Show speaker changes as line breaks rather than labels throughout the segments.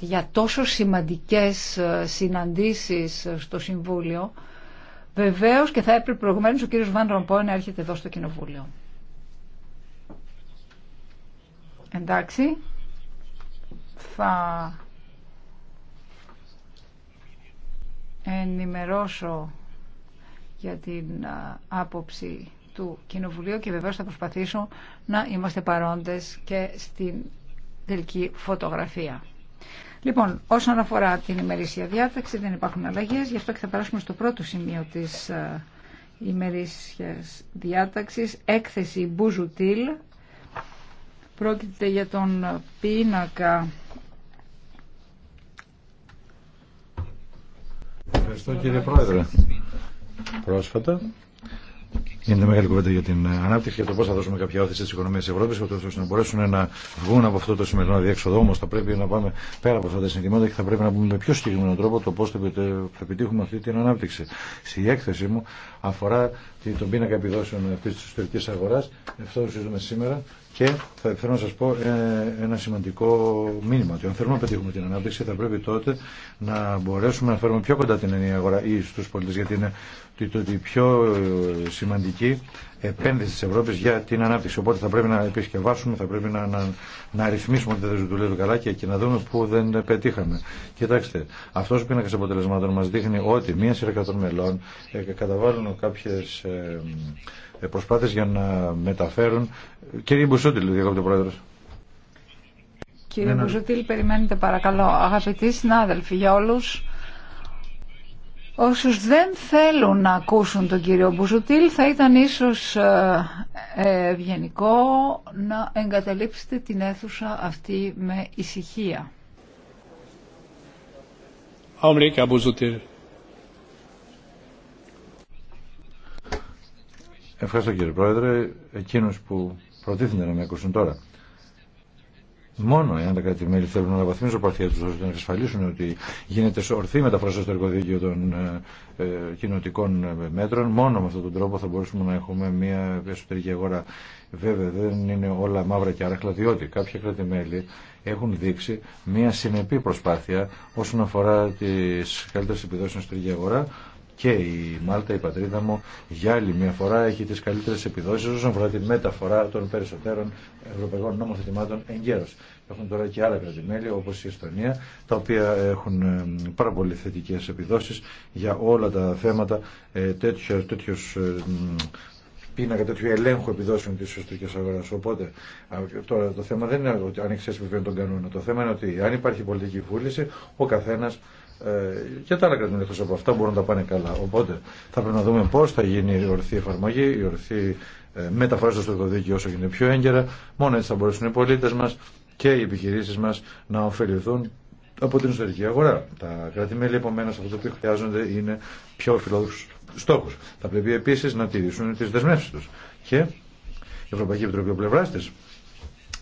για τόσο σημαντικές ε, συναντήσεις ε, στο Συμβούλιο, βεβαίως και θα έπρεπε προηγουμένως ο κύριος Βαν Ρομπόε να έρχεται εδώ στο Κοινοβούλιο. Εντάξει, θα ενημερώσω για την ε, άποψη του Κοινοβουλίου και βεβαίως θα προσπαθήσω να είμαστε παρόντες και στην τελική φωτογραφία. Λοιπόν, όσον αφορά την ημερήσια διάταξη δεν υπάρχουν αλλαγές, γι' αυτό και θα περάσουμε στο πρώτο σημείο της ε, ημερήσια διάταξη. έκθεση Μπουζουτήλ. Πρόκειται για τον πίνακα...
Ευχαριστώ κύριε Πρόεδρε. Πρόσφατα είναι μεγάλη κουβέντα για την ε, ανάπτυξη και το πώ θα δώσουμε κάποια όθηση στι οικονομίε τη Ευρώπη, ώστε να μπορέσουν να βγουν από αυτό το σημερινό διέξοδο. Όμω θα πρέπει να πάμε πέρα από αυτά τα συγκεκριμένα και θα πρέπει να πούμε με πιο συγκεκριμένο τρόπο το πώ θα επιτύχουμε αυτή την ανάπτυξη. Στη έκθεση μου αφορά τον πίνακα επιδόσεων αυτή τη ιστορική αγορά. Αυτό σήμερα και θα θέλω να σας πω ε, ένα σημαντικό μήνυμα, ότι αν θέλουμε να πετύχουμε την ανάπτυξη θα πρέπει τότε να μπορέσουμε να φέρουμε πιο κοντά την ενιαία αγορά ή στους πολίτες, γιατί είναι η πιο ε, σημαντική επένδυση της Ευρώπης για την ανάπτυξη. Οπότε θα πρέπει να επισκευάσουμε, θα πρέπει να, να, να ότι δεν δουλεύει καλά και, και να δούμε που δεν πετύχαμε. Κοιτάξτε, αυτός ο πίνακας αποτελεσμάτων μας δείχνει ότι μία σειρά των μελών ε, καταβάλουν κάποιες... Ε, ε, προσπάθειες για να μεταφέρουν. Κύριε Μπουζούτιλ διακόπτει ο Πρόεδρος.
Κύριε ναι, ναι. περιμένετε παρακαλώ. Αγαπητοί συνάδελφοι, για όλους όσους δεν θέλουν να ακούσουν τον κύριο Μπουζουτήλ θα ήταν ίσως ε, ε, ευγενικό να εγκαταλείψετε την αίθουσα αυτή με ησυχία.
Μπουζουτήλ.
Ευχαριστώ κύριε Πρόεδρε. Εκείνου που προτίθενται να με ακούσουν τώρα. Μόνο εάν τα κρατη θέλουν να αναβαθμίζουν προσπαθία του ώστε να εξασφαλίσουν ότι γίνεται ορθή μεταφορά στο εργοδίκαιο των ε, ε, κοινοτικών μέτρων, μόνο με αυτόν τον τρόπο θα μπορούσαμε να έχουμε μια εσωτερική αγορά. Βέβαια, δεν είναι όλα μαύρα και άραχλα, διότι κάποια κράτη-μέλη έχουν δείξει μια συνεπή προσπάθεια όσον αφορά τι καλύτερε επιδόσει στην εσωτερική αγορά και η Μάλτα, η πατρίδα μου, για άλλη μια φορά έχει τι καλύτερε επιδόσεις όσον αφορά τη μεταφορά των περισσότερων ευρωπαϊκών νομοθετημάτων εγκαίρω. Έχουν τώρα και άλλα κρατημέλη όπω η Εστονία, τα οποία έχουν ε, πάρα πολύ θετικέ επιδόσεις για όλα τα θέματα ε, τέτοιου ε, πίνακα τέτοιου ελέγχου επιδόσεων τη εσωτερική αγορά. Οπότε τώρα το θέμα δεν είναι ότι αν έχει τον κανόνα. Το θέμα είναι ότι αν υπάρχει πολιτική βούληση, ο καθένα ε, και τα άλλα κρατούν εκτό από αυτά μπορούν να τα πάνε καλά. Οπότε θα πρέπει να δούμε πώ θα γίνει η ορθή εφαρμογή, η ορθή ε, μεταφορά στο ιστορικό όσο γίνεται πιο έγκαιρα. Μόνο έτσι θα μπορέσουν οι πολίτε μα και οι επιχειρήσει μα να ωφεληθούν από την εσωτερική αγορά. Τα κράτη-μέλη επομένω αυτό οποίο χρειάζονται είναι πιο φιλόδοξου στόχου. Θα πρέπει επίση να τηρήσουν τι δεσμεύσει του. Και η Ευρωπαϊκή Επιτροπή πλευρά τη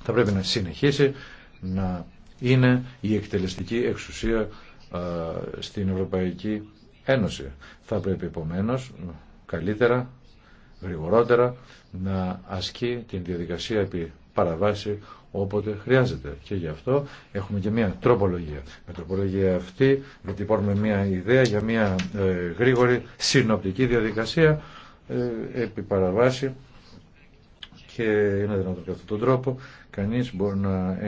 θα πρέπει να συνεχίσει να είναι η εκτελεστική εξουσία ε, στην Ευρωπαϊκή Ένωση. Θα πρέπει επομένω καλύτερα, γρηγορότερα να ασκεί την διαδικασία επί παραβάση όποτε χρειάζεται. Και γι' αυτό έχουμε και μια τροπολογία. Με τροπολογία αυτή διατυπώνουμε μια ιδέα για μια ε, γρήγορη συνοπτική διαδικασία ε, επί παραβάση και είναι δυνατόν και αυτόν τον τρόπο κανείς μπορεί να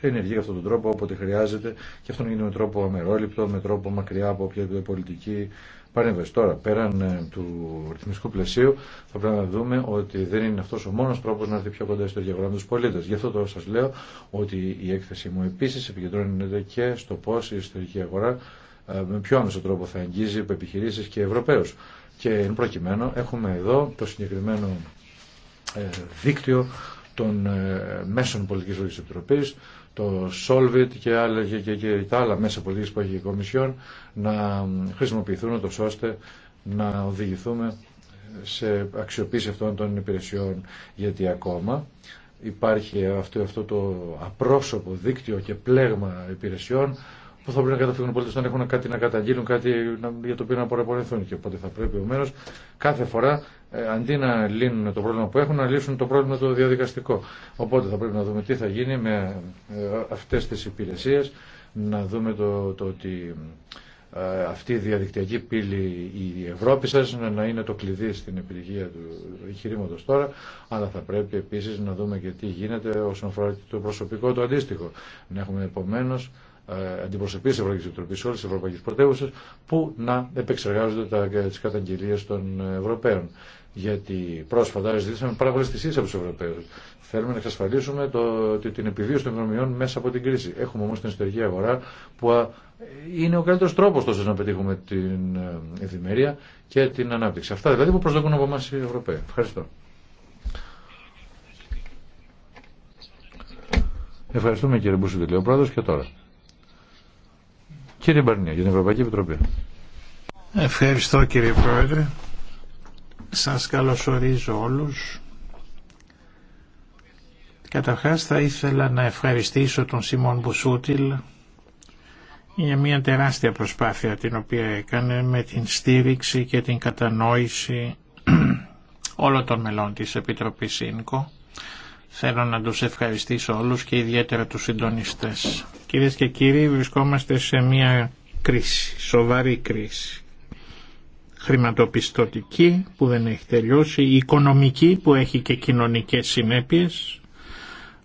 ενεργεί για αυτόν τον τρόπο όποτε χρειάζεται και αυτό να γίνει με τρόπο αμερόληπτο, με τρόπο μακριά από οποιαδήποτε πολιτική παρέμβαση. Τώρα, πέραν ε, του ρυθμιστικού πλαισίου, θα πρέπει να δούμε ότι δεν είναι αυτό ο μόνο τρόπο να έρθει πιο κοντά στο διαγράμμα του πολίτε. Γι' αυτό τώρα σα λέω ότι η έκθεση μου επίση επικεντρώνεται και στο πώ η ιστορική αγορά ε, με πιο άμεσο τρόπο θα αγγίζει επιχειρήσει και Ευρωπαίου. Και εν προκειμένου έχουμε εδώ το συγκεκριμένο ε, δίκτυο των μέσων πολιτικής λογικής επιτροπής το Solvit και, άλλα, και, και, τα άλλα μέσα πολιτικής που έχει η Κομισιόν να χρησιμοποιηθούν το ώστε να οδηγηθούμε σε αξιοποίηση αυτών των υπηρεσιών γιατί ακόμα υπάρχει αυτό, αυτό το απρόσωπο δίκτυο και πλέγμα υπηρεσιών που θα πρέπει να καταφύγουν οι πολίτε όταν έχουν κάτι να καταγγείλουν, κάτι για το οποίο να παραπονεθούν. Και οπότε θα πρέπει ομένω κάθε φορά ε, αντί να λύνουν το πρόβλημα που έχουν, να λύσουν το πρόβλημα το διαδικαστικό. Οπότε θα πρέπει να δούμε τι θα γίνει με ε, αυτές τις υπηρεσίες, να δούμε το, το ότι ε, αυτή η διαδικτυακή πύλη η Ευρώπη σας να είναι το κλειδί στην επιτυχία του εγχειρήματος τώρα αλλά θα πρέπει επίσης να δούμε και τι γίνεται όσον αφορά το προσωπικό το αντίστοιχο να έχουμε επομένως ε, αντιπροσωπείε τη Ευρωπαϊκή Επιτροπή σε όλε τι ευρωπαϊκέ πρωτεύουσε που να επεξεργάζονται τι καταγγελίε των Ευρωπαίων. Γιατί πρόσφατα ζητήσαμε πάρα πολλέ θυσίε από του Ευρωπαίου. Θέλουμε να εξασφαλίσουμε το, την επιβίωση των οικονομιών μέσα από την κρίση. Έχουμε όμω την εσωτερική αγορά που είναι ο καλύτερο τρόπο τόσο να πετύχουμε την ε, ευημερία και την ανάπτυξη. Αυτά δηλαδή που προσδοκούν από εμά οι Ευρωπαίοι. Ευχαριστώ. Ευχαριστούμε κύριε Μπούσου Τελειοπρόεδρος και τώρα. Κύριε Μπαρνία, για την Ευρωπαϊκή Επιτροπή.
Ευχαριστώ κύριε Πρόεδρε. Σας καλωσορίζω όλους. Καταρχάς θα ήθελα να ευχαριστήσω τον Σιμών Μπουσούτιλ για μια τεράστια προσπάθεια την οποία έκανε με την στήριξη και την κατανόηση όλων των μελών της Επιτροπής ΣΥΝΚΟ Θέλω να τους ευχαριστήσω όλους και ιδιαίτερα τους συντονιστές. Κυρίες και κύριοι, βρισκόμαστε σε μια κρίση, σοβαρή κρίση. Χρηματοπιστωτική που δεν έχει τελειώσει, οικονομική που έχει και κοινωνικές συνέπειες.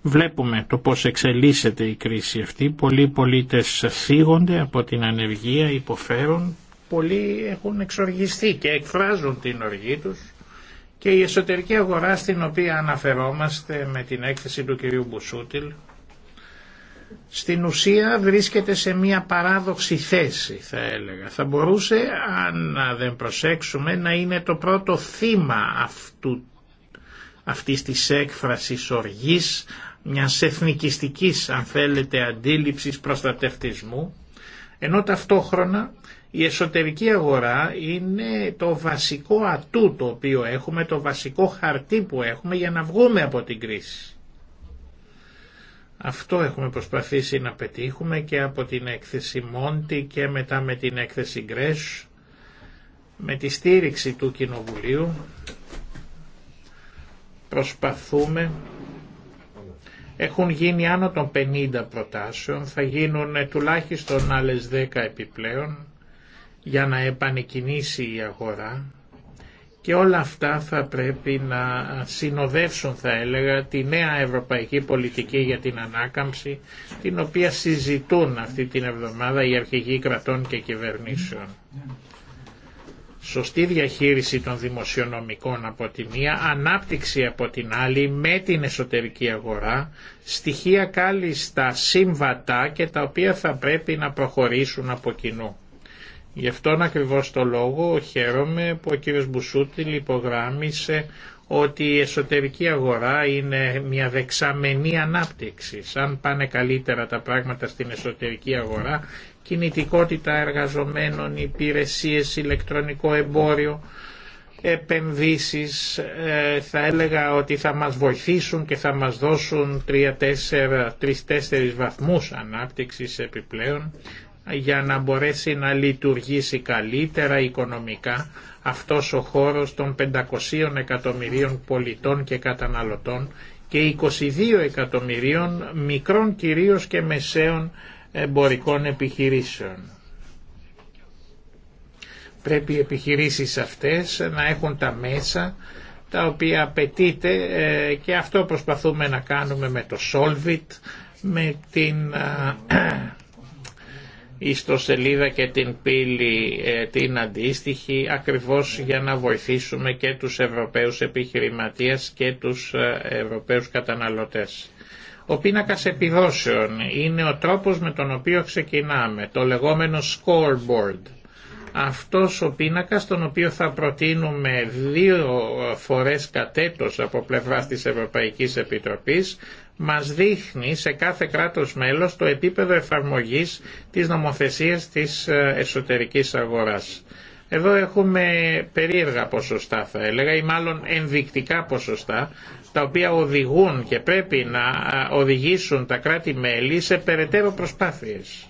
Βλέπουμε το πώς εξελίσσεται η κρίση αυτή. Πολλοί πολίτες θίγονται από την ανεργία, υποφέρουν. Πολλοί έχουν εξοργιστεί και εκφράζουν την οργή τους και η εσωτερική αγορά στην οποία αναφερόμαστε με την έκθεση του κυρίου Μπουσούτιλ στην ουσία βρίσκεται σε μια παράδοξη θέση θα έλεγα. Θα μπορούσε αν δεν προσέξουμε να είναι το πρώτο θύμα αυτού, αυτής της έκφρασης οργής μιας εθνικιστικής αν θέλετε αντίληψης προστατευτισμού ενώ ταυτόχρονα η εσωτερική αγορά είναι το βασικό ατού το οποίο έχουμε, το βασικό χαρτί που έχουμε για να βγούμε από την κρίση. Αυτό έχουμε προσπαθήσει να πετύχουμε και από την έκθεση Μόντι και μετά με την έκθεση Γκρέσ, με τη στήριξη του Κοινοβουλίου προσπαθούμε έχουν γίνει άνω των 50 προτάσεων, θα γίνουν τουλάχιστον άλλες 10 επιπλέον για να επανεκκινήσει η αγορά και όλα αυτά θα πρέπει να συνοδεύσουν θα έλεγα τη νέα ευρωπαϊκή πολιτική για την ανάκαμψη την οποία συζητούν αυτή την εβδομάδα οι αρχηγοί κρατών και κυβερνήσεων. Σωστή διαχείριση των δημοσιονομικών από τη μία, ανάπτυξη από την άλλη με την εσωτερική αγορά, στοιχεία κάλλιστα σύμβατα και τα οποία θα πρέπει να προχωρήσουν από κοινού. Γι' αυτόν ακριβώς το λόγο χαίρομαι που ο κύριος Μπουσούτιλ υπογράμμισε ότι η εσωτερική αγορά είναι μια δεξαμενή ανάπτυξη. Αν πάνε καλύτερα τα πράγματα στην εσωτερική αγορά, κινητικότητα εργαζομένων, υπηρεσίες, ηλεκτρονικό εμπόριο, επενδύσεις, ε, θα έλεγα ότι θα μας βοηθήσουν και θα μας δώσουν 3-4 βαθμούς ανάπτυξης επιπλέον για να μπορέσει να λειτουργήσει καλύτερα οικονομικά αυτός ο χώρος των 500 εκατομμυρίων πολιτών και καταναλωτών και 22 εκατομμυρίων μικρών κυρίως και μεσαίων εμπορικών επιχειρήσεων. Πρέπει οι επιχειρήσεις αυτές να έχουν τα μέσα τα οποία απαιτείται ε, και αυτό προσπαθούμε να κάνουμε με το Solvit, με την ε, ιστοσελίδα και την πύλη ε, την αντίστοιχη ακριβώς για να βοηθήσουμε και τους Ευρωπαίους επιχειρηματίες και τους ε, Ευρωπαίους καταναλωτές. Ο πίνακας επιδόσεων είναι ο τρόπος με τον οποίο ξεκινάμε, το λεγόμενο scoreboard. Αυτός ο πίνακας τον οποίο θα προτείνουμε δύο φορές κατέτος από πλευράς της Ευρωπαϊκής Επιτροπής μας δείχνει σε κάθε κράτος μέλος το επίπεδο εφαρμογής της νομοθεσίας της ε, εσωτερικής αγοράς. Εδώ έχουμε περίεργα ποσοστά θα έλεγα ή μάλλον ενδεικτικά ποσοστά τα οποία οδηγούν και πρέπει να ε, οδηγήσουν τα κράτη-μέλη σε περαιτέρω προσπάθειες.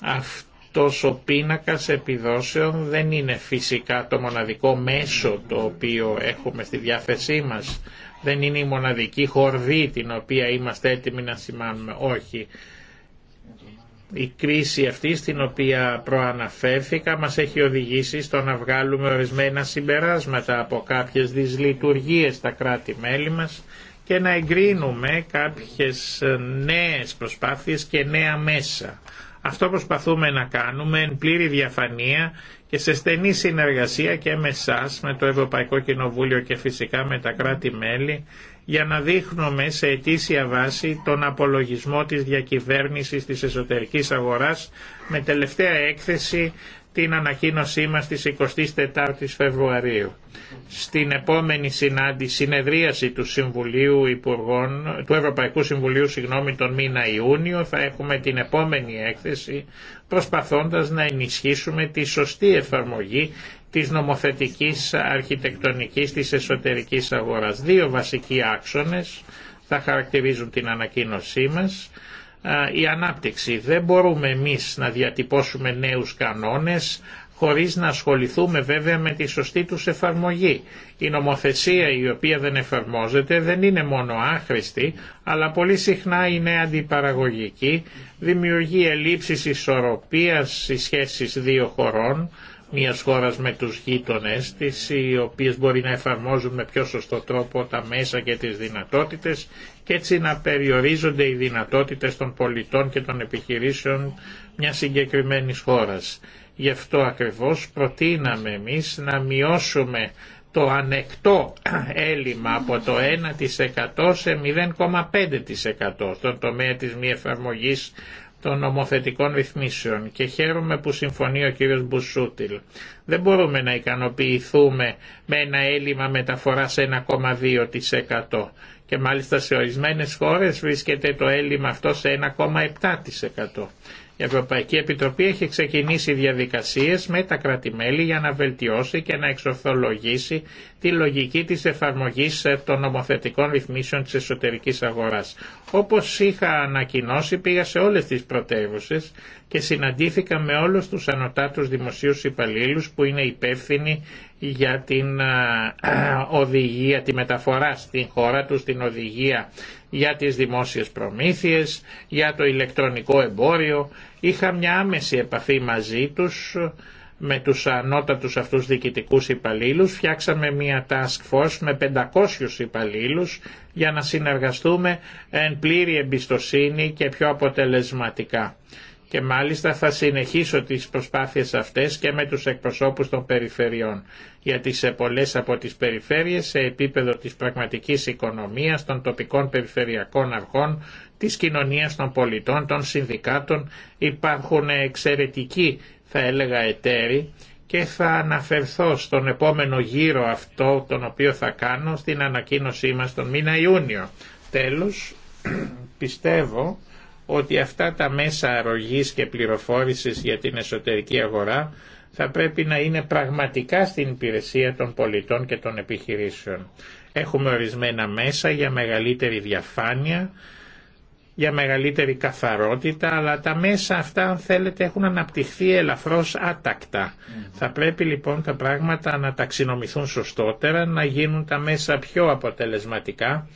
Αυτός ο πίνακας επιδόσεων δεν είναι φυσικά το μοναδικό μέσο το οποίο έχουμε στη διάθεσή μας δεν είναι η μοναδική χορδή την οποία είμαστε έτοιμοι να σημάνουμε. Όχι. Η κρίση αυτή στην οποία προαναφέρθηκα μας έχει οδηγήσει στο να βγάλουμε ορισμένα συμπεράσματα από κάποιες δυσλειτουργίες στα κράτη-μέλη μας και να εγκρίνουμε κάποιες νέες προσπάθειες και νέα μέσα. Αυτό προσπαθούμε να κάνουμε εν πλήρη διαφανεία και σε στενή συνεργασία και με εσά, με το Ευρωπαϊκό Κοινοβούλιο και φυσικά με τα κράτη-μέλη για να δείχνουμε σε αιτήσια βάση τον απολογισμό της διακυβέρνησης της εσωτερικής αγοράς με τελευταία έκθεση την ανακοίνωσή μας της 24ης Φεβρουαρίου. Στην επόμενη συνάντηση, συνεδρίαση του, Συμβουλίου Υπουργών, του Ευρωπαϊκού Συμβουλίου συγγνώμη, τον μήνα Ιούνιο θα έχουμε την επόμενη έκθεση προσπαθώντας να ενισχύσουμε τη σωστή εφαρμογή της νομοθετικής αρχιτεκτονικής της εσωτερικής αγοράς. Δύο βασικοί άξονες θα χαρακτηρίζουν την ανακοίνωσή μας η ανάπτυξη. Δεν μπορούμε εμείς να διατυπώσουμε νέους κανόνες χωρίς να ασχοληθούμε βέβαια με τη σωστή τους εφαρμογή. Η νομοθεσία η οποία δεν εφαρμόζεται δεν είναι μόνο άχρηστη, αλλά πολύ συχνά είναι αντιπαραγωγική, δημιουργεί ελλείψεις ισορροπίας στις σχέσεις δύο χωρών, μια χώρας με τους γείτονες της, οι οποίες μπορεί να εφαρμόζουν με πιο σωστό τρόπο τα μέσα και τις δυνατότητες και έτσι να περιορίζονται οι δυνατότητες των πολιτών και των επιχειρήσεων μια συγκεκριμένης χώρας. Γι' αυτό ακριβώς προτείναμε εμείς να μειώσουμε το ανεκτό έλλειμμα από το 1% σε 0,5% στον τομέα της μη εφαρμογή των νομοθετικών ρυθμίσεων και χαίρομαι που συμφωνεί ο κύριος Μπουσούτιλ. Δεν μπορούμε να ικανοποιηθούμε με ένα έλλειμμα μεταφοράς 1,2% και μάλιστα σε ορισμένες χώρες βρίσκεται το έλλειμμα αυτό σε 1,7%. Η Ευρωπαϊκή Επιτροπή έχει ξεκινήσει διαδικασίες με τα κρατημέλη για να βελτιώσει και να εξορθολογήσει τη λογική της εφαρμογής ε, των νομοθετικών ρυθμίσεων της εσωτερικής αγοράς. Όπως είχα ανακοινώσει πήγα σε όλες τις πρωτεύουσες και συναντήθηκα με όλους τους ανωτάτους δημοσίους υπαλλήλους που είναι υπεύθυνοι για την οδηγία, τη μεταφορά στην χώρα τους, την οδηγία για τις δημόσιες προμήθειες, για το ηλεκτρονικό εμπόριο. Είχα μια άμεση επαφή μαζί τους με τους ανώτατους αυτούς διοικητικούς υπαλλήλους φτιάξαμε μια task force με 500 υπαλλήλους για να συνεργαστούμε εν πλήρη εμπιστοσύνη και πιο αποτελεσματικά και μάλιστα θα συνεχίσω τις προσπάθειες αυτές και με τους εκπροσώπους των περιφερειών, γιατί σε πολλές από τις περιφέρειες, σε επίπεδο της πραγματικής οικονομίας, των τοπικών περιφερειακών αρχών, της κοινωνίας των πολιτών, των συνδικάτων, υπάρχουν εξαιρετικοί, θα έλεγα, εταίροι και θα αναφερθώ στον επόμενο γύρο αυτό, τον οποίο θα κάνω στην ανακοίνωσή μας τον μήνα Ιούνιο. Τέλος, πιστεύω ότι αυτά τα μέσα αρρωγής και πληροφόρησης για την εσωτερική αγορά θα πρέπει να είναι πραγματικά στην υπηρεσία των πολιτών και των επιχειρήσεων. Έχουμε ορισμένα μέσα για μεγαλύτερη διαφάνεια, για μεγαλύτερη καθαρότητα, αλλά τα μέσα αυτά, αν θέλετε, έχουν αναπτυχθεί ελαφρώς άτακτα. Θα πρέπει λοιπόν τα πράγματα να ταξινομηθούν σωστότερα, να γίνουν τα μέσα πιο αποτελεσματικά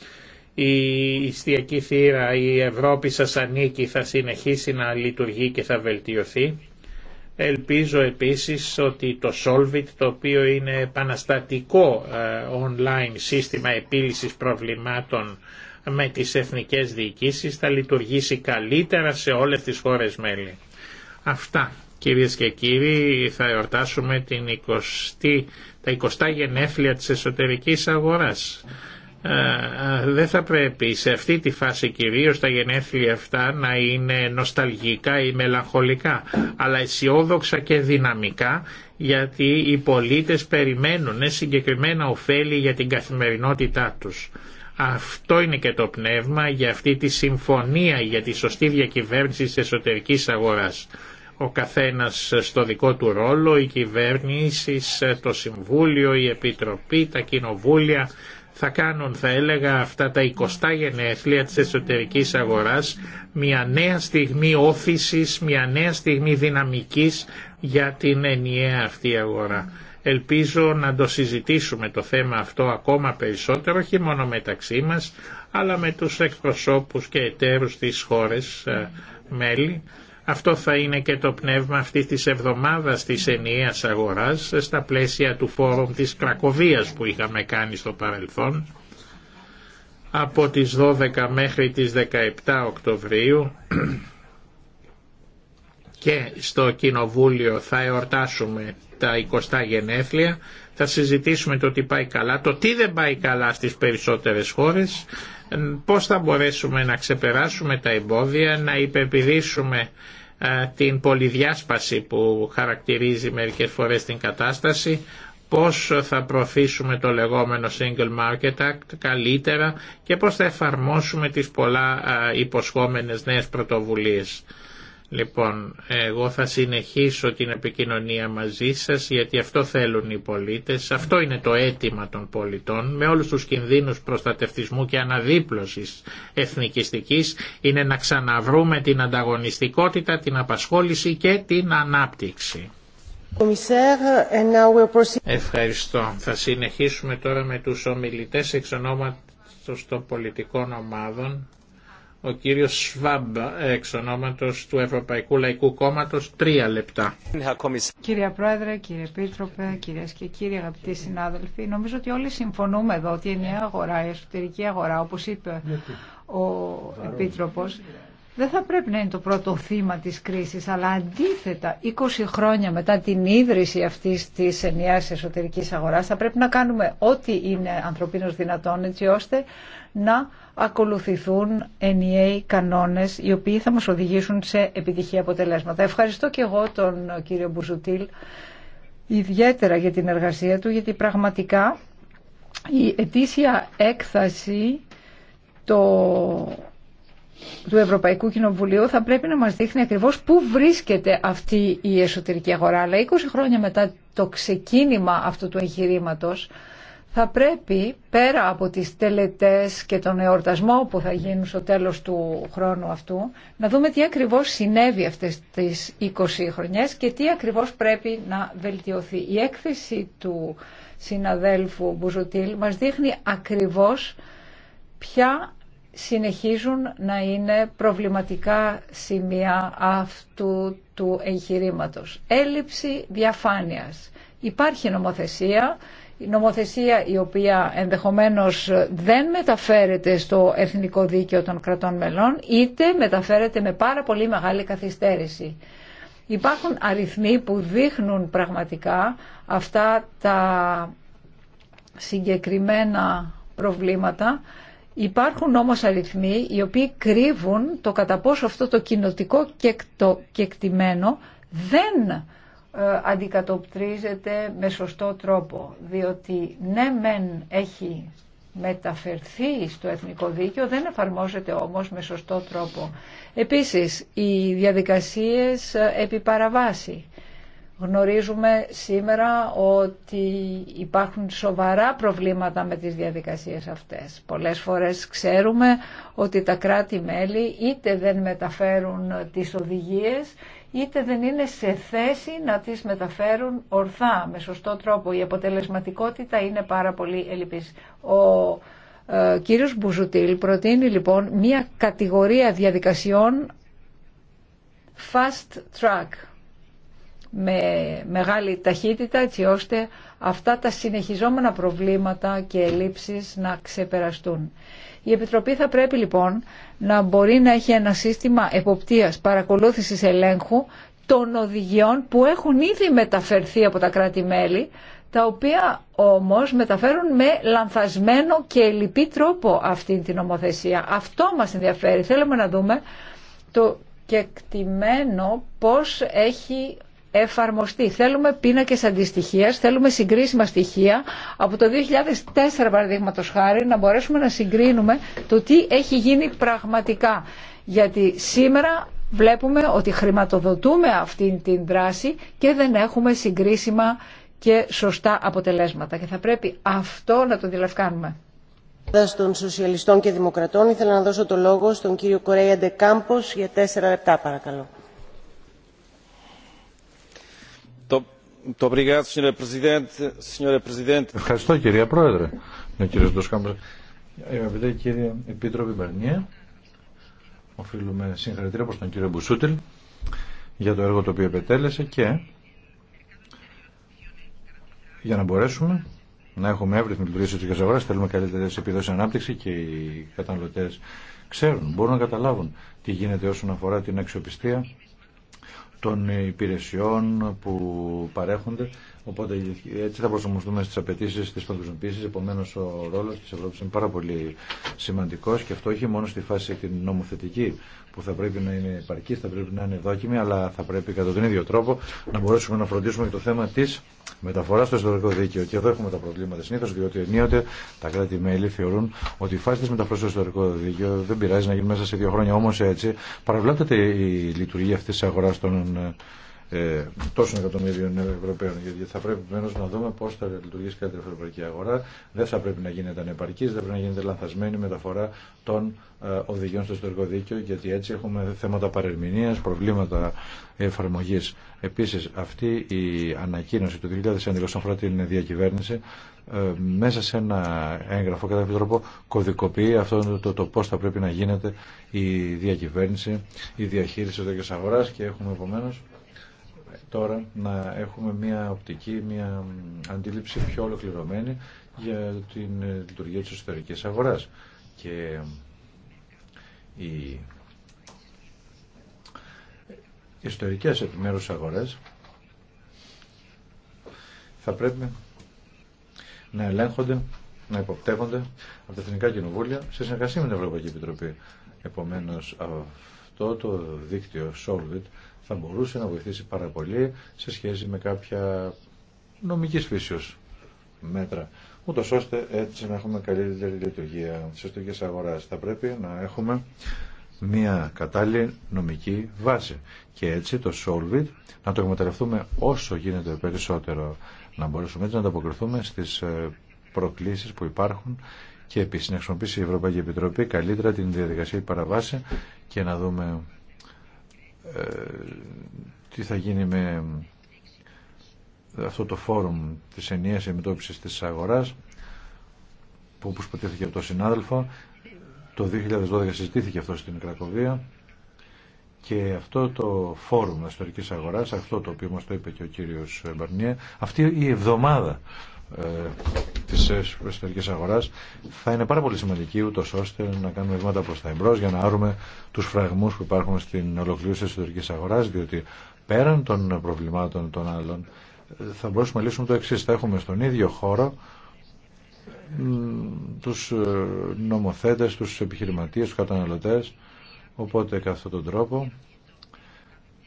η ιστιακή θύρα, η Ευρώπη σας ανήκει, θα συνεχίσει να λειτουργεί και θα βελτιωθεί. Ελπίζω επίσης ότι το Solvit, το οποίο είναι επαναστατικό ε, online σύστημα επίλυσης προβλημάτων με τις εθνικές διοικήσεις, θα λειτουργήσει καλύτερα σε όλες τις χώρες μέλη. Αυτά κυρίες και κύριοι, θα εορτάσουμε την 20, τα 20 γενέθλια της εσωτερικής αγοράς. Ε, δεν θα πρέπει σε αυτή τη φάση κυρίως τα γενέθλια αυτά να είναι νοσταλγικά ή μελαγχολικά αλλά αισιόδοξα και δυναμικά γιατί οι πολίτες περιμένουν ε, συγκεκριμένα ωφέλη για την καθημερινότητά τους. Αυτό είναι και το πνεύμα για αυτή τη συμφωνία για τη σωστή διακυβέρνηση της εσωτερικής αγοράς. Ο καθένας στο δικό του ρόλο, οι κυβέρνηση το Συμβούλιο, η Επιτροπή, τα Κοινοβούλια, θα κάνουν θα έλεγα αυτά τα 20 γενέθλια της εσωτερικής αγοράς μια νέα στιγμή όθησης, μια νέα στιγμή δυναμικής για την ενιαία αυτή αγορά. Ελπίζω να το συζητήσουμε το θέμα αυτό ακόμα περισσότερο, όχι μόνο μεταξύ μας, αλλά με τους εκπροσώπους και εταίρους της χώρες ε, μέλη αυτό θα είναι και το πνεύμα αυτή της εβδομάδας της ενιαίας αγοράς στα πλαίσια του φόρουμ της Κρακοβίας που είχαμε κάνει στο παρελθόν από τις 12 μέχρι τις 17 Οκτωβρίου και στο Κοινοβούλιο θα εορτάσουμε τα 20 γενέθλια θα συζητήσουμε το τι πάει καλά, το τι δεν πάει καλά στις περισσότερες χώρες, πώς θα μπορέσουμε να ξεπεράσουμε τα εμπόδια, να υπεπιδίσουμε την πολυδιάσπαση που χαρακτηρίζει μερικές φορές την κατάσταση, πώς θα προωθήσουμε το λεγόμενο Single Market Act καλύτερα και πώς θα εφαρμόσουμε τις πολλά υποσχόμενες νέες πρωτοβουλίες. Λοιπόν, εγώ θα συνεχίσω την επικοινωνία μαζί σας γιατί αυτό θέλουν οι πολίτες, αυτό είναι το αίτημα των πολιτών με όλους τους κινδύνους προστατευτισμού και αναδίπλωσης εθνικιστικής είναι να ξαναβρούμε την ανταγωνιστικότητα, την απασχόληση και την ανάπτυξη. Ευχαριστώ. Θα συνεχίσουμε τώρα με τους ομιλητές εξ των πολιτικών ομάδων. Ο κύριος Σβάμπ, εξ ονόματος του Ευρωπαϊκού Λαϊκού Κόμματος, τρία λεπτά.
Κύριε Πρόεδρε, κύριε Επίτροπε, κυρίες και κύριοι αγαπητοί συνάδελφοι, νομίζω ότι όλοι συμφωνούμε εδώ ότι η αγορά, η εσωτερική αγορά, όπως είπε ο Επίτροπος, δεν θα πρέπει να είναι το πρώτο θύμα της κρίσης, αλλά αντίθετα 20 χρόνια μετά την ίδρυση αυτής της ενιαίας εσωτερικής αγοράς θα πρέπει να κάνουμε ό,τι είναι ανθρωπίνως δυνατόν έτσι ώστε να ακολουθηθούν ενιαίοι κανόνες οι οποίοι θα μας οδηγήσουν σε επιτυχή αποτελέσματα. Ευχαριστώ και εγώ τον κύριο Μπουζουτήλ ιδιαίτερα για την εργασία του γιατί πραγματικά η ετήσια έκθαση το του Ευρωπαϊκού Κοινοβουλίου θα πρέπει να μας δείχνει ακριβώς πού βρίσκεται αυτή η εσωτερική αγορά. Αλλά 20 χρόνια μετά το ξεκίνημα αυτού του εγχειρήματο θα πρέπει πέρα από τις τελετές και τον εορτασμό που θα γίνουν στο τέλος του χρόνου αυτού να δούμε τι ακριβώς συνέβη αυτές τις 20 χρονιές και τι ακριβώς πρέπει να βελτιωθεί. Η έκθεση του συναδέλφου Μπουζουτήλ μας δείχνει ακριβώς ποια συνεχίζουν να είναι προβληματικά σημεία αυτού του εγχειρήματο. Έλλειψη διαφάνειας. Υπάρχει νομοθεσία, η νομοθεσία η οποία ενδεχομένως δεν μεταφέρεται στο εθνικό δίκαιο των κρατών μελών, είτε μεταφέρεται με πάρα πολύ μεγάλη καθυστέρηση. Υπάρχουν αριθμοί που δείχνουν πραγματικά αυτά τα συγκεκριμένα προβλήματα Υπάρχουν όμως αριθμοί οι οποίοι κρύβουν το κατά πόσο αυτό το κοινοτικό και κεκτημένο δεν ε, αντικατοπτρίζεται με σωστό τρόπο. Διότι ναι μεν έχει μεταφερθεί στο εθνικό δίκαιο, δεν εφαρμόζεται όμως με σωστό τρόπο. Επίσης, οι διαδικασίες ε, επιπαραβάσει. Γνωρίζουμε σήμερα ότι υπάρχουν σοβαρά προβλήματα με τις διαδικασίες αυτές. Πολλές φορές ξέρουμε ότι τα κράτη-μέλη είτε δεν μεταφέρουν τις οδηγίες, είτε δεν είναι σε θέση να τις μεταφέρουν ορθά, με σωστό τρόπο. Η αποτελεσματικότητα είναι πάρα πολύ ελλειπής. Ο ε, κύριος Μπουζουτήλ προτείνει λοιπόν μια κατηγορία διαδικασιών fast track με μεγάλη ταχύτητα έτσι ώστε αυτά τα συνεχιζόμενα προβλήματα και ελλείψεις να ξεπεραστούν. Η Επιτροπή θα πρέπει λοιπόν να μπορεί να έχει ένα σύστημα εποπτείας, παρακολούθησης ελέγχου των οδηγιών που έχουν ήδη μεταφερθεί από τα κράτη-μέλη, τα οποία όμως μεταφέρουν με λανθασμένο και λυπή τρόπο αυτή την νομοθεσία. Αυτό μας ενδιαφέρει. Θέλουμε να δούμε το κεκτημένο πώς έχει εφαρμοστεί. Θέλουμε πίνακε αντιστοιχία, θέλουμε συγκρίσιμα στοιχεία από το 2004 παραδείγματο χάρη να μπορέσουμε να συγκρίνουμε το τι έχει γίνει πραγματικά. Γιατί σήμερα βλέπουμε ότι χρηματοδοτούμε αυτή την δράση και δεν έχουμε συγκρίσιμα και σωστά αποτελέσματα. Και θα πρέπει αυτό να το διαλευκάνουμε. Των
Σοσιαλιστών και Δημοκρατών ήθελα να δώσω το λόγο στον κύριο Κορέιαντε Κάμπος, για τέσσερα λεπτά παρακαλώ.
Ευχαριστώ κυρία Πρόεδρε. Ναι, κύριε Αγαπητέ κύριε Επίτροπη Μπαρνιέ, οφείλουμε συγχαρητήρια προς τον κύριο Μπουσούτιλ για το έργο το οποίο επετέλεσε και για να μπορέσουμε να έχουμε εύρυθμη λειτουργία τη αγοράς αγορά, θέλουμε καλύτερε επιδόσει ανάπτυξη και οι καταναλωτέ ξέρουν, μπορούν να καταλάβουν τι γίνεται όσον αφορά την αξιοπιστία των υπηρεσιών που παρέχονται Οπότε έτσι θα προσαρμοστούμε στι απαιτήσει τη παγκοσμιοποίηση. Επομένω, ο ρόλο τη Ευρώπη είναι πάρα πολύ σημαντικό και αυτό όχι μόνο στη φάση την νομοθετική που θα πρέπει να είναι επαρκή, θα πρέπει να είναι δόκιμη, αλλά θα πρέπει κατά τον ίδιο τρόπο να μπορέσουμε να φροντίσουμε και το θέμα τη μεταφορά στο ιστορικό δίκαιο. Και εδώ έχουμε τα προβλήματα συνήθω, διότι ενίοτε τα κράτη-μέλη θεωρούν ότι η φάση τη μεταφορά στο ιστορικό δίκαιο δεν πειράζει να γίνει μέσα σε δύο χρόνια. Όμω έτσι παραβλάπτεται η λειτουργία αυτή τη αγορά των ε, ε, τόσων εκατομμύριων Ευρωπαίων. Γιατί θα πρέπει επομένω να δούμε πώ θα λειτουργήσει κάθε η ευρωπαϊκή αγορά. Δεν θα πρέπει να γίνεται ανεπαρκή, δεν πρέπει να γίνεται λανθασμένη μεταφορά των ε, οδηγιών στο ιστορικό δίκαιο, γιατί έτσι έχουμε θέματα παρερμηνία, προβλήματα εφαρμογή. Επίση, αυτή η ανακοίνωση του 2011 όσον αφορά την διακυβέρνηση, ε, μέσα σε ένα έγγραφο κατά κάποιο τρόπο κωδικοποιεί αυτό το, το, το πώ θα πρέπει να γίνεται η διακυβέρνηση, η διαχείριση τη αγορά και έχουμε επομένω τώρα να έχουμε μια οπτική, μια αντίληψη πιο ολοκληρωμένη για την ε, λειτουργία της εσωτερικής αγοράς. Και ε, οι ιστορικές επιμέρους αγορές θα πρέπει να ελέγχονται, να υποπτεύονται από τα Εθνικά Κοινοβούλια σε συνεργασία με την Ευρωπαϊκή Επιτροπή. Επομένως, αυτό το δίκτυο Solvit θα μπορούσε να βοηθήσει πάρα πολύ σε σχέση με κάποια νομική φύσεω μέτρα, ούτω ώστε έτσι να έχουμε καλύτερη λειτουργία τη εσωτερικής αγορά. Θα πρέπει να έχουμε μια κατάλληλη νομική βάση και έτσι το Solvit να το εκμεταλλευτούμε όσο γίνεται περισσότερο, να μπορέσουμε έτσι να ανταποκριθούμε στις ε, προκλήσεις που υπάρχουν και επίσης να χρησιμοποιήσει η Ευρωπαϊκή Επιτροπή καλύτερα την διαδικασία παραβάση και να δούμε ε, τι θα γίνει με αυτό το φόρουμ της ενιαίας εμιτόπισης της αγοράς που όπως πατήθηκε από τον συνάδελφο το 2012 συζητήθηκε αυτό στην Κρακοβία και αυτό το φόρουμ ιστορικής αγοράς, αυτό το οποίο μας το είπε και ο κύριος Μπαρνιέ, αυτή η εβδομάδα ε, τη ε, εσωτερική αγορά, θα είναι πάρα πολύ σημαντική ούτω ώστε να κάνουμε βήματα προ τα εμπρό για να άρουμε του φραγμού που υπάρχουν στην ολοκλήρωση τη εσωτερική αγορά, διότι πέραν των προβλημάτων των άλλων ε, θα μπορούσαμε να λύσουμε το εξή. Θα έχουμε στον ίδιο χώρο του νομοθέτε, του επιχειρηματίες, του καταναλωτέ. οπότε κατά αυτόν τον τρόπο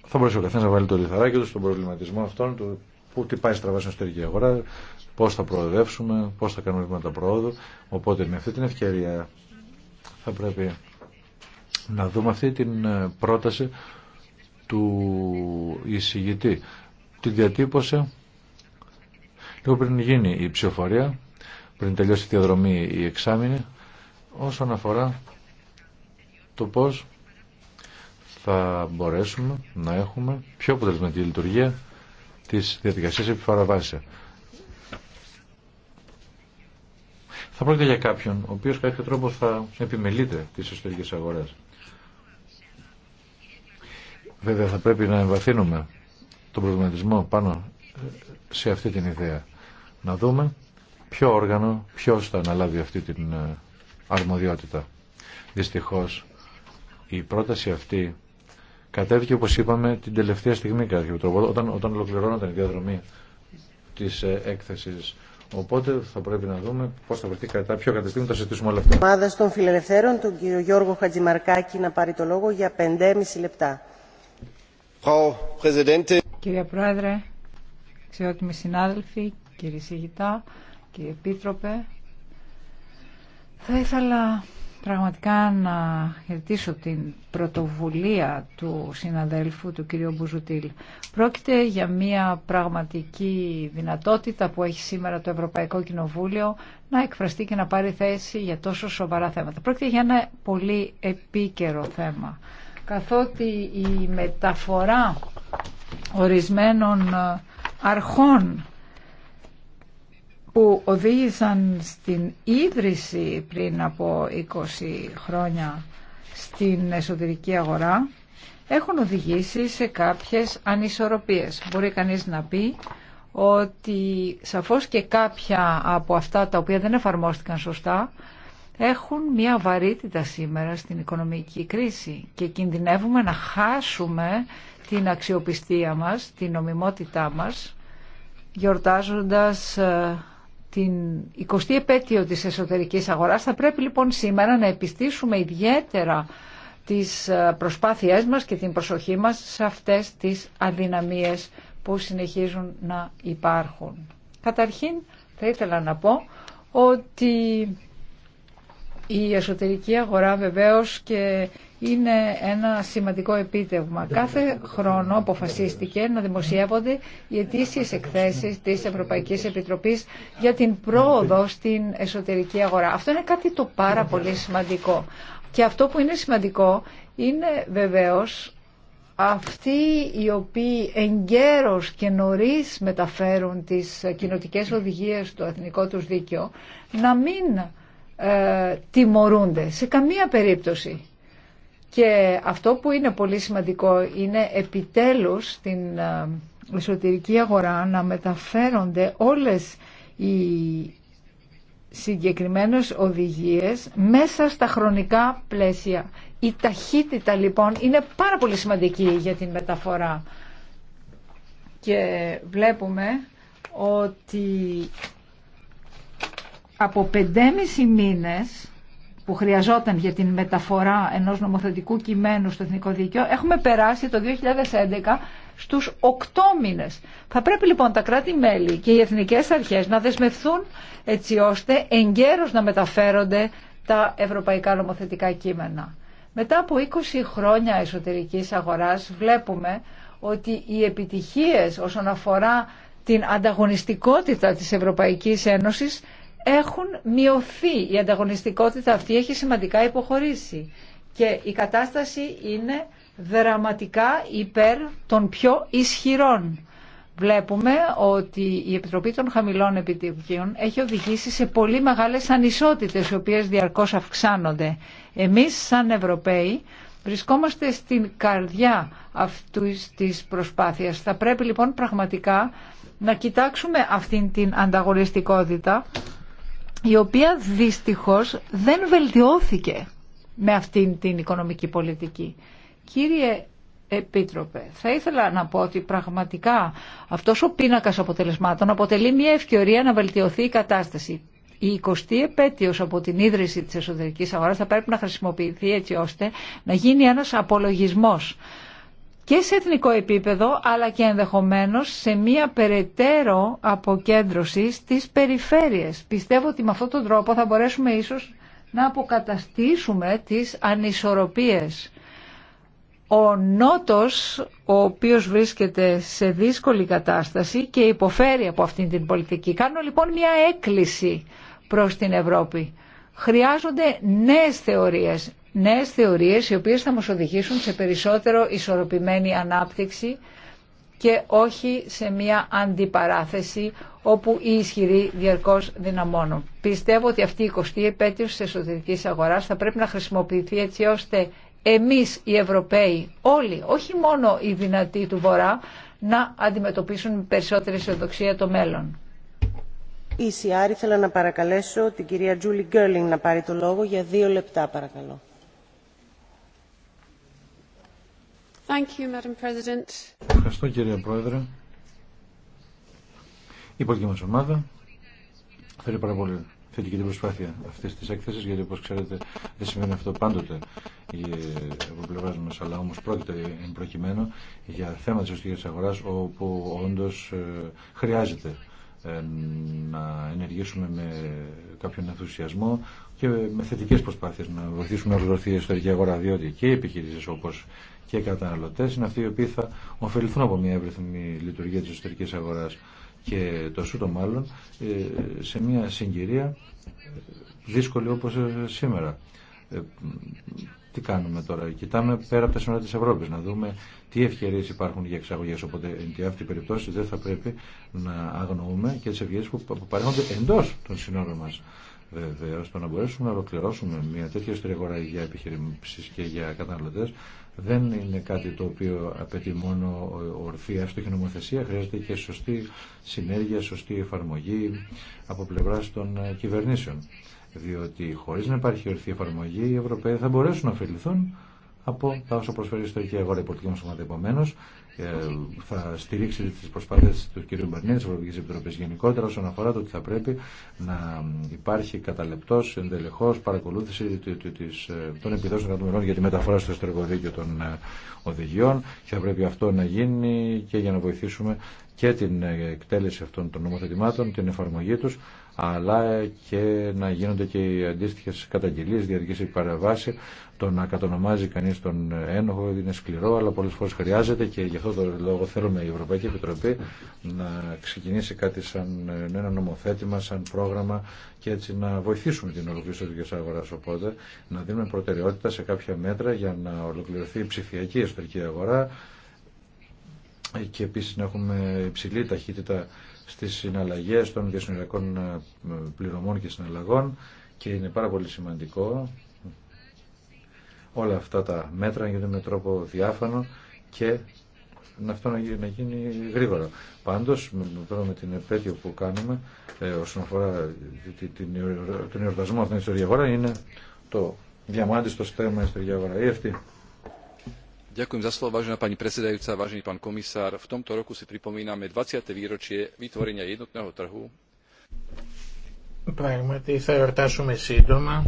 θα μπορούσε ο καθένα να βάλει το λιθαράκι του στον προβληματισμό αυτόν του που τι πάει στραβά στην εσωτερική αγορά, πώς θα προοδεύσουμε, πώς θα κάνουμε βήματα προόδου. Οπότε με αυτή την ευκαιρία θα πρέπει να δούμε αυτή την ε, πρόταση του εισηγητή. Την διατύπωσε λίγο πριν γίνει η ψηφοφορία, πριν τελειώσει η διαδρομή η εξάμηνη, όσον αφορά το πώς θα μπορέσουμε να έχουμε πιο αποτελεσματική λειτουργία της διαδικασίας επιφαραβάσεως. θα πρόκειται για κάποιον ο οποίος κάποιο τρόπο θα επιμελείται τις εσωτερική αγορές. Βέβαια θα πρέπει να εμβαθύνουμε τον προβληματισμό πάνω ε, σε αυτή την ιδέα. Να δούμε ποιο όργανο, ποιος θα αναλάβει αυτή την ε, αρμοδιότητα. Δυστυχώς η πρόταση αυτή κατέβηκε όπως είπαμε την τελευταία στιγμή κάποιο τρόπο όταν, όταν ολοκληρώνονταν η διαδρομή της ε, έκθεσης Οπότε θα πρέπει να δούμε πώ θα βρεθεί κατά πιο καταστήμα θα συζητήσουμε όλα αυτά.
Ομάδα των Φιλελευθέρων, τον κύριο Γιώργο Χατζημαρκάκη, να πάρει το λόγο για 5,5 λεπτά.
Κυρία Πρόεδρε, αξιότιμοι συνάδελφοι, κύριε Σιγητά, κύριε Επίτροπε, θα ήθελα πραγματικά να χαιρετήσω την πρωτοβουλία του συναδέλφου, του κυρίου Μπουζουτήλ. Πρόκειται για μια πραγματική δυνατότητα που έχει σήμερα το Ευρωπαϊκό Κοινοβούλιο να εκφραστεί και να πάρει θέση για τόσο σοβαρά θέματα. Πρόκειται για ένα πολύ επίκαιρο θέμα, καθότι η μεταφορά ορισμένων αρχών που οδήγησαν στην ίδρυση πριν από 20 χρόνια στην εσωτερική αγορά έχουν οδηγήσει σε κάποιες ανισορροπίες. Μπορεί κανείς να πει ότι σαφώς και κάποια από αυτά τα οποία δεν εφαρμόστηκαν σωστά έχουν μια βαρύτητα σήμερα στην οικονομική κρίση και κινδυνεύουμε να χάσουμε την αξιοπιστία μας, την νομιμότητά μας γιορτάζοντας ε, την 20η επέτειο της εσωτερικής αγοράς θα πρέπει λοιπόν σήμερα να επιστήσουμε ιδιαίτερα τις ε, προσπάθειές μας και την προσοχή μας σε αυτές τις αδυναμίες που συνεχίζουν να υπάρχουν. Καταρχήν θα ήθελα να πω ότι η εσωτερική αγορά βεβαίως και είναι ένα σημαντικό επίτευγμα. Κάθε χρόνο αποφασίστηκε να δημοσιεύονται οι αιτήσει εκθέσει τη Ευρωπαϊκή Επιτροπή για την πρόοδο στην εσωτερική αγορά. Αυτό είναι κάτι το πάρα πολύ σημαντικό. Και αυτό που είναι σημαντικό είναι βεβαίως αυτοί οι οποίοι εγκαίρως και νωρίς μεταφέρουν τις κοινοτικές οδηγίες στο εθνικό τους δίκαιο να μην ε, τιμωρούνται. Σε καμία περίπτωση. Και αυτό που είναι πολύ σημαντικό είναι επιτέλους στην ε, εσωτερική αγορά να μεταφέρονται όλες οι συγκεκριμένες οδηγίες μέσα στα χρονικά πλαίσια. Η ταχύτητα λοιπόν είναι πάρα πολύ σημαντική για την μεταφορά. Και βλέπουμε ότι από 5,5 μήνες που χρειαζόταν για την μεταφορά ενός νομοθετικού κειμένου στο Εθνικό Δίκαιο, έχουμε περάσει το 2011 στους 8 μήνες. Θα πρέπει λοιπόν τα κράτη-μέλη και οι εθνικές αρχές να δεσμευθούν έτσι ώστε εγκαίρως να μεταφέρονται τα ευρωπαϊκά νομοθετικά κείμενα. Μετά από 20 χρόνια εσωτερικής αγοράς βλέπουμε ότι οι επιτυχίες όσον αφορά την ανταγωνιστικότητα της Ευρωπαϊκής Ένωσης έχουν μειωθεί. Η ανταγωνιστικότητα αυτή έχει σημαντικά υποχωρήσει και η κατάσταση είναι δραματικά υπέρ των πιο ισχυρών. Βλέπουμε ότι η Επιτροπή των Χαμηλών Επιτυχίων έχει οδηγήσει σε πολύ μεγάλες ανισότητες, οι οποίες διαρκώς αυξάνονται. Εμείς σαν Ευρωπαίοι βρισκόμαστε στην καρδιά αυτού της προσπάθειας. Θα πρέπει λοιπόν πραγματικά να κοιτάξουμε αυτήν την ανταγωνιστικότητα η οποία δυστυχώς δεν βελτιώθηκε με αυτήν την οικονομική πολιτική. Κύριε Επίτροπε, θα ήθελα να πω ότι πραγματικά αυτός ο πίνακας αποτελεσμάτων αποτελεί μια ευκαιρία να βελτιωθεί η κατάσταση. Η 20η από την ίδρυση της εσωτερικής αγοράς θα πρέπει να χρησιμοποιηθεί έτσι ώστε να γίνει ένας απολογισμός και σε εθνικό επίπεδο αλλά και ενδεχομένως σε μια περαιτέρω αποκέντρωση στις περιφέρειες. Πιστεύω ότι με αυτόν τον τρόπο θα μπορέσουμε ίσως να αποκαταστήσουμε τις ανισορροπίες. Ο Νότος, ο οποίος βρίσκεται σε δύσκολη κατάσταση και υποφέρει από αυτήν την πολιτική. Κάνω λοιπόν μια έκκληση προς την Ευρώπη. Χρειάζονται νέες θεωρίες, νέες θεωρίες οι οποίες θα μας οδηγήσουν σε περισσότερο ισορροπημένη ανάπτυξη και όχι σε μια αντιπαράθεση όπου οι ισχυροί διαρκώς δυναμώνουν. Πιστεύω ότι αυτή η 20η επέτειος της εσωτερικής αγοράς θα πρέπει να χρησιμοποιηθεί έτσι ώστε εμείς οι Ευρωπαίοι όλοι, όχι μόνο οι δυνατοί του Βορρά, να αντιμετωπίσουν με περισσότερη αισιοδοξία το μέλλον.
Η Σιάρη θέλω να παρακαλέσω την κυρία Τζούλη Γκέρλινγκ να πάρει το λόγο για δύο λεπτά παρακαλώ.
Madam President.
Ευχαριστώ κύριε Πρόεδρε. Η πολιτική μα ομάδα θέλει πάρα πολύ θετική την προσπάθεια αυτή τη έκθεση, γιατί όπως ξέρετε δεν σημαίνει αυτό πάντοτε από πλευρά μα, αλλά όμω πρόκειται εν προκειμένου για θέμα τη ουσιακή αγορά όπου όντω ε, χρειάζεται ε, να ενεργήσουμε με κάποιον ενθουσιασμό και με θετικές προσπάθειες να βοηθήσουμε να ολοκληρωθεί η ιστορική αγορά διότι και οι επιχειρήσεις όπως και οι καταναλωτές είναι αυτοί οι οποίοι θα ωφεληθούν από μια εύρυθμη λειτουργία της εσωτερικής αγοράς και το σούτο μάλλον ε, σε μια συγκυρία ε, δύσκολη όπως ε, σήμερα. Τι κάνουμε τώρα, κοιτάμε πέρα από τα σύνορα της Ευρώπης να δούμε τι ευκαιρίες υπάρχουν για εξαγωγές, οπότε εν αυτή περιπτώσει δεν θα πρέπει να αγνοούμε και τις ευκαιρίες που παρέχονται εντός των σύνορων μας. Βεβαίω, το να μπορέσουμε να ολοκληρώσουμε μια τέτοια ιστορία για επιχειρήσει και για καταναλωτέ δεν είναι κάτι το οποίο απαιτεί μόνο ορθή εύστοχη νομοθεσία, χρειάζεται και σωστή συνέργεια, σωστή εφαρμογή από πλευρά των ε, κυβερνήσεων. Διότι χωρί να υπάρχει ορθή εφαρμογή, οι Ευρωπαίοι θα μπορέσουν να ωφεληθούν από τα όσα προσφέρει στο ιστορική αγορά η πολιτική μας ομάδα. Επομένως, ε, θα στηρίξει τι προσπάθειες του κ. Μπαρνιέ, τη Ευρωπαϊκή Επιτροπή γενικότερα όσον αφορά το ότι θα πρέπει να υπάρχει καταλεπτό, εντελεχώ, παρακολούθηση ε, των επιδόσεων κατομμυρών για τη μεταφορά στο ιστορικό δίκαιο των ε, οδηγιών και θα πρέπει αυτό να γίνει και για να βοηθήσουμε και την εκτέλεση αυτών των νομοθετημάτων, την εφαρμογή του αλλά και να γίνονται και οι αντίστοιχε καταγγελίε, διαρκή η Το να κατονομάζει κανεί τον ένοχο είναι σκληρό, αλλά πολλέ φορέ χρειάζεται και γι' αυτό το λόγο θέλουμε η Ευρωπαϊκή Επιτροπή να ξεκινήσει κάτι σαν ε, ένα νομοθέτημα, σαν πρόγραμμα και έτσι να βοηθήσουμε την ολοκλήρωση τη αγορά. Οπότε να δίνουμε προτεραιότητα σε κάποια μέτρα για να ολοκληρωθεί η ψηφιακή εσωτερική αγορά και επίσης να έχουμε υψηλή ταχύτητα στις συναλλαγές των διασυνοριακών ε, πληρωμών και συναλλαγών και είναι πάρα πολύ σημαντικό όλα αυτά τα μέτρα να γίνονται με τρόπο διάφανο και αυτό να γίνει, να γίνει γρήγορα. Πάντως, με την επέτειο που κάνουμε ε, όσον αφορά τον εορτασμό αυτήν την ιστορία αγορά είναι το διαμάντιστο στο στέμα στην ιστορία αγορά v
Πράγματι θα εορτάσουμε σύντομα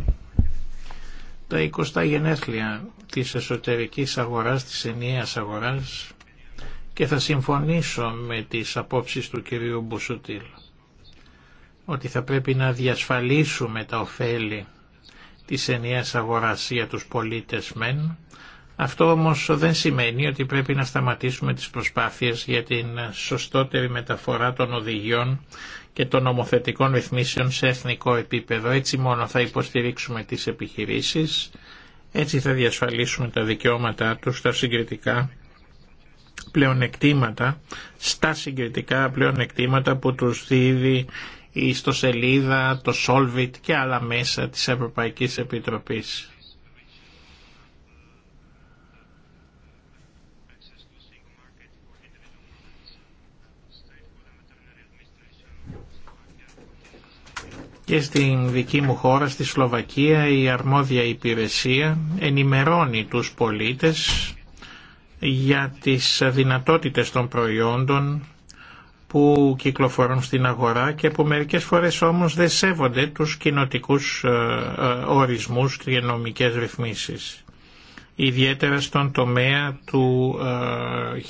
τα 20 γενέθλια της εσωτερικής αγοράς, της ενιαίας αγοράς και θα συμφωνήσω με τις απόψεις του κυρίου Μπουσουτήλ ότι θα πρέπει να διασφαλίσουμε τα ωφέλη της ενιαίας αγοράς για τους πολίτες μεν, αυτό όμως δεν σημαίνει ότι πρέπει να σταματήσουμε τις προσπάθειες για την σωστότερη μεταφορά των οδηγιών και των νομοθετικών ρυθμίσεων σε εθνικό επίπεδο. Έτσι μόνο θα υποστηρίξουμε τις επιχειρήσεις, έτσι θα διασφαλίσουμε τα δικαιώματά τους στα συγκριτικά πλεονεκτήματα, στα συγκριτικά πλεονεκτήματα που του δίδει η ιστοσελίδα, το Solvit και άλλα μέσα της Ευρωπαϊκής Επιτροπής. και στην δική μου χώρα, στη Σλοβακία, η αρμόδια υπηρεσία ενημερώνει τους πολίτες για τις δυνατότητες των προϊόντων που κυκλοφορούν στην αγορά και που μερικές φορές όμως δεν σέβονται τους κοινοτικούς ε, ε, ορισμούς και νομικές ρυθμίσεις. Ιδιαίτερα στον τομέα του ε,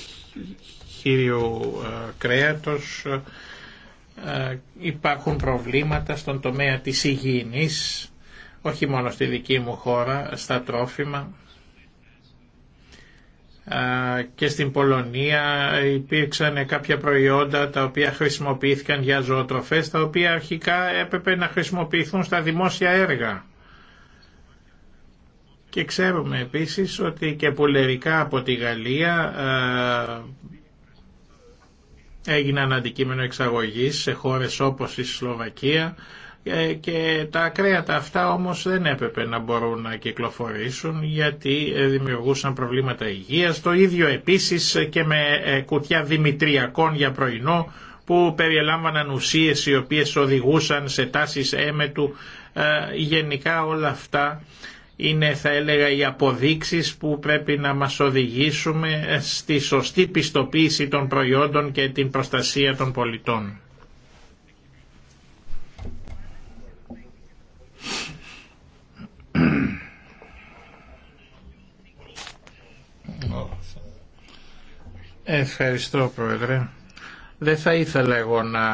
χείριου κρέατος, ε, υπάρχουν προβλήματα στον τομέα της υγιεινής, όχι μόνο στη δική μου χώρα, στα τρόφιμα ε, και στην Πολωνία υπήρξαν κάποια προϊόντα τα οποία χρησιμοποιήθηκαν για ζωοτροφές τα οποία αρχικά έπρεπε να χρησιμοποιηθούν στα δημόσια έργα. Και ξέρουμε επίσης ότι και πουλερικά από τη Γαλλία ε, έγιναν αντικείμενο εξαγωγής σε χώρες όπως η Σλοβακία ε, και τα κρέατα αυτά όμως δεν έπρεπε να μπορούν να κυκλοφορήσουν γιατί ε, δημιουργούσαν προβλήματα υγείας. Το ίδιο επίσης ε, και με κουτιά δημητριακών για πρωινό που περιελάμβαναν ουσίες οι οποίες οδηγούσαν σε τάσεις έμετου. Γενικά όλα αυτά είναι θα έλεγα οι αποδείξεις που πρέπει να μας οδηγήσουμε στη σωστή πιστοποίηση των προϊόντων και την προστασία των πολιτών. Ευχαριστώ Πρόεδρε. Δεν θα ήθελα εγώ να,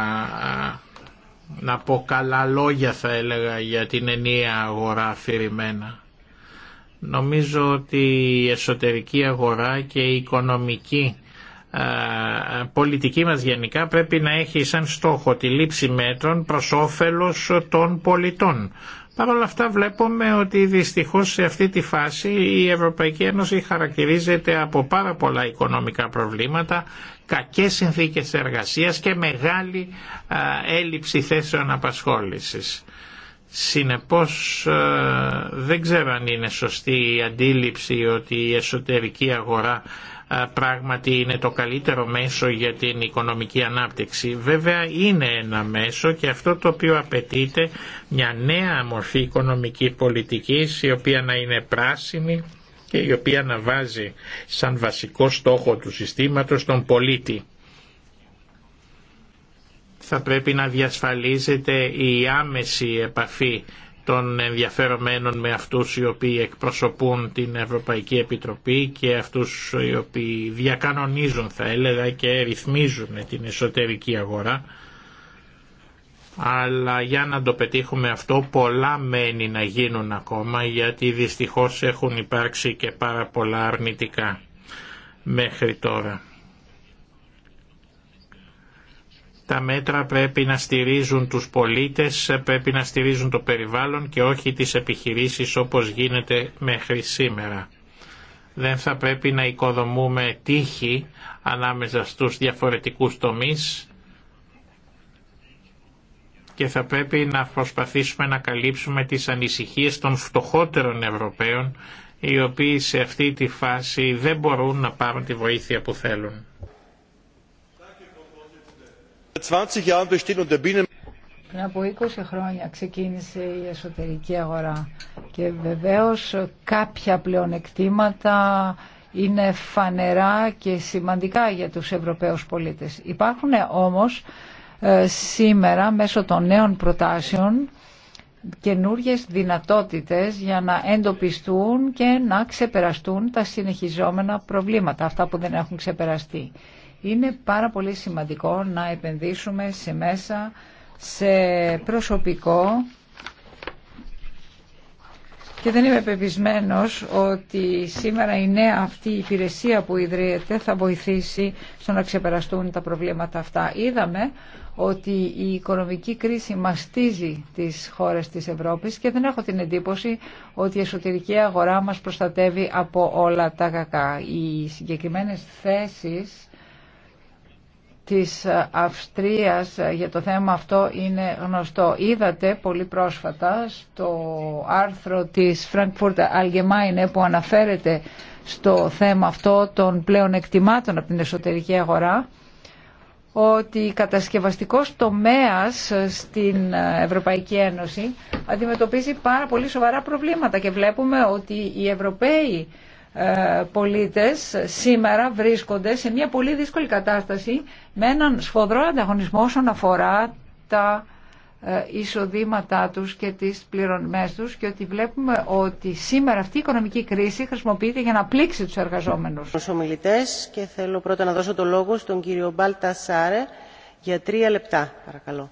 να πω καλά λόγια θα έλεγα για την ενία αγορά αφηρημένα Νομίζω ότι η εσωτερική αγορά και η οικονομική πολιτική μας γενικά πρέπει να έχει σαν στόχο τη λήψη μέτρων προς όφελος των πολιτών. Παρ' όλα αυτά βλέπουμε ότι δυστυχώς σε αυτή τη φάση η Ευρωπαϊκή Ένωση χαρακτηρίζεται από πάρα πολλά οικονομικά προβλήματα, κακές συνθήκες εργασίας και μεγάλη έλλειψη θέσεων απασχόλησης. Συνεπώς ε, δεν ξέρω αν είναι σωστή η αντίληψη ότι η εσωτερική αγορά ε, πράγματι είναι το καλύτερο μέσο για την οικονομική ανάπτυξη. Βέβαια είναι ένα μέσο και αυτό το οποίο απαιτείται μια νέα μορφή οικονομική πολιτικής η οποία να είναι πράσινη και η οποία να βάζει σαν βασικό στόχο του συστήματος τον πολίτη θα πρέπει να διασφαλίζεται η άμεση επαφή των ενδιαφερομένων με αυτούς οι οποίοι εκπροσωπούν την Ευρωπαϊκή Επιτροπή και αυτούς οι οποίοι διακανονίζουν θα έλεγα και ρυθμίζουν την εσωτερική αγορά αλλά για να το πετύχουμε αυτό πολλά μένει να γίνουν ακόμα γιατί δυστυχώς έχουν υπάρξει και πάρα πολλά αρνητικά μέχρι τώρα. Τα μέτρα πρέπει να στηρίζουν τους πολίτες, πρέπει να στηρίζουν το περιβάλλον και όχι τις επιχειρήσεις όπως γίνεται μέχρι σήμερα. Δεν θα πρέπει να οικοδομούμε τύχη ανάμεσα στους διαφορετικούς τομείς και θα πρέπει να προσπαθήσουμε να καλύψουμε τις ανησυχίες των φτωχότερων Ευρωπαίων οι οποίοι σε αυτή τη φάση δεν μπορούν να πάρουν τη βοήθεια που θέλουν.
Πριν
από 20 χρόνια ξεκίνησε η εσωτερική αγορά και βεβαίως κάποια πλεονεκτήματα είναι φανερά και σημαντικά για τους Ευρωπαίους πολίτες. Υπάρχουν όμως ε, σήμερα μέσω των νέων προτάσεων καινούριες δυνατότητες για να εντοπιστούν και να ξεπεραστούν τα συνεχιζόμενα προβλήματα, αυτά που δεν έχουν ξεπεραστεί. Είναι πάρα πολύ σημαντικό να επενδύσουμε σε μέσα, σε προσωπικό και δεν είμαι πεπισμένος ότι σήμερα η νέα αυτή η υπηρεσία που ιδρύεται θα βοηθήσει στο να ξεπεραστούν τα προβλήματα αυτά. Είδαμε ότι η οικονομική κρίση μαστίζει τις χώρες της Ευρώπης και δεν έχω την εντύπωση ότι η εσωτερική αγορά μας προστατεύει από όλα τα κακά. Οι συγκεκριμένες θέσεις της Αυστρίας ε, για το θέμα αυτό είναι γνωστό. Είδατε πολύ πρόσφατα στο άρθρο της Frankfurt Allgemeine που αναφέρεται στο θέμα αυτό των πλέον εκτιμάτων από την εσωτερική αγορά ότι κατασκευαστικός τομέας στην Ευρωπαϊκή Ένωση αντιμετωπίζει πάρα πολύ σοβαρά προβλήματα και βλέπουμε ότι οι Ευρωπαίοι ε, πολίτες σήμερα βρίσκονται σε μια πολύ δύσκολη κατάσταση με έναν σφοδρό ανταγωνισμό όσον αφορά τα ε, εισοδήματά τους και τις πληρωμές τους και ότι βλέπουμε ότι σήμερα αυτή η οικονομική κρίση χρησιμοποιείται για να πλήξει τους εργαζόμενους. και θέλω
πρώτα να δώσω το λόγο στον κύριο Μπάλτα για τρία λεπτά παρακαλώ.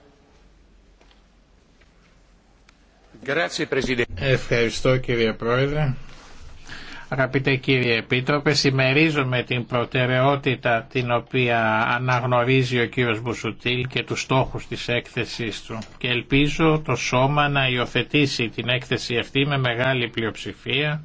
Ευχαριστώ κύριε Πρόεδρε. Αγαπητέ κύριε Επίτροπε, συμμερίζομαι την προτεραιότητα την οποία αναγνωρίζει ο κύριος Μπουσουτήλ και τους στόχους της έκθεσης του και ελπίζω το σώμα να υιοθετήσει την έκθεση αυτή με μεγάλη πλειοψηφία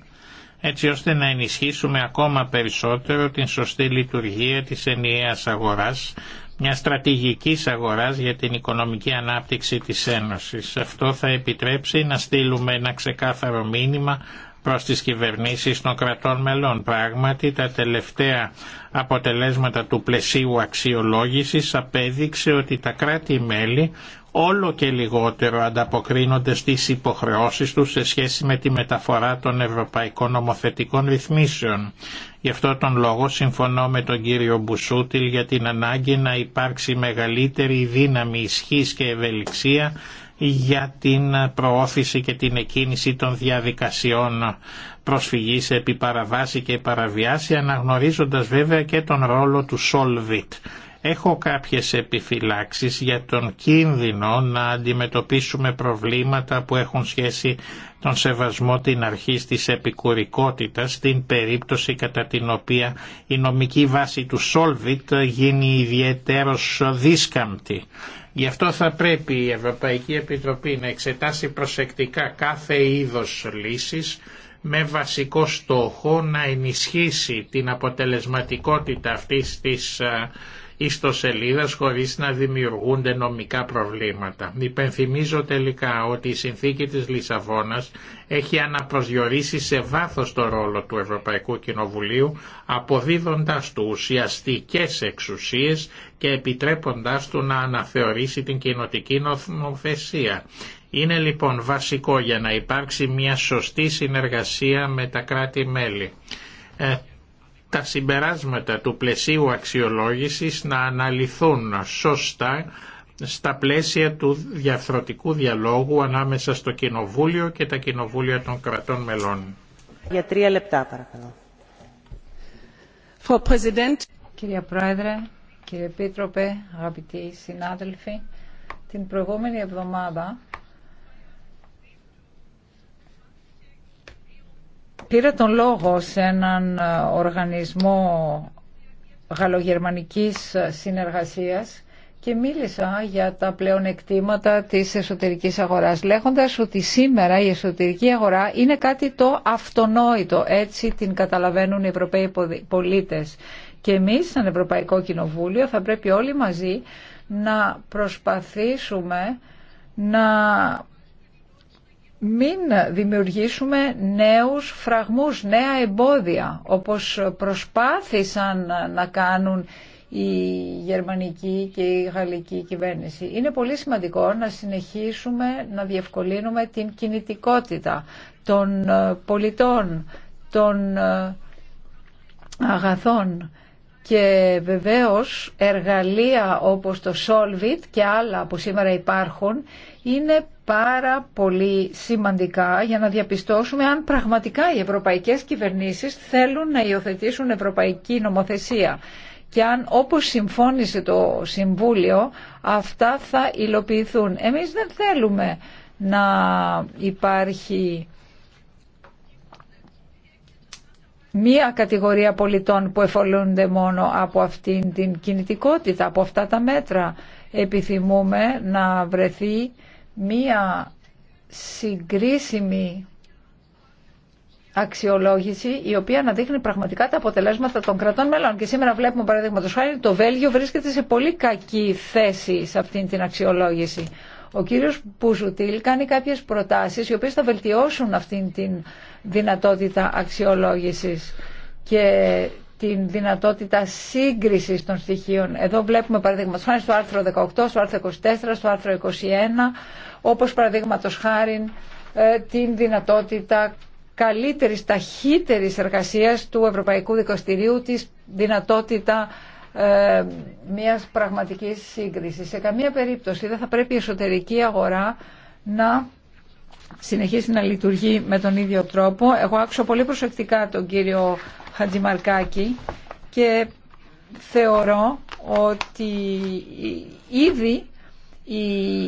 έτσι ώστε να ενισχύσουμε ακόμα περισσότερο την σωστή λειτουργία της ενιαίας αγοράς μια στρατηγική αγοράς για την οικονομική ανάπτυξη της Ένωσης. Αυτό θα επιτρέψει να στείλουμε ένα ξεκάθαρο μήνυμα προς τις κυβερνήσεις των κρατών μελών. Πράγματι τα τελευταία αποτελέσματα του πλαισίου αξιολόγησης απέδειξε ότι τα κράτη-μέλη όλο και λιγότερο ανταποκρίνονται στις υποχρεώσεις τους σε σχέση με τη μεταφορά των ευρωπαϊκών νομοθετικών ρυθμίσεων. Γι' αυτό τον λόγο συμφωνώ με τον κύριο Μπουσούτιλ για την ανάγκη να υπάρξει μεγαλύτερη δύναμη ισχύς και ευελιξία για την προώθηση και την εκκίνηση των διαδικασιών προσφυγής επί παραβάση και παραβιάση αναγνωρίζοντας βέβαια και τον ρόλο του Solvit Έχω κάποιες επιφυλάξεις για τον κίνδυνο να αντιμετωπίσουμε προβλήματα που έχουν σχέση τον σεβασμό την αρχή της επικουρικότητας στην περίπτωση κατά την οποία η νομική βάση του Solvit γίνει ιδιαίτερο δίσκαμπτη. Γι' αυτό θα πρέπει η Ευρωπαϊκή Επιτροπή να εξετάσει προσεκτικά κάθε είδος λύσης με βασικό στόχο να ενισχύσει την αποτελεσματικότητα αυτής της ιστοσελίδας χωρίς να δημιουργούνται νομικά προβλήματα. Υπενθυμίζω τελικά ότι η συνθήκη της Λισαβόνας έχει αναπροσδιορίσει σε βάθος το ρόλο του Ευρωπαϊκού Κοινοβουλίου αποδίδοντας του ουσιαστικές εξουσίες και επιτρέποντάς του να αναθεωρήσει την κοινοτική νομοθεσία. Είναι λοιπόν βασικό για να υπάρξει μια σωστή συνεργασία με τα κράτη-μέλη. Ε, τα συμπεράσματα του πλαισίου αξιολόγησης να αναλυθούν σωστά στα πλαίσια του διαφθρωτικού διαλόγου ανάμεσα στο Κοινοβούλιο και τα Κοινοβούλια των κρατών μελών.
Για τρία λεπτά παρακαλώ.
Κυρία Πρόεδρε, κύριε Επίτροπε, αγαπητοί συνάδελφοι, την προηγούμενη εβδομάδα πήρα τον λόγο σε έναν ε, οργανισμό γαλλογερμανικής ε, συνεργασίας και μίλησα για τα πλεονεκτήματα της εσωτερικής αγοράς λέγοντας ότι σήμερα η εσωτερική αγορά είναι κάτι το αυτονόητο έτσι την καταλαβαίνουν οι Ευρωπαίοι πολίτες και εμείς σαν Ευρωπαϊκό Κοινοβούλιο θα πρέπει όλοι μαζί να προσπαθήσουμε να μην δημιουργήσουμε νέους φραγμούς, νέα εμπόδια, όπως προσπάθησαν να κάνουν η γερμανική και η γαλλική κυβέρνηση. Είναι πολύ σημαντικό να συνεχίσουμε να διευκολύνουμε την κινητικότητα των ε, πολιτών, των ε, αγαθών και βεβαίως εργαλεία όπως το Solvit και άλλα που σήμερα υπάρχουν είναι πάρα πολύ σημαντικά για να διαπιστώσουμε αν πραγματικά οι ευρωπαϊκές κυβερνήσεις θέλουν να υιοθετήσουν ευρωπαϊκή νομοθεσία και αν όπως συμφώνησε το Συμβούλιο αυτά θα υλοποιηθούν. Εμείς δεν θέλουμε να υπάρχει μία κατηγορία πολιτών που εφολούνται μόνο από αυτήν την κινητικότητα, από αυτά τα μέτρα. Επιθυμούμε να βρεθεί μία συγκρίσιμη αξιολόγηση η οποία να δείχνει πραγματικά τα αποτελέσματα των κρατών μελών. Και σήμερα βλέπουμε παραδείγματος χάρη το Βέλγιο βρίσκεται σε πολύ κακή θέση σε αυτήν την αξιολόγηση. Ο κύριος Πουζουτήλ κάνει κάποιες προτάσεις οι οποίες θα βελτιώσουν αυτήν την δυνατότητα αξιολόγησης. Και την δυνατότητα σύγκρισης των στοιχείων. Εδώ βλέπουμε παραδείγματο χάρη στο άρθρο 18, στο άρθρο 24, στο άρθρο 21, όπως παραδείγματο χάρη ε, την δυνατότητα καλύτερης, ταχύτερης εργασίας του Ευρωπαϊκού Δικαστηρίου, της δυνατότητα ε, μιας πραγματικής σύγκρισης. Σε καμία περίπτωση δεν θα πρέπει η εσωτερική αγορά να συνεχίσει να λειτουργεί με τον ίδιο τρόπο. Εγώ άκουσα πολύ προσεκτικά τον κύριο Χατζημαρκάκη και θεωρώ ότι ήδη οι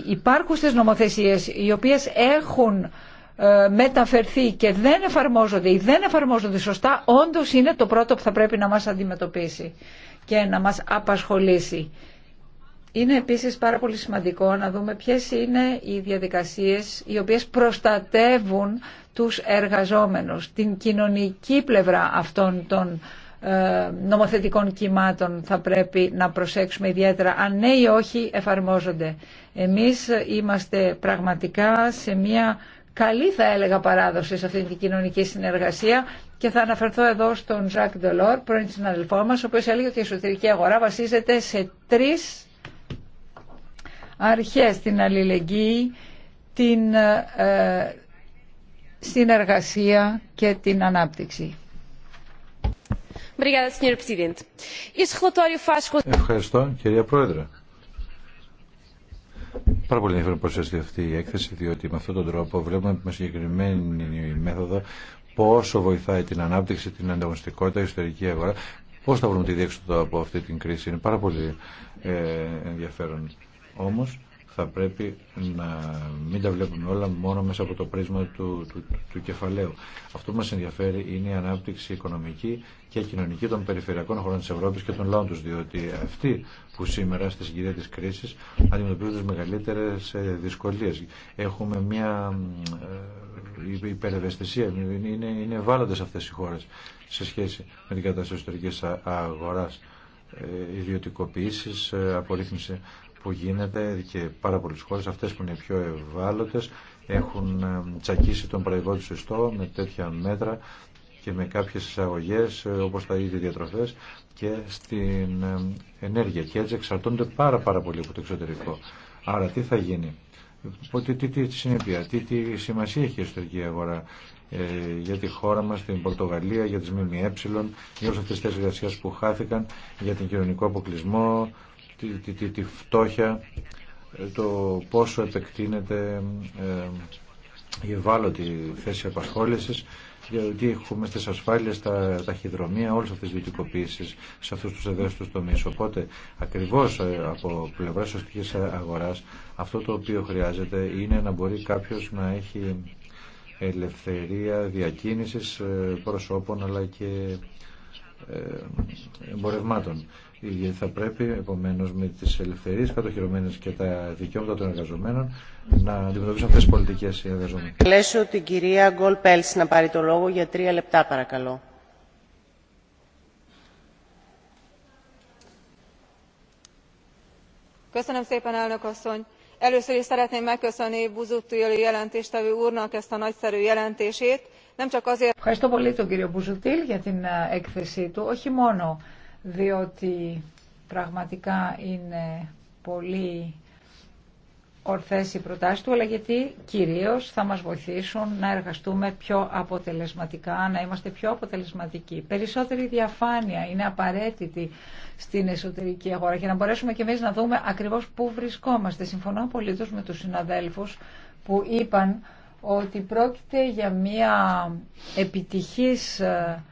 υπάρχουσες νομοθεσίες οι οποίες έχουν ε, μεταφερθεί και δεν εφαρμόζονται ή δεν εφαρμόζονται σωστά, όντως είναι το πρώτο που θα πρέπει να μας αντιμετωπίσει και να μας απασχολήσει. Είναι επίσης πάρα πολύ σημαντικό να δούμε ποιες είναι οι διαδικασίες οι οποίες προστατεύουν τους εργαζόμενους, την κοινωνική πλευρά αυτών των ε, νομοθετικών κυμάτων θα πρέπει να προσέξουμε ιδιαίτερα αν ναι ή όχι εφαρμόζονται. Εμείς είμαστε πραγματικά σε μια καλή θα έλεγα παράδοση σε αυτή την κοινωνική συνεργασία και θα αναφερθώ εδώ στον Ζακ Ντελόρ, πρώην συναδελφό μας, ο οποίος έλεγε ότι η εσωτερική αγορά βασίζεται σε τρεις αρχές, την αλληλεγγύη, την ε, συνεργασία και την ανάπτυξη.
Ευχαριστώ, κυρία Πρόεδρε. Πάρα πολύ ενδιαφέρον προσέστηκε αυτή η έκθεση, διότι με αυτόν τον τρόπο βλέπουμε με συγκεκριμένη μέθοδο πόσο βοηθάει την ανάπτυξη, την ανταγωνιστικότητα, η ιστορική αγορά. Πώς θα βρούμε τη διέξοδο από αυτή την κρίση. Είναι πάρα πολύ ε, ενδιαφέρον. Όμως θα πρέπει να μην τα βλέπουμε όλα μόνο μέσα από το πρίσμα του, του, κεφαλαίου. Αυτό που μας ενδιαφέρει είναι η ανάπτυξη οικονομική και κοινωνική των περιφερειακών χωρών της Ευρώπης και των λαών τους, διότι αυτοί που σήμερα στη συγκυρία της κρίσης αντιμετωπίζουν τις μεγαλύτερες ε, δυσκολίες. Έχουμε μια ε, υπερευαισθησία, είναι, είναι ευάλωτες αυτές οι χώρες σε σχέση με την κατάσταση της αγοράς ε, ιδιωτικοποιήσεις, απορρίθμιση που γίνεται και πάρα πολλέ χώρε, αυτές που είναι πιο ευάλωτες, έχουν ε, τσακίσει τον παραγωγό του ιστό με τέτοια μέτρα και με κάποιες εισαγωγέ ε, όπως τα ίδια διατροφέ, και στην ε, ενέργεια και έτσι εξαρτώνται πάρα πάρα πολύ από το εξωτερικό. Άρα τι θα γίνει, τι, τι, τι συνέπεια, τι, τι σημασία έχει η εσωτερική αγορά ε, για τη χώρα μας, την Πορτογαλία, για τι ΜΜΕ, για όλες αυτές τις εργασίες που χάθηκαν, για τον κοινωνικό αποκλεισμό, τη, φτώχεια, το πόσο επεκτείνεται ε, η ευάλωτη θέση απασχόλησης γιατί έχουμε στις ασφάλειες τα ταχυδρομεία, όλες αυτές τις δικοποίησεις σε αυτούς τους ευαίσθητους τομείς. Οπότε ακριβώς ε, από πλευρά σωστικής αγοράς αυτό το οποίο χρειάζεται είναι να μπορεί κάποιος να έχει ελευθερία διακίνησης ε, προσώπων αλλά και εμπορευμάτων θα πρέπει επομένω με τι ελευθερίε κατοχυρωμένε και τα δικαιώματα των εργαζομένων να αντιμετωπίσουν αυτέ τι πολιτικέ οι εργαζόμενοι.
την κυρία να
Ευχαριστώ πολύ τον κύριο Μπουζουτήλ για την ε, έκθεσή του, όχι μόνο διότι πραγματικά είναι πολύ ορθές οι προτάσεις του, αλλά γιατί κυρίως θα μας βοηθήσουν να εργαστούμε πιο αποτελεσματικά, να είμαστε πιο αποτελεσματικοί. Περισσότερη διαφάνεια είναι απαραίτητη στην εσωτερική αγορά για να μπορέσουμε και εμείς να δούμε ακριβώς πού βρισκόμαστε. Συμφωνώ απολύτως με τους συναδέλφους που είπαν ότι πρόκειται για μια επιτυχής ε,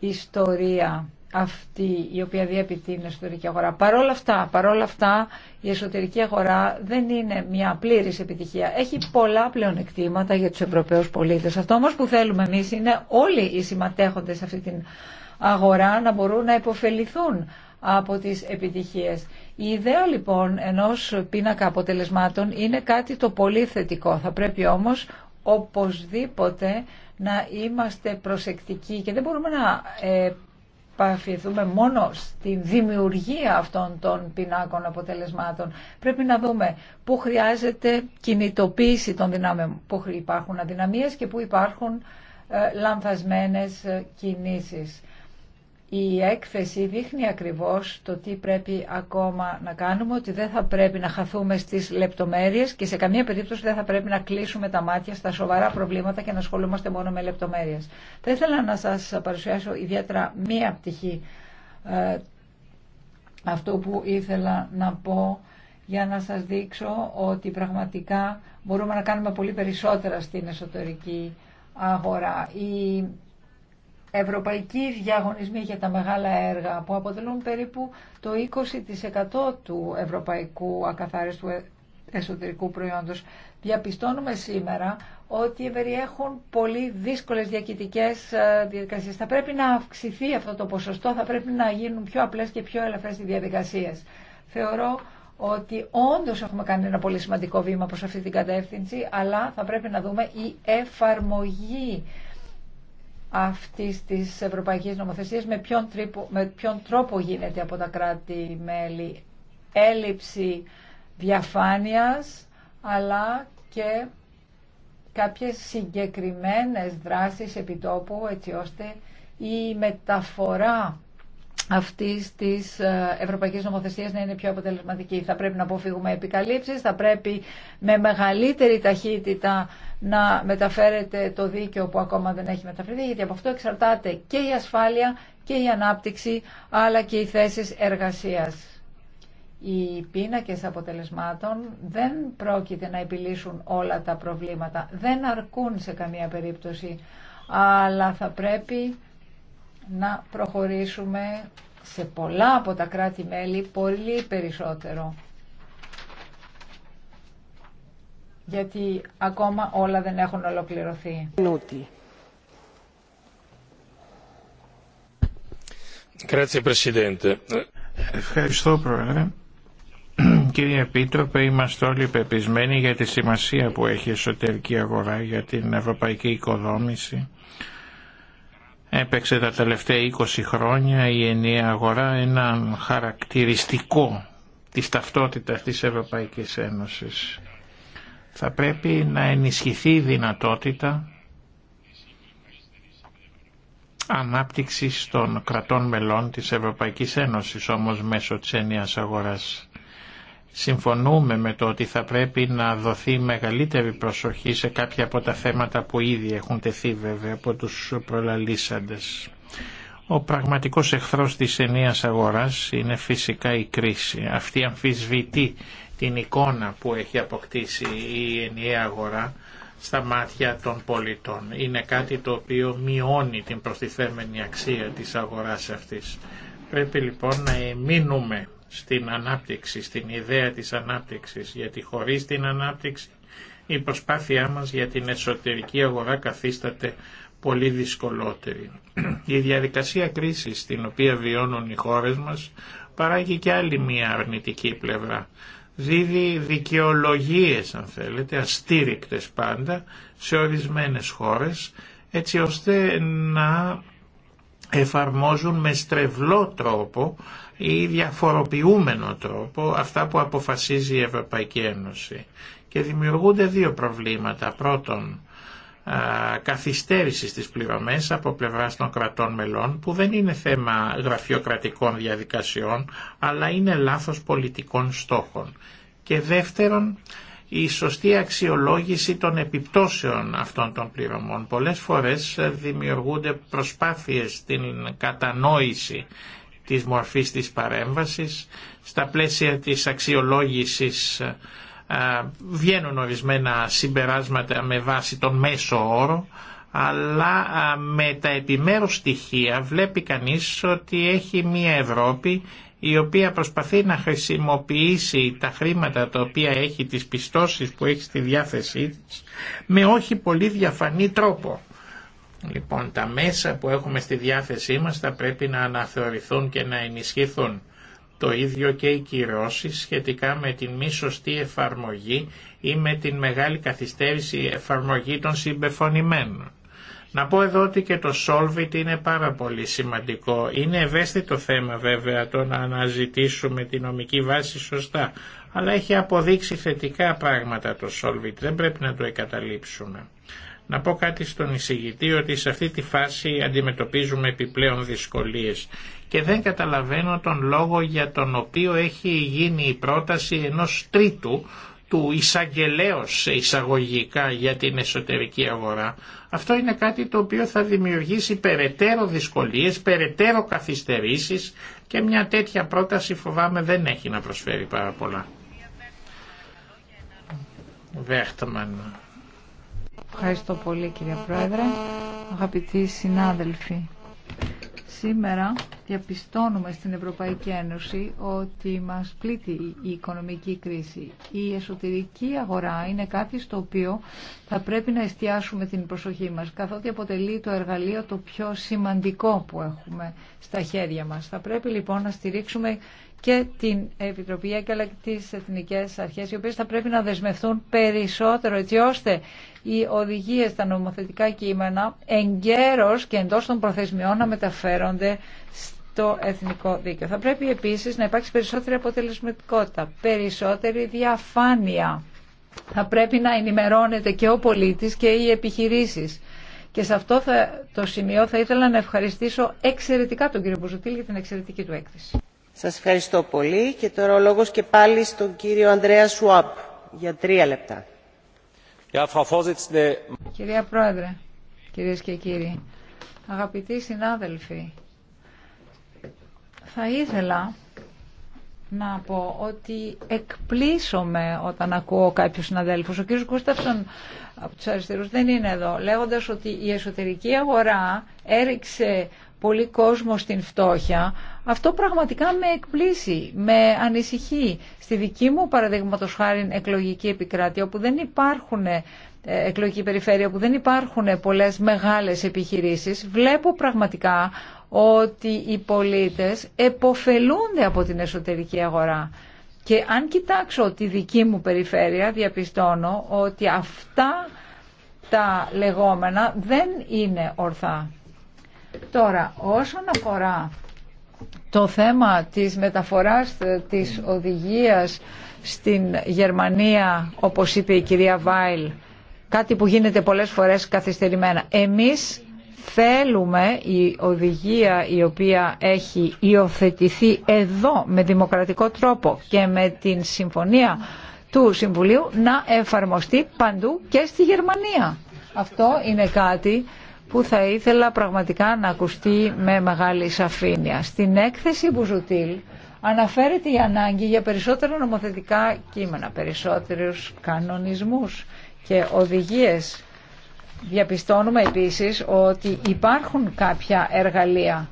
ιστορία αυτή η οποία διέπει την εσωτερική αγορά. Παρόλα αυτά, παρόλα αυτά η εσωτερική αγορά δεν είναι μια πλήρης επιτυχία. Έχει πολλά πλεονεκτήματα για τους Ευρωπαίους πολίτες. Αυτό όμως που θέλουμε εμείς είναι όλοι οι συμμετέχοντες σε αυτή την αγορά να μπορούν να υποφεληθούν από τις επιτυχίες. Η ιδέα λοιπόν ενός πίνακα αποτελεσμάτων είναι κάτι το πολύ θετικό. Θα πρέπει όμως οπωσδήποτε να είμαστε προσεκτικοί και δεν μπορούμε να ε, παραφηθούμε μόνο στη δημιουργία αυτών των πινάκων αποτελεσμάτων. Πρέπει να δούμε πού χρειάζεται κινητοποίηση των δυνάμεων, πού υπάρχουν αδυναμίες και πού υπάρχουν ε, λανθασμένες ε, κινήσεις. Η έκθεση δείχνει ακριβώς το τι πρέπει ακόμα να κάνουμε, ότι δεν θα πρέπει να χαθούμε στις λεπτομέρειες και σε καμία περίπτωση δεν θα πρέπει να κλείσουμε τα μάτια στα σοβαρά προβλήματα και να ασχολούμαστε μόνο με λεπτομέρειες. Θα ήθελα να σας παρουσιάσω ιδιαίτερα μία πτυχή ε, αυτό που ήθελα να πω για να σας δείξω ότι πραγματικά μπορούμε να κάνουμε πολύ περισσότερα στην εσωτερική αγορά. Η ευρωπαϊκοί διαγωνισμοί για τα μεγάλα έργα που αποτελούν περίπου το 20% του ευρωπαϊκού ακαθάριστου εσωτερικού προϊόντος. Διαπιστώνουμε σήμερα ότι περιέχουν πολύ δύσκολες διακητικές ε, διαδικασίες. Θα πρέπει να αυξηθεί αυτό το ποσοστό, θα πρέπει να γίνουν πιο απλές και πιο ελαφρές οι διαδικασίες. Θεωρώ ότι όντως έχουμε κάνει ένα πολύ σημαντικό βήμα προς αυτή την κατεύθυνση, αλλά θα πρέπει να δούμε η εφαρμογή αυτή της Ευρωπαϊκή Νομοθεσία, με ποιον, τρόπο γίνεται από τα κράτη-μέλη έλλειψη διαφάνειας, αλλά και κάποιες συγκεκριμένες δράσεις επιτόπου, έτσι ώστε η μεταφορά αυτής της ε, ευρωπαϊκής νομοθεσίας να είναι πιο αποτελεσματική. Θα πρέπει να αποφύγουμε επικαλύψεις, θα πρέπει με μεγαλύτερη ταχύτητα να μεταφέρετε το δίκαιο που ακόμα δεν έχει μεταφερθεί, γιατί από αυτό εξαρτάται και η ασφάλεια και η ανάπτυξη, αλλά και οι θέσεις εργασίας. Οι πίνακες αποτελεσμάτων δεν πρόκειται να επιλύσουν όλα τα προβλήματα. Δεν αρκούν σε καμία περίπτωση, αλλά θα πρέπει να προχωρήσουμε σε πολλά από τα κράτη-μέλη πολύ περισσότερο. γιατί ακόμα όλα δεν έχουν ολοκληρωθεί.
Ευχαριστώ Πρόεδρε. Κύριε Επίτροπε, είμαστε όλοι πεπισμένοι για τη σημασία που έχει η εσωτερική αγορά για την ευρωπαϊκή οικοδόμηση. Έπαιξε τα τελευταία 20 χρόνια η ενιαία αγορά ένα χαρακτηριστικό της ταυτότητας της Ευρωπαϊκής Ένωσης θα πρέπει να ενισχυθεί η δυνατότητα ανάπτυξης των κρατών μελών της Ευρωπαϊκής Ένωσης όμως μέσω της έννοιας αγοράς. Συμφωνούμε με το ότι θα πρέπει να δοθεί μεγαλύτερη προσοχή σε κάποια από τα θέματα που ήδη έχουν τεθεί βέβαια από τους προλαλήσαντες. Ο πραγματικός εχθρός της ενίας αγοράς είναι φυσικά η κρίση. Αυτή αμφισβητεί την εικόνα που έχει αποκτήσει η ενιαία αγορά στα μάτια των πολιτών. Είναι κάτι το οποίο μειώνει την προστιθέμενη αξία της αγοράς αυτής. Πρέπει λοιπόν να εμείνουμε στην ανάπτυξη, στην ιδέα της ανάπτυξης, γιατί χωρίς την ανάπτυξη η προσπάθειά μας για την εσωτερική αγορά καθίσταται πολύ δυσκολότερη. Η διαδικασία κρίσης την οποία βιώνουν οι χώρες μας παράγει και άλλη μία αρνητική πλευρά δίδει δικαιολογίες αν θέλετε, αστήρικτες πάντα σε ορισμένες χώρες έτσι ώστε να εφαρμόζουν με στρεβλό τρόπο ή διαφοροποιούμενο τρόπο αυτά που αποφασίζει η Ευρωπαϊκή Ένωση. Και δημιουργούνται δύο προβλήματα. Πρώτον, καθυστέρησης της πληρωμές από πλευράς των κρατών μελών που δεν είναι θέμα γραφειοκρατικών διαδικασιών αλλά είναι λάθος πολιτικών στόχων. Και δεύτερον, η σωστή αξιολόγηση των επιπτώσεων αυτών των πληρωμών. Πολλές φορές ε, δημιουργούνται προσπάθειες στην κατανόηση της μορφής της παρέμβασης στα πλαίσια της αξιολόγησης ε, ε, βγαίνουν ορισμένα συμπεράσματα με βάση τον μέσο όρο, αλλά ε, με τα επιμέρους στοιχεία βλέπει κανείς ότι έχει μια Ευρώπη η οποία προσπαθεί να χρησιμοποιήσει τα χρήματα τα οποία έχει, τις πιστώσεις που έχει στη διάθεσή της, με όχι πολύ διαφανή τρόπο. Λοιπόν, τα μέσα που έχουμε στη διάθεσή μας θα πρέπει να αναθεωρηθούν και να ενισχυθούν. Το ίδιο και οι κυρώσει σχετικά με την μη σωστή εφαρμογή ή με την μεγάλη καθυστέρηση εφαρμογή των συμπεφωνημένων. Να πω εδώ ότι και το Solvit είναι πάρα πολύ σημαντικό. Είναι ευαίσθητο θέμα βέβαια το να αναζητήσουμε τη νομική βάση σωστά, αλλά έχει αποδείξει θετικά πράγματα το Solvit, δεν πρέπει να το εκαταλείψουμε. Να πω κάτι στον εισηγητή ότι σε αυτή τη φάση αντιμετωπίζουμε επιπλέον δυσκολίες και δεν καταλαβαίνω τον λόγο για τον οποίο έχει γίνει η πρόταση ενός τρίτου του εισαγγελέως εισαγωγικά για την εσωτερική αγορά. Αυτό είναι κάτι το οποίο θα δημιουργήσει περαιτέρω δυσκολίες, περαιτέρω καθυστερήσεις και μια τέτοια πρόταση φοβάμαι δεν έχει να προσφέρει πάρα πολλά.
Ευχαριστώ πολύ κύριε Πρόεδρε. Αγαπητοί συνάδελφοι, Σήμερα διαπιστώνουμε στην Ευρωπαϊκή Ένωση ότι μας πλήττει η οικονομική κρίση. Η εσωτερική αγορά είναι κάτι στο οποίο θα πρέπει να εστιάσουμε την προσοχή μας, καθότι αποτελεί το εργαλείο το πιο σημαντικό που έχουμε στα χέρια μας. Θα πρέπει λοιπόν να στηρίξουμε και την Επιτροπή αλλά και τις Εθνικές Αρχές, οι οποίες θα πρέπει να δεσμευτούν περισσότερο έτσι ώστε οι οδηγίες, τα νομοθετικά κείμενα εγκαίρως και εντός των προθεσμιών να μεταφέρονται στο εθνικό δίκαιο. Θα πρέπει επίσης να υπάρξει περισσότερη αποτελεσματικότητα, περισσότερη διαφάνεια. Θα πρέπει να ενημερώνεται και ο πολίτης και οι επιχειρήσεις. Και σε αυτό θα, το σημείο θα ήθελα να ευχαριστήσω εξαιρετικά τον κύριο Μπουζουτήλ για την εξαιρετική του έκθεση.
Σας ευχαριστώ πολύ και τώρα ο λόγος και πάλι στον κύριο Ανδρέα Σουάπ για τρία λεπτά.
Κυρία Πρόεδρε, κυρίες και κύριοι, αγαπητοί συνάδελφοι, θα ήθελα να πω ότι εκπλήσωμαι όταν ακούω κάποιους συναδέλφους. Ο κύριος Κούσταυσον από τους αριστερούς δεν είναι εδώ, λέγοντας ότι η εσωτερική αγορά έριξε πολύ κόσμο στην φτώχεια, αυτό πραγματικά με εκπλήσει, με ανησυχεί. Στη δική μου παραδείγματο χάρη εκλογική επικράτεια όπου δεν υπάρχουν ε, εκλογική περιφέρεια όπου δεν υπάρχουν πολλές μεγάλες επιχειρήσεις, βλέπω πραγματικά ότι οι πολίτες εποφελούνται από την εσωτερική αγορά. Και αν κοιτάξω τη δική μου περιφέρεια, διαπιστώνω ότι αυτά τα λεγόμενα δεν είναι ορθά. Τώρα, όσον αφορά το θέμα της μεταφοράς ε, της οδηγίας στην Γερμανία, όπως είπε η κυρία Βάιλ, κάτι που γίνεται πολλές φορές καθυστερημένα. Εμείς θέλουμε η οδηγία η οποία έχει υιοθετηθεί εδώ με δημοκρατικό τρόπο και με την συμφωνία του Συμβουλίου να εφαρμοστεί παντού και στη Γερμανία. Αυτό είναι κάτι που θα ήθελα πραγματικά να ακουστεί με μεγάλη σαφήνεια. Στην έκθεση Μπουζουτήλ αναφέρεται η ανάγκη για περισσότερα νομοθετικά κείμενα, περισσότερους κανονισμούς και οδηγίες. Διαπιστώνουμε επίσης ότι υπάρχουν κάποια εργαλεία.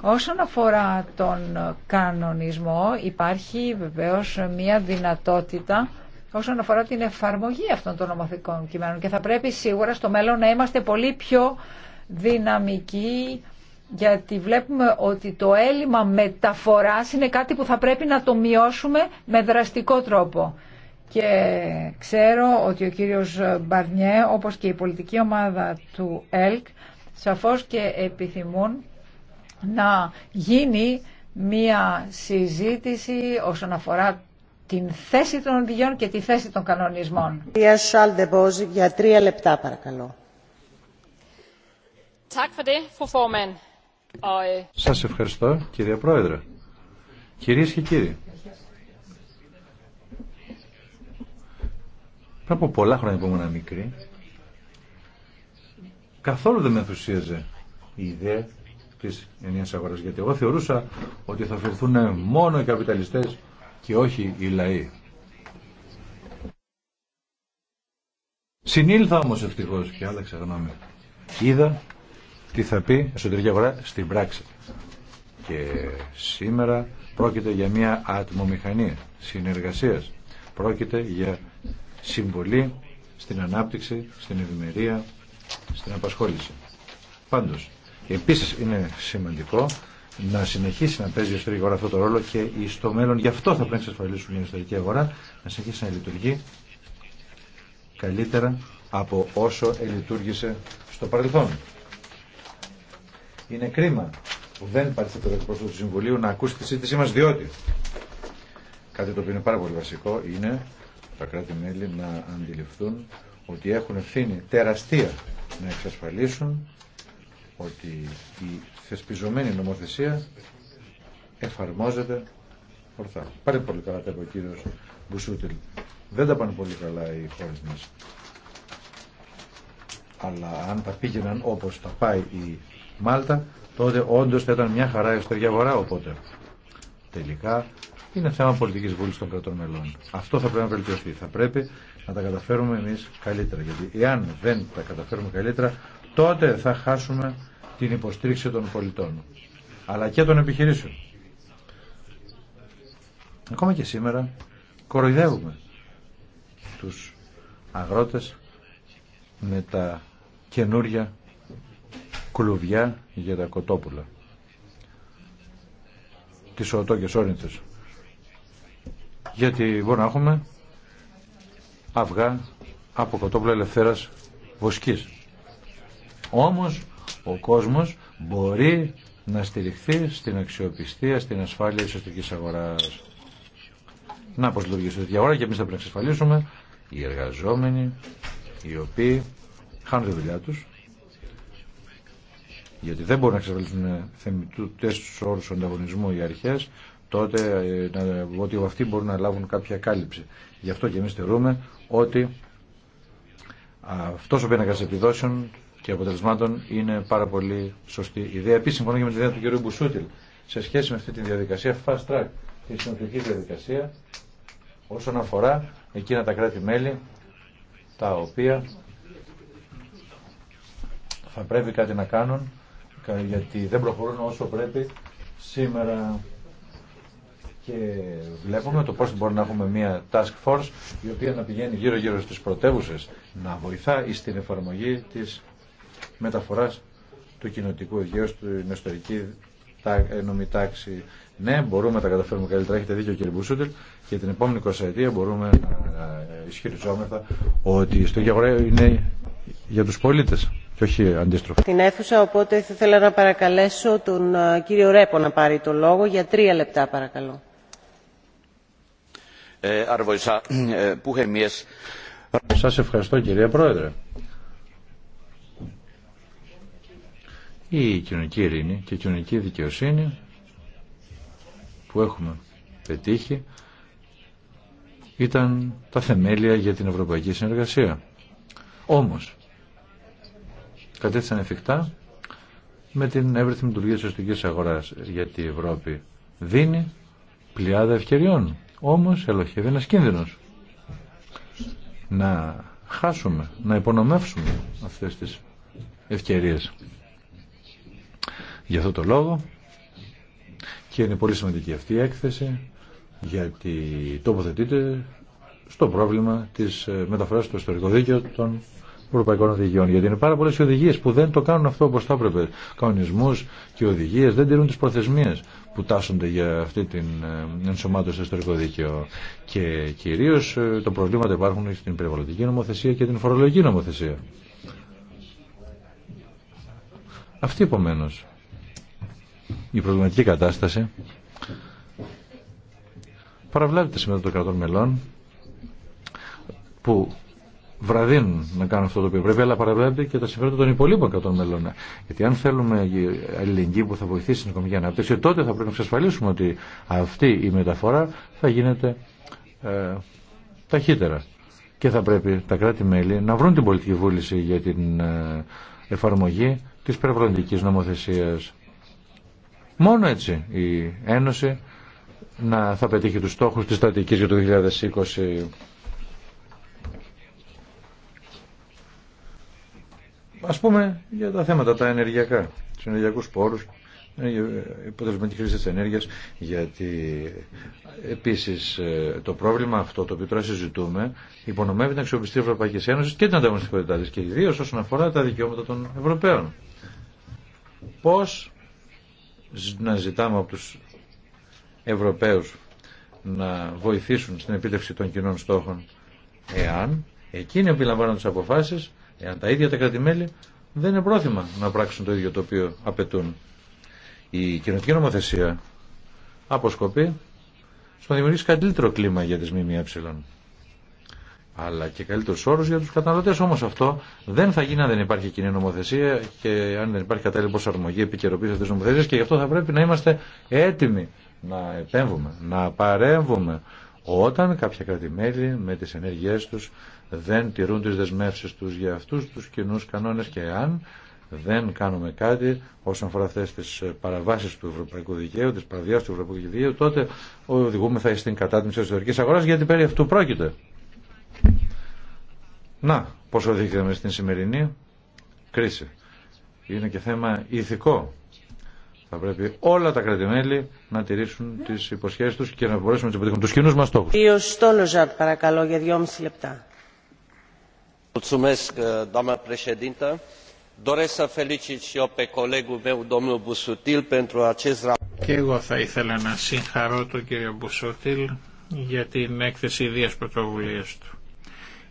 Όσον αφορά τον κανονισμό υπάρχει βεβαίως μια δυνατότητα όσον αφορά την εφαρμογή αυτών των νομοθετικών κειμένων και θα πρέπει σίγουρα στο μέλλον να είμαστε πολύ πιο δυναμικοί γιατί βλέπουμε ότι το έλλειμμα μεταφοράς είναι κάτι που θα πρέπει να το μειώσουμε με δραστικό τρόπο. Και ξέρω ότι ο κύριος Μπαρνιέ, όπως και η πολιτική ομάδα του ΕΛΚ, σαφώς και επιθυμούν να γίνει μία συζήτηση όσον αφορά την θέση των οδηγιών και τη θέση των κανονισμών.
Κυρία για λεπτά παρακαλώ.
Øh,
Σας ευχαριστώ κυρία Πρόεδρε. Κυρίες και κύριοι, πριν από πολλά χρόνια που ήμουν μικρή, καθόλου δεν με ενθουσίαζε η ιδέα της ενιαίας αγοράς, γιατί εγώ θεωρούσα ότι θα φερθούν μόνο οι καπιταλιστές και όχι οι λαοί. Συνήλθα όμως ευτυχώς και άλλαξα γνώμη. Είδα τι θα πει εσωτερική αγορά στην πράξη. Και σήμερα πρόκειται για μια ατμομηχανία συνεργασίας. Πρόκειται για συμβολή στην ανάπτυξη, στην ευημερία, στην απασχόληση. Πάντως, επίσης είναι σημαντικό να συνεχίσει να παίζει η ιστορική αγορά αυτό το ρόλο και στο μέλλον γι' αυτό θα πρέπει να εξασφαλίσουν την ιστορική αγορά να συνεχίσει να λειτουργεί καλύτερα από όσο λειτουργήσε στο παρελθόν. Είναι κρίμα που δεν υπάρχει το εκπρόσωπο του Συμβουλίου να ακούσει τη σύντησή μα, διότι κάτι το οποίο είναι πάρα πολύ βασικό είναι τα κράτη-μέλη να αντιληφθούν ότι έχουν ευθύνη τεραστία να εξασφαλίσουν ότι η θεσπιζομένη νομοθεσία εφαρμόζεται ορθά. Πάρε πολύ καλά τα είπε ο κύριος Μπουσούτιλ. Δεν τα πάνε πολύ καλά οι χώρες μας. Αλλά αν τα πήγαιναν όπως τα πάει η Μάλτα, τότε όντως θα ήταν μια χαρά η εσωτερική αγορά, οπότε τελικά είναι θέμα πολιτική βούλη των κρατών μελών. Αυτό θα πρέπει να βελτιωθεί. Θα πρέπει να τα καταφέρουμε εμεί καλύτερα. Γιατί εάν δεν τα καταφέρουμε καλύτερα, τότε θα χάσουμε την υποστήριξη των πολιτών αλλά και των επιχειρήσεων. Ακόμα και σήμερα κοροϊδεύουμε τους αγρότες με τα καινούρια κλουβιά για τα κοτόπουλα τις οτόκες όρνητες γιατί μπορούμε να έχουμε αυγά από κοτόπουλα ελευθέρας βοσκής όμως ο κόσμος μπορεί να στηριχθεί στην αξιοπιστία, στην ασφάλεια της εσωτερικής αγοράς. Να πώς λειτουργεί η εσωτερική αγορά και εμείς θα πρέπει να εξασφαλίσουμε οι εργαζόμενοι, οι οποίοι χάνουν τη δουλειά τους, γιατί δεν μπορούν να εξασφαλίσουν θεμητούς όρους ανταγωνισμού οι αρχές, τότε ε, ότι αυτοί μπορούν να λάβουν κάποια κάλυψη. Γι' αυτό και εμείς θεωρούμε ότι αυτός ο πίνακας επιδόσεων και αποτελεσμάτων είναι πάρα πολύ σωστή ιδέα. Επίση, συμφωνώ και με την ιδέα του κ. Μπουσούτιλ σε σχέση με αυτή τη διαδικασία fast track, τη συνοπτική διαδικασία όσον αφορά εκείνα τα κράτη-μέλη τα οποία θα πρέπει κάτι να κάνουν γιατί δεν προχωρούν όσο πρέπει σήμερα και βλέπουμε το πώς μπορεί να έχουμε μια task force η οποία να πηγαίνει γύρω-γύρω στις πρωτεύουσες να βοηθάει στην εφαρμογή της Μεταφορά του κοινοτικού υγείου στην εσωτερική ενωμή τάξη. Ναι, μπορούμε να τα καταφέρουμε καλύτερα. Έχετε δίκιο κύριε Μπουσούτελ. Και την επόμενη 20 ετία μπορούμε να ισχυριζόμεθα ότι η ιστορική είναι για τους πολίτες και όχι αντίστροφα.
Την αίθουσα, οπότε θα ήθελα να παρακαλέσω τον ε, κύριο Ρέπο να πάρει το λόγο. Για τρία λεπτά παρακαλώ.
Ε, ε, Σας ευχαριστώ κυρία Πρόεδρε. Η κοινωνική ειρήνη και η κοινωνική δικαιοσύνη που έχουμε πετύχει ήταν τα θεμέλια για την ευρωπαϊκή συνεργασία. Όμως, κατέθεσαν εφικτά με την εύρυθμη λειτουργία της εσωτερικής αγοράς, γιατί η Ευρώπη δίνει πλειάδα ευκαιριών. Όμως, ελοχεύει ένας κίνδυνος να χάσουμε, να υπονομεύσουμε αυτές τις ευκαιρίες. Γι' αυτό το λόγο και είναι πολύ σημαντική αυτή η έκθεση γιατί τοποθετείται στο πρόβλημα της ε, μεταφοράς του ιστορικό δίκαιο των ευρωπαϊκών οδηγιών. Γιατί είναι πάρα πολλές οι οδηγίες που δεν το κάνουν αυτό όπως θα έπρεπε. Κανονισμούς και οδηγίες δεν τηρούν τις προθεσμίες που τάσσονται για αυτή την ε, ενσωμάτωση στο ιστορικό δίκαιο. Και κυρίως ε, τα προβλήματα υπάρχουν στην περιβαλλοντική νομοθεσία και την φορολογική νομοθεσία. Αυτή επομένως η προβληματική κατάσταση παραβλάβεται σήμερα των κρατών μελών που βραδύνουν να κάνουν αυτό το οποίο πρέπει, αλλά παραβλέπεται και τα συμφέροντα των υπολείπων κρατών μελών. Γιατί αν θέλουμε αλληλεγγύη που θα βοηθήσει την οικονομική ανάπτυξη, τότε θα πρέπει να εξασφαλίσουμε ότι αυτή η μεταφορά θα γίνεται ε, ταχύτερα. Και θα πρέπει τα κράτη-μέλη να βρουν την πολιτική βούληση για την ε, εφαρμογή της περιβαλλοντικής νομοθεσίας. Μόνο έτσι η Ένωση να θα πετύχει τους στόχους της στρατηγικής για το 2020. Ας πούμε για τα θέματα τα ενεργειακά, τους ενεργειακούς πόρους, υποτελεσματική χρήση της ενέργειας, γιατί επίσης ε, το πρόβλημα αυτό το οποίο τώρα συζητούμε υπονομεύει την αξιοπιστή Ευρωπαϊκή Ένωση και την ανταγωνιστικότητά της και ιδίως όσον αφορά τα δικαιώματα των Ευρωπαίων. Πώς να ζητάμε από τους Ευρωπαίους να βοηθήσουν στην επίτευξη των κοινών στόχων εάν εκείνοι επιλαμβάνουν τις αποφάσεις εάν τα ίδια τα κράτη-μέλη δεν είναι πρόθυμα να πράξουν το ίδιο το οποίο απαιτούν. Η κοινωνική νομοθεσία αποσκοπεί στο να δημιουργήσει καλύτερο κλίμα για τις ΜΜΕ αλλά και καλύτερου όρου για του καταναλωτέ. Όμω αυτό δεν θα γίνει αν δεν υπάρχει κοινή νομοθεσία και αν δεν υπάρχει κατάλληλη προσαρμογή, επικαιροποίηση αυτή τη νομοθεσία και γι' αυτό θα πρέπει να είμαστε έτοιμοι να επέμβουμε, να παρέμβουμε όταν κάποια κρατημέλη με τι ενέργειε του δεν τηρούν τι δεσμεύσει του για αυτού, του κοινού κανόνε και αν δεν κάνουμε κάτι όσον αφορά αυτέ τι παραβάσει του ευρωπαϊκού δικαίου, τη παραβιάσει του ευρωπαϊκού δικαίου, τότε οδηγούμεθα στην κατάτμιση τη εσωτερική αγορά γιατί περί αυτού πρόκειται. Να, πώς οδηγήκαμε στην σημερινή κρίση. Είναι και θέμα ηθικό. Θα πρέπει όλα τα κρατημέλη να τηρήσουν τις υποσχέσεις τους και να μπορέσουμε να τις αποτύχουμε. τους κοινούς μας
στόχους. παρακαλώ, για δυόμιση λεπτά.
Ε, και εγώ θα ήθελα να συγχαρώ τον κύριο Μπουσούτιλ για την έκθεση ιδίας πρωτοβουλίας του.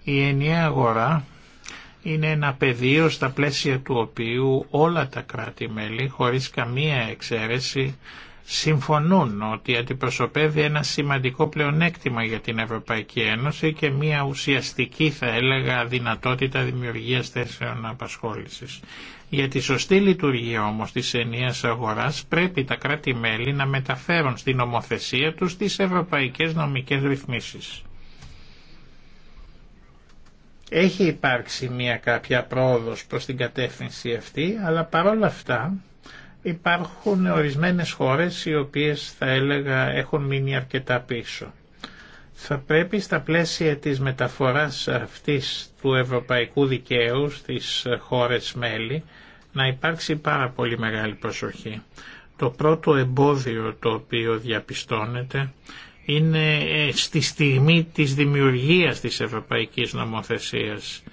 Η ενιαία αγορά είναι ένα πεδίο στα πλαίσια του οποίου όλα τα κράτη-μέλη χωρίς καμία εξαίρεση συμφωνούν ότι αντιπροσωπεύει ένα σημαντικό πλεονέκτημα για την Ευρωπαϊκή Ένωση και μια ουσιαστική θα έλεγα δυνατότητα δημιουργίας θέσεων απασχόλησης. Για τη σωστή λειτουργία όμως της ενιαίας αγοράς πρέπει τα κράτη-μέλη να μεταφέρουν στην ομοθεσία τους τις ευρωπαϊκές νομικές ρυθμίσεις. Έχει υπάρξει μια κάποια πρόοδος προς την κατεύθυνση αυτή, αλλά παρόλα αυτά υπάρχουν ορισμένες χώρες οι οποίες θα έλεγα έχουν μείνει αρκετά πίσω. Θα πρέπει στα πλαίσια της μεταφοράς αυτής του ευρωπαϊκού δικαίου στις χώρες μέλη να υπάρξει πάρα πολύ μεγάλη προσοχή. Το πρώτο εμπόδιο το οποίο διαπιστώνεται είναι ε, στη στιγμή της δημιουργίας της Ευρωπαϊκής Νομοθεσίας.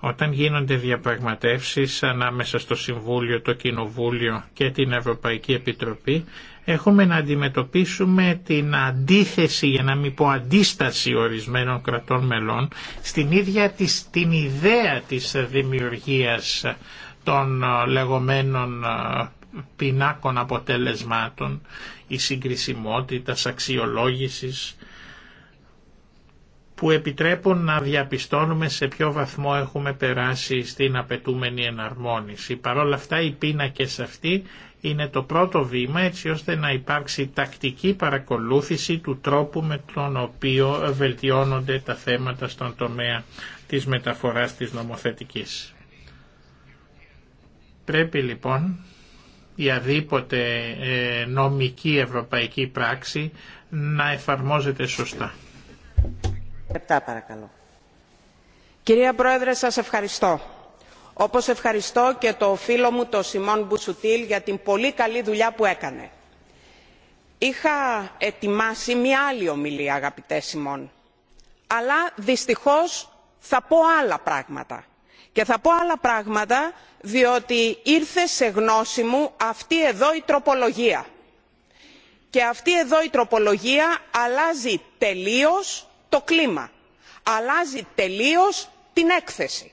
Όταν γίνονται διαπραγματεύσεις ανάμεσα στο Συμβούλιο, το Κοινοβούλιο και την Ευρωπαϊκή Επιτροπή, έχουμε να αντιμετωπίσουμε την αντίθεση, για να μην πω αντίσταση ορισμένων κρατών μελών, στην ίδια της, την ιδέα της δημιουργίας των λεγόμενων ε, πινάκων αποτελεσμάτων, η συγκρισιμότητα, αξιολόγησης, που επιτρέπουν να διαπιστώνουμε σε ποιο βαθμό έχουμε περάσει στην απαιτούμενη εναρμόνιση. Παρ' όλα αυτά οι πίνακες αυτοί είναι το πρώτο βήμα έτσι ώστε να υπάρξει τακτική παρακολούθηση του τρόπου με τον οποίο βελτιώνονται τα θέματα στον τομέα της μεταφοράς της νομοθετικής. Πρέπει λοιπόν η αδίποτε ε, νομική ευρωπαϊκή πράξη να εφαρμόζεται σωστά.
Κυρία Πρόεδρε, σας ευχαριστώ. Όπως ευχαριστώ και το φίλο μου, το Σιμών Μπουσουτήλ, για την πολύ καλή δουλειά που έκανε. Είχα ετοιμάσει μία άλλη ομιλία, αγαπητέ Σιμών. Αλλά δυστυχώς θα πω άλλα πράγματα και θα πω άλλα πράγματα διότι ήρθε σε γνώση μου αυτή εδώ η τροπολογία και αυτή εδώ η τροπολογία αλλάζει τελείως το κλίμα αλλάζει τελείως την έκθεση.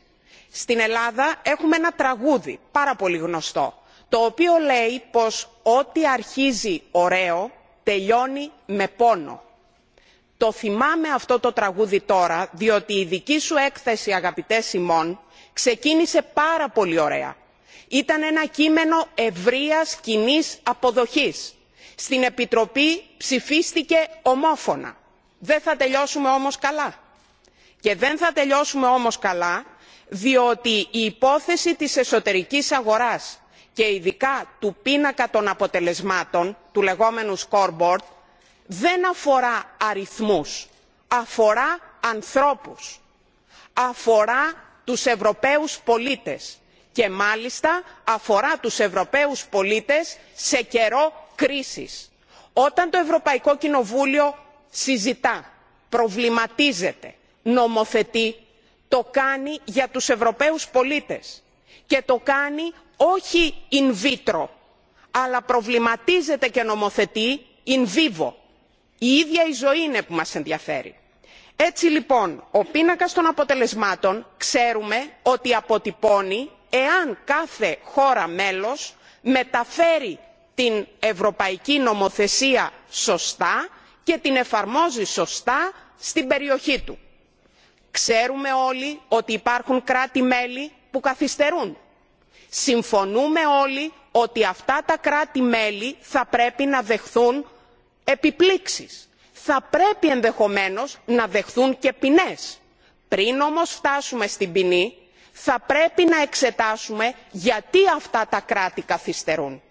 στην ελλάδα έχουμε ένα τραγούδι πάρα πολύ γνωστό το οποίο λέει πως ό,τι αρχίζει ωραίο τελειώνει με πόνο. το θυμάμαι αυτό το τραγούδι τώρα διότι η δική σου έκθεση αγαπητέ σιμών ξεκίνησε πάρα πολύ ωραία. ήταν ένα κείμενο ευρείας κοινή αποδοχής. στην επιτροπή ψηφίστηκε ομόφωνα. δεν θα τελειώσουμε όμως καλά. και δεν θα τελειώσουμε όμως καλά διότι η υπόθεση της εσωτερικής αγοράς και ειδικά του πίνακα των αποτελεσμάτων του λεγόμενου scoreboard δεν αφορά αριθμούς αφορά ανθρώπους αφορά τους ευρωπαίους πολίτες και μάλιστα αφορά τους ευρωπαίους πολίτες σε καιρό κρίσης. όταν το ευρωπαϊκό κοινοβούλιο συζητά προβληματίζεται νομοθετεί το κάνει για τους ευρωπαίους πολίτες και το κάνει όχι in vitro αλλά προβληματίζεται και νομοθετεί in vivo. η ίδια η ζωή είναι που μας ενδιαφέρει έτσι λοιπόν ο πίνακας των αποτελεσμάτων ξέρουμε ότι αποτυπώνει εάν κάθε χώρα μέλος μεταφέρει την ευρωπαϊκή νομοθεσία σωστά και την εφαρμόζει σωστά στην περιοχή του. ξέρουμε όλοι ότι υπάρχουν κράτη μέλη που καθυστερούν. συμφωνούμε όλοι ότι αυτά τα κράτη μέλη θα πρέπει να δεχθούν επιπλήξεις θα πρέπει ενδεχομένως να δεχθούν και ποινές. πριν όμως φτάσουμε στην ποινή θα πρέπει να εξετάσουμε γιατί αυτά τα κράτη καθυστερούν.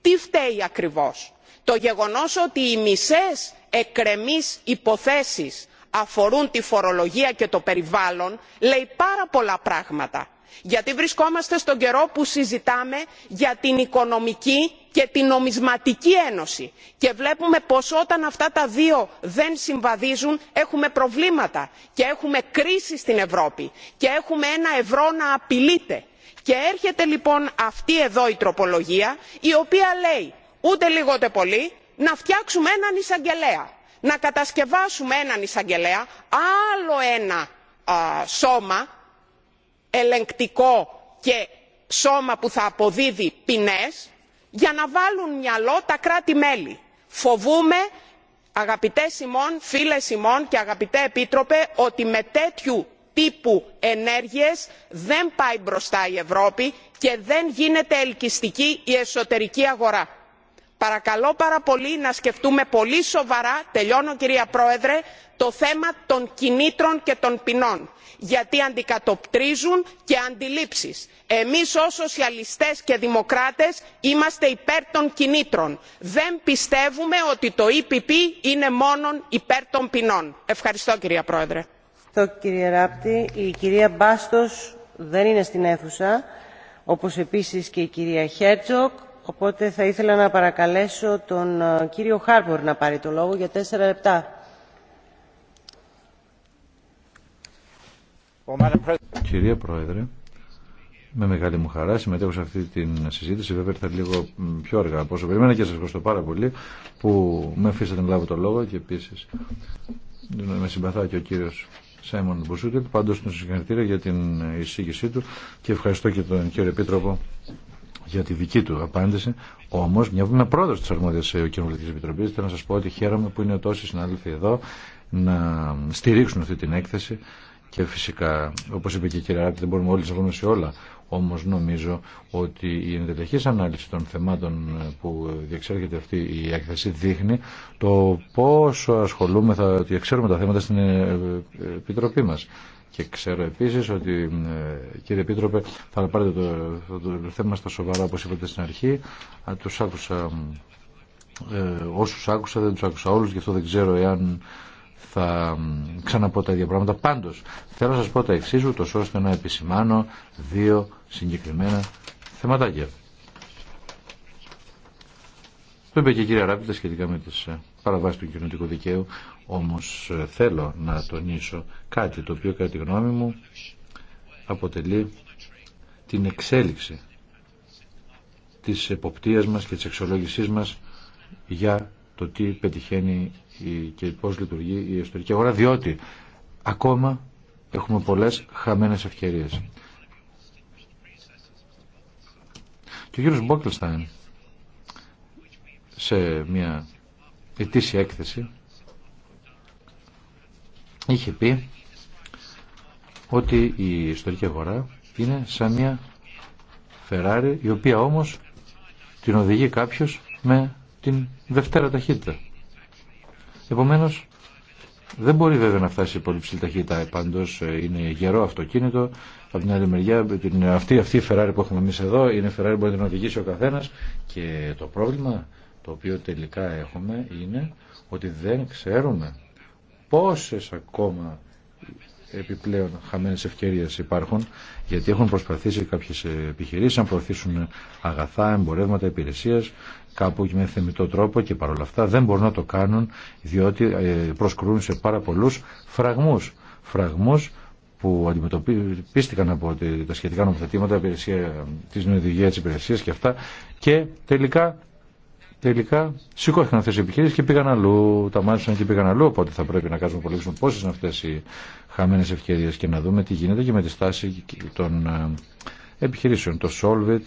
τι φταίει ακριβώς; το γεγονός ότι οι μισές εκρεμείς υποθέσεις αφορούν τη φορολογία και το περιβάλλον λέει πάρα πολλά πράγματα γιατί βρισκόμαστε στον καιρό που συζητάμε για την οικονομική και την νομισματική ένωση και βλέπουμε πως όταν αυτά τα δύο δεν συμβαδίζουν έχουμε προβλήματα και έχουμε κρίση στην ευρώπη και έχουμε ένα ευρώ να απειλείται. και έρχεται λοιπόν αυτή εδώ η τροπολογία η οποία λέει ούτε λίγο ούτε πολύ να φτιάξουμε έναν εισαγγελέα να κατασκευάσουμε έναν εισαγγελέα άλλο ένα σώμα ελεγκτικό και σώμα που θα αποδίδει ποινές για να βάλουν μυαλό τα κράτη μέλη. φοβούμαι αγαπητέ σιμών φίλε σιμών και αγαπητέ επίτροπε ότι με τέτοιου τύπου ενέργειες δεν πάει μπροστά η ευρώπη και δεν γίνεται ελκυστική η εσωτερική αγορά. παρακαλώ πάρα πολύ να σκεφτούμε πολύ σοβαρά τελειώνω κυρία πρόεδρε το θέμα των κινήτρων και των ποινών γιατί αντικατοπτρίζουν και αντιλήψεις. εμείς ως σοσιαλιστές και δημοκράτες είμαστε υπέρ των κινήτρων. δεν πιστεύουμε ότι το epp είναι μόνον υπέρ των ποινών. ευχαριστώ κυρία πρόεδρε.
Ευχαριστώ κύριε Ράπτη. Η κυρία Μπάστος δεν είναι στην αίθουσα, όπως επίσης και η κυρία Χέρτσοκ, Οπότε θα ήθελα να παρακαλέσω τον ε, κύριο Χάρμπορ να πάρει το λόγο για τέσσερα λεπτά.
Κυρία Πρόεδρε, με μεγάλη μου χαρά συμμετέχω σε αυτή τη συζήτηση. Βέβαια ήρθα λίγο πιο αργά από όσο περίμενα και σα ευχαριστώ πάρα πολύ που με αφήσατε να λάβω το λόγο και επίση με συμπαθά και ο κύριο Σάιμον Μπουσούτελ. Πάντω τον συγχαρητήρια για την εισήγησή του και ευχαριστώ και τον κύριο Επίτροπο για τη δική του απάντηση. Όμω, μια που είμαι πρόεδρο τη αρμόδια Κοινοβουλευτική Επιτροπή, θέλω να σα πω ότι χαίρομαι που είναι τόσοι συνάδελφοι εδώ να στηρίξουν αυτή την έκθεση και φυσικά, όπως είπε και η κυρία Ράπτη, δεν μπορούμε όλοι να συμφωνούμε σε όλα. Όμω νομίζω ότι η εντελεχής ανάλυση των θεμάτων ε, που διεξέρχεται αυτή η έκθεση δείχνει το πόσο ασχολούμε, θα διεξέρουμε τα θέματα στην ε, ε, Επιτροπή μα. Και ξέρω επίσης ότι, κύριε Επίτροπε, θα πάρετε το, το, το θέμα στα σοβαρά, όπως είπατε στην αρχή. Τους άκουσα, ε, όσους άκουσα, δεν τους άκουσα όλους, γι' αυτό δεν ξέρω εάν θα ξαναπώ τα ίδια πράγματα. Πάντως, θέλω να σας πω τα εξής ούτως ώστε να επισημάνω δύο συγκεκριμένα θεματάκια. Το είπε και η κυρία σχετικά με τις ε, παραβάσεις του κοινωτικού δικαίου, όμως ε, θέλω να τονίσω κάτι το οποίο κατά τη γνώμη μου αποτελεί την εξέλιξη της εποπτείας μας και της εξολόγησής μας για το τι πετυχαίνει και πώς λειτουργεί η ιστορική αγορά, διότι ακόμα έχουμε πολλές χαμένες ευκαιρίες. Και ο κύριο Μπόκλεστάιν σε μια ετήσια έκθεση είχε πει ότι η ιστορική αγορά είναι σαν μια Φεράρι η οποία όμως την οδηγεί κάποιος με την δευτέρα ταχύτητα. Επομένως, δεν μπορεί βέβαια να φτάσει πολύ ψηλή ταχύτητα. Πάντω ε, είναι γερό αυτοκίνητο. Από την άλλη μεριά, την, αυτή, αυτή η Ferrari που έχουμε εμεί εδώ είναι Ferrari που μπορεί να την οδηγήσει ο καθένα. Και το πρόβλημα το οποίο τελικά έχουμε είναι ότι δεν ξέρουμε πόσε ακόμα επιπλέον χαμένε ευκαιρίε υπάρχουν γιατί έχουν προσπαθήσει κάποιε επιχειρήσει να προωθήσουν αγαθά, εμπορεύματα, υπηρεσίε κάπου και με θεμητό τρόπο και παρόλα αυτά δεν μπορούν να το κάνουν διότι ε, προσκρούν σε πάρα πολλούς φραγμούς. Φραγμούς που αντιμετωπίστηκαν από τα σχετικά νομοθετήματα της νοηδηγίας της υπηρεσίας και αυτά και τελικά τελικά σηκώθηκαν αυτέ οι επιχειρήσει και πήγαν αλλού. Τα μάθησαν και πήγαν αλλού. Οπότε θα πρέπει να κάνουμε υπολογίσουμε πόσε είναι αυτέ οι χαμένε ευκαιρίε και να δούμε τι γίνεται και με τη στάση των ε, επιχειρήσεων. Το Solvit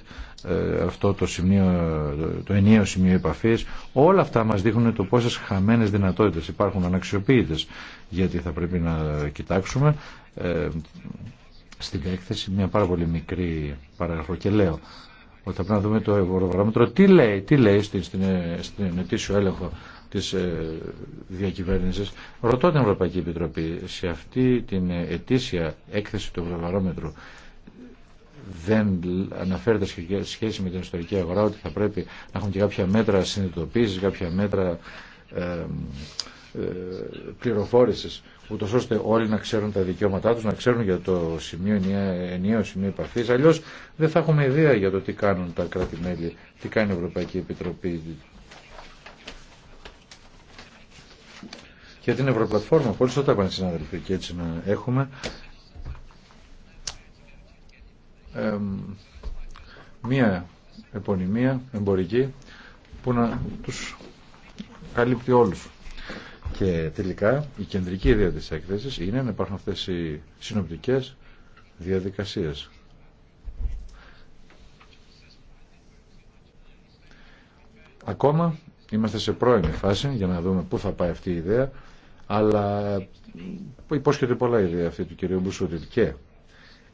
ε, αυτό το, σημείο, το ενιαίο σημείο επαφής όλα αυτά μας δείχνουν το πόσες χαμένες δυνατότητες υπάρχουν αναξιοποιητές γιατί θα πρέπει να κοιτάξουμε ε, στην έκθεση μια πάρα πολύ μικρή παραγραφή και λέω ότι θα πρέπει να δούμε το ευρωβαρόμετρο τι λέει, τι λέει στην, στην, ετήσιο έλεγχο της ε, διακυβέρνησης. Ρωτώ την Ευρωπαϊκή Επιτροπή σε αυτή την ετήσια έκθεση του ευρωβαρόμετρου δεν αναφέρεται σχέση με την ιστορική αγορά ότι θα πρέπει να έχουν και κάποια μέτρα συνειδητοποίησης, κάποια μέτρα ε, πληροφόρηση, ούτω ώστε όλοι να ξέρουν τα δικαιώματά τους, να ξέρουν για το σημείο ενιαίο σημείο επαφή. Αλλιώς δεν θα έχουμε ιδέα για το τι κάνουν τα κράτη-μέλη, τι κάνει η Ευρωπαϊκή Επιτροπή. Για την Ευρωπλατφόρμα, πολύ σωστά πάνε συνάδελφοι, και έτσι να έχουμε μία επωνυμία εμπορική που να τους καλύπτει όλους. Και τελικά η κεντρική ιδέα της έκθεσης είναι να υπάρχουν αυτές οι συνοπτικές διαδικασίες. Ακόμα είμαστε σε πρώιμη φάση για να δούμε πού θα πάει αυτή η ιδέα αλλά υπόσχεται πολλά ιδέα αυτή του κυρίου Μπουσούτη και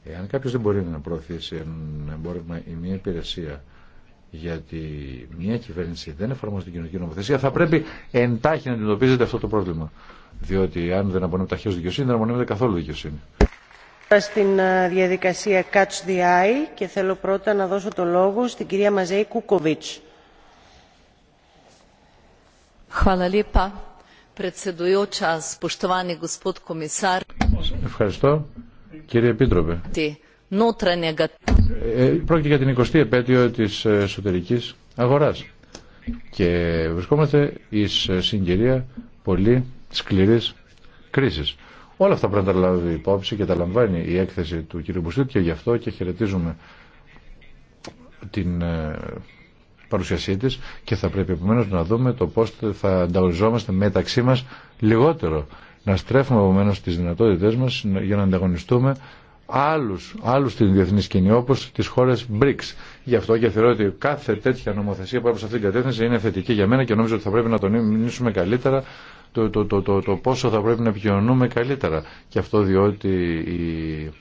Εάν κάποιος δεν μπορεί να προωθήσει ένα εμπόρευμα ή μια υπηρεσία γιατί μια κυβέρνηση δεν εφαρμόζει την κοινωνική νομοθεσία, θα πρέπει εντάχει να αντιμετωπίζεται αυτό το πρόβλημα. Διότι αν δεν απονέμεται ταχύω δικαιοσύνη, δεν απονέμεται καθόλου δικαιοσύνη.
Στην ε, διαδικασία Catch the Eye και θέλω πρώτα να δώσω το λόγο στην κυρία Μαζέη Κουκοβίτς.
Ευχαριστώ. Κύριε Επίτροπε. Τι. Ε, πρόκειται για την 20η επέτειο τη εσωτερική αγορά. και βρισκόμαστε ει ε, συγκυρία πολύ σκληρή κρίση. Όλα αυτά πρέπει να τα λάβει υπόψη και τα λαμβάνει η έκθεση του κύριου Μπουστούτ και γι' αυτό και χαιρετίζουμε την ε, παρουσιασή της και θα πρέπει επομένως να δούμε το πώς θα ανταγωνιζόμαστε μεταξύ μας λιγότερο να στρέφουμε επομένω τις δυνατότητές μας για να ανταγωνιστούμε άλλους, άλλους στην διεθνή σκηνή όπως τις χώρες BRICS. Γι' αυτό και θεωρώ ότι κάθε τέτοια νομοθεσία που σε αυτήν την κατεύθυνση είναι θετική για μένα και νομίζω ότι θα πρέπει να τονίσουμε καλύτερα το, το, το, το, πόσο θα πρέπει να επικοινωνούμε καλύτερα. Και αυτό διότι η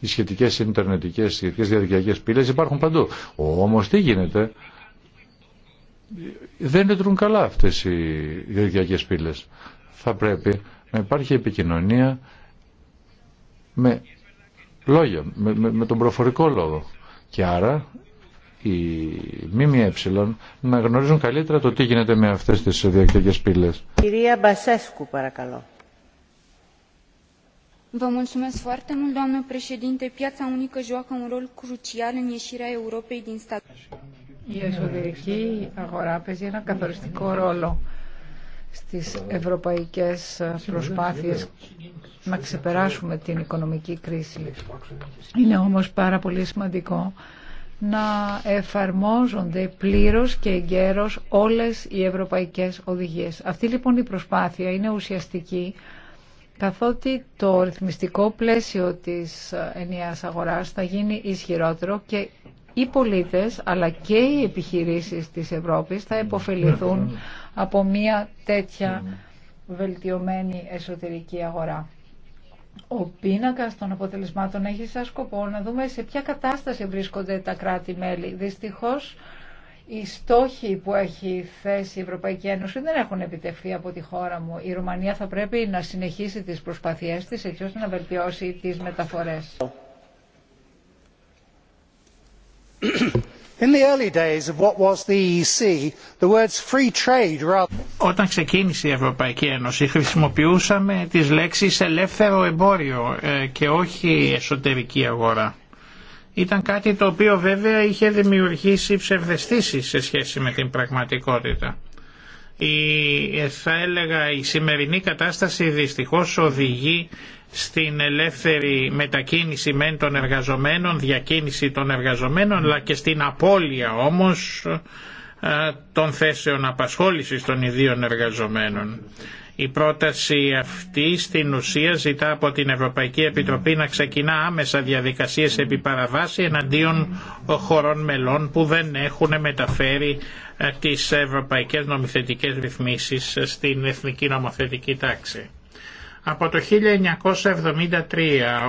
οι σχετικέ ιντερνετικέ, οι σχετικέ διαδικτυακέ πύλε υπάρχουν παντού. Όμω τι γίνεται, δεν λειτουργούν καλά αυτέ οι διαδικτυακέ πύλε. Θα πρέπει να υπάρχει επικοινωνία με λόγια, με, με, με τον προφορικό λόγο. Και άρα οι ΜΜΕ να γνωρίζουν καλύτερα το τι γίνεται με αυτές τις διακτικές πύλες.
Κυρία Μπασέσκου, παρακαλώ.
Vă mulțumesc foarte mult, doamnă președinte. Piața unică joacă un rol crucial în ieșirea Europei din stat. Η εσωτερική αγορά παίζει ένα καθοριστικό ρόλο στις ευρωπαϊκές προσπάθειες να ξεπεράσουμε την οικονομική κρίση. Είναι όμως πάρα πολύ σημαντικό να εφαρμόζονται πλήρως και εγκαίρως όλες οι ευρωπαϊκές οδηγίες. Αυτή λοιπόν η προσπάθεια είναι ουσιαστική καθότι το ρυθμιστικό πλαίσιο της ενιαίας αγοράς θα γίνει ισχυρότερο και οι πολίτες αλλά και οι επιχειρήσεις της Ευρώπης θα υποφεληθούν από μια τέτοια βελτιωμένη εσωτερική αγορά. Ο πίνακα των αποτελεσμάτων έχει σαν σκοπό να δούμε σε ποια κατάσταση βρίσκονται τα κράτη-μέλη. Δυστυχώς οι στόχοι που έχει θέσει η Ευρωπαϊκή Ένωση δεν έχουν επιτευχθεί από τη χώρα μου. Η Ρουμανία θα πρέπει να συνεχίσει τις προσπαθίες της έτσι ώστε να βελτιώσει τις μεταφορές.
Όταν ξεκίνησε η Ευρωπαϊκή Ένωση χρησιμοποιούσαμε τις λέξεις ελεύθερο εμπόριο ε, και όχι εσωτερική αγορά. Ήταν κάτι το οποίο βέβαια είχε δημιουργήσει ψευδεστήσεις σε σχέση με την πραγματικότητα. Η, ε, θα έλεγα η σημερινή κατάσταση δυστυχώς οδηγεί στην ελεύθερη μετακίνηση μεν των εργαζομένων, διακίνηση των εργαζομένων, αλλά και στην απώλεια όμως ε, των θέσεων απασχόλησης των ιδίων εργαζομένων. Η πρόταση αυτή στην ουσία ζητά από την Ευρωπαϊκή Επιτροπή να ξεκινά άμεσα διαδικασίες επί παραβάση εναντίον χωρών μελών που δεν έχουν μεταφέρει ε, τις ευρωπαϊκές νομιθετικές ρυθμίσεις ε, στην εθνική νομοθετική τάξη. Από το 1973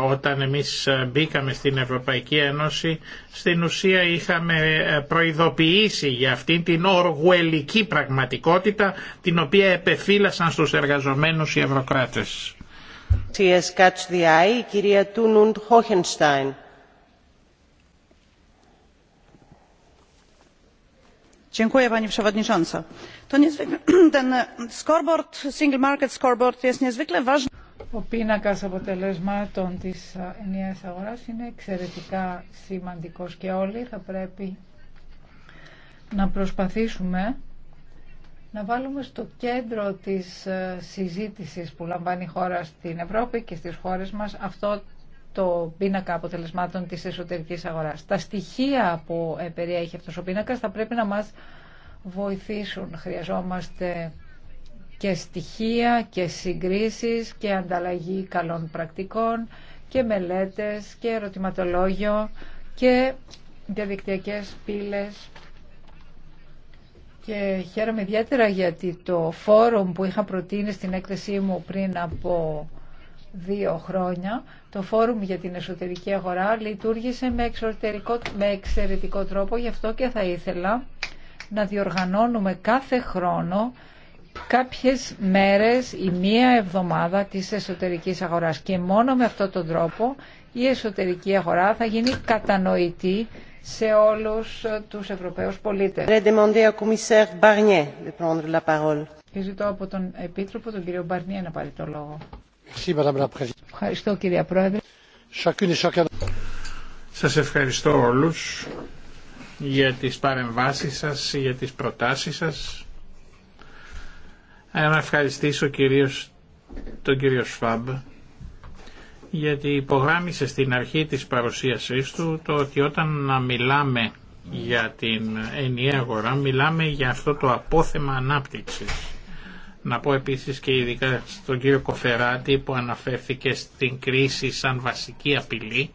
όταν εμείς ε, μπήκαμε στην Ευρωπαϊκή Ένωση στην ουσία είχαμε ε, προειδοποιήσει για αυτήν την οργουελική πραγματικότητα την οποία επεφύλασαν στους εργαζομένους οι ευρωκράτες.
Η κυρία Τούνουντ Χόχενστάιν. pani przewodnicząca! ten e, scoreboard single market
scoreboard Ο πίνακα αποτελεσμάτων τη ενιαία αγορά είναι εξαιρετικά σημαντικό και όλοι θα πρέπει να προσπαθήσουμε να βάλουμε στο κέντρο τη ε, συζήτηση που λαμβάνει η χώρα στην Ευρώπη και στι χώρε μα. αυτό το πίνακα αποτελεσμάτων της εσωτερικής αγοράς. Τα στοιχεία που ε, περιέχει αυτός ο πίνακας θα πρέπει να μας βοηθήσουν. Χρειαζόμαστε και στοιχεία και συγκρίσεις και ανταλλαγή καλών πρακτικών και μελέτες και ερωτηματολόγιο και διαδικτυακές πύλες και χαίρομαι ιδιαίτερα γιατί το φόρουμ που είχα προτείνει στην έκθεσή μου πριν από δύο χρόνια το Φόρουμ για την Εσωτερική Αγορά λειτουργήσε με, με εξαιρετικό τρόπο, γι' αυτό και θα ήθελα να διοργανώνουμε κάθε χρόνο κάποιες μέρες ή μία εβδομάδα της εσωτερικής αγοράς. Και μόνο με αυτόν τον τρόπο η εσωτερική αγορά θα γίνει κατανοητή σε όλους τους Ευρωπαίους πολίτες. Και ζητώ από τον Επίτροπο, τον κύριο Μπαρνιέ, να πάρει το λόγο. Ευχαριστώ Πρόεδρε.
Σας ευχαριστώ όλους για τις παρεμβάσεις σας, για τις προτάσεις σας. Ε, να ευχαριστήσω κυρίως τον κύριο Σφάμπ γιατί υπογράμισε στην αρχή της παρουσίασής του το ότι όταν να μιλάμε για την ενιαία αγορά μιλάμε για αυτό το απόθεμα ανάπτυξης να πω επίσης και ειδικά στον κύριο Κοφεράτη που αναφέρθηκε στην κρίση σαν βασική απειλή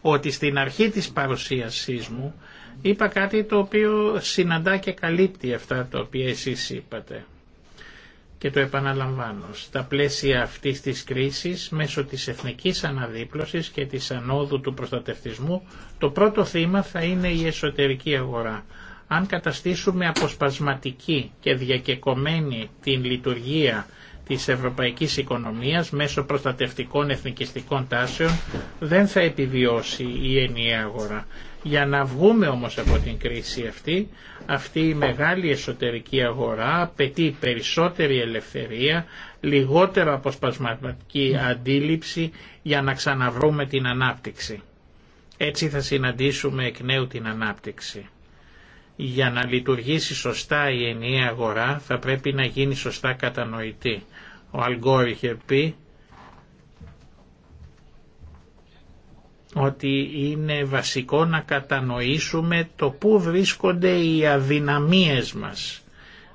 ότι στην αρχή της παρουσίασής μου είπα κάτι το οποίο συναντά και καλύπτει αυτά τα οποία εσείς είπατε. Και το επαναλαμβάνω, στα πλαίσια αυτής της κρίσης, μέσω της εθνικής αναδίπλωσης και της ανόδου του προστατευτισμού, το πρώτο θύμα θα είναι η εσωτερική αγορά. Αν καταστήσουμε αποσπασματική και διακεκομένη την λειτουργία της ευρωπαϊκής οικονομίας μέσω προστατευτικών εθνικιστικών τάσεων δεν θα επιβιώσει η ενιαία αγορά. Για να βγούμε όμως από την κρίση αυτή, αυτή η μεγάλη εσωτερική αγορά απαιτεί περισσότερη ελευθερία, λιγότερο αποσπασματική αντίληψη για να ξαναβρούμε την ανάπτυξη. Έτσι θα συναντήσουμε εκ νέου την ανάπτυξη για να λειτουργήσει σωστά η ενιαία αγορά θα πρέπει να γίνει σωστά κατανοητή. Ο Αλγκόρ είχε πει ότι είναι βασικό να κατανοήσουμε το πού βρίσκονται οι αδυναμίες μας.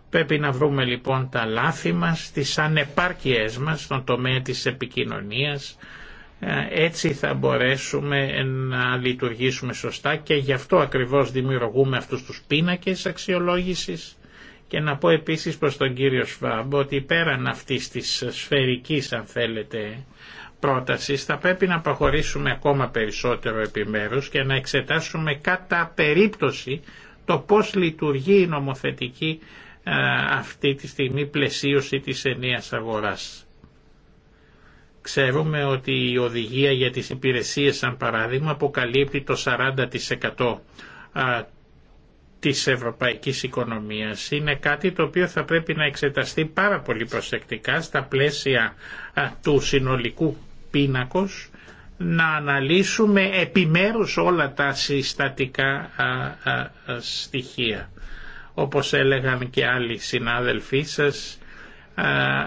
Πρέπει να βρούμε λοιπόν τα λάθη μας, τις ανεπάρκειές μας στον τομέα της επικοινωνίας, ε, έτσι θα μπορέσουμε να λειτουργήσουμε σωστά και γι' αυτό ακριβώς δημιουργούμε αυτούς τους πίνακες αξιολόγησης και να πω επίσης προς τον κύριο Σφάμπ ότι πέραν αυτής της σφαιρικής αν θέλετε πρότασης θα πρέπει να προχωρήσουμε ακόμα περισσότερο επιμέρους και να εξετάσουμε κατά περίπτωση το πώς λειτουργεί η νομοθετική ε, αυτή τη στιγμή πλαισίωση της ενίας αγοράς. Ξέρουμε ότι η οδηγία για τις υπηρεσίες, σαν παράδειγμα, αποκαλύπτει το 40% της ευρωπαϊκής οικονομίας. Είναι κάτι το οποίο θα πρέπει να εξεταστεί πάρα πολύ προσεκτικά στα πλαίσια του συνολικού πίνακος να αναλύσουμε επιμέρους όλα τα συστατικά στοιχεία. Όπως έλεγαν και άλλοι συνάδελφοί σας,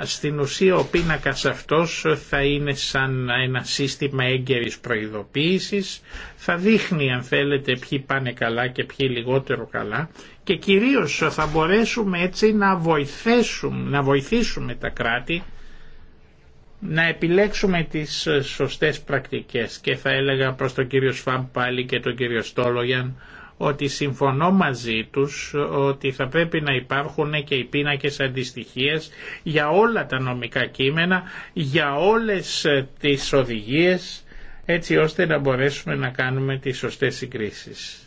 στην ουσία ο πίνακας αυτός θα είναι σαν ένα σύστημα έγκαιρης προειδοποίησης, θα δείχνει αν θέλετε ποιοι πάνε καλά και ποιοι λιγότερο καλά και κυρίως θα μπορέσουμε έτσι να βοηθήσουμε, να βοηθήσουμε τα κράτη να επιλέξουμε τις σωστές πρακτικές και θα έλεγα προς τον κύριο Σφαμπ πάλι και τον κύριο Στόλογιαν ότι συμφωνώ μαζί τους ότι θα πρέπει να υπάρχουν και οι πίνακες αντιστοιχίες για όλα τα νομικά κείμενα, για όλες ε, τις οδηγίες, έτσι ώστε να μπορέσουμε να κάνουμε τις σωστές συγκρίσεις.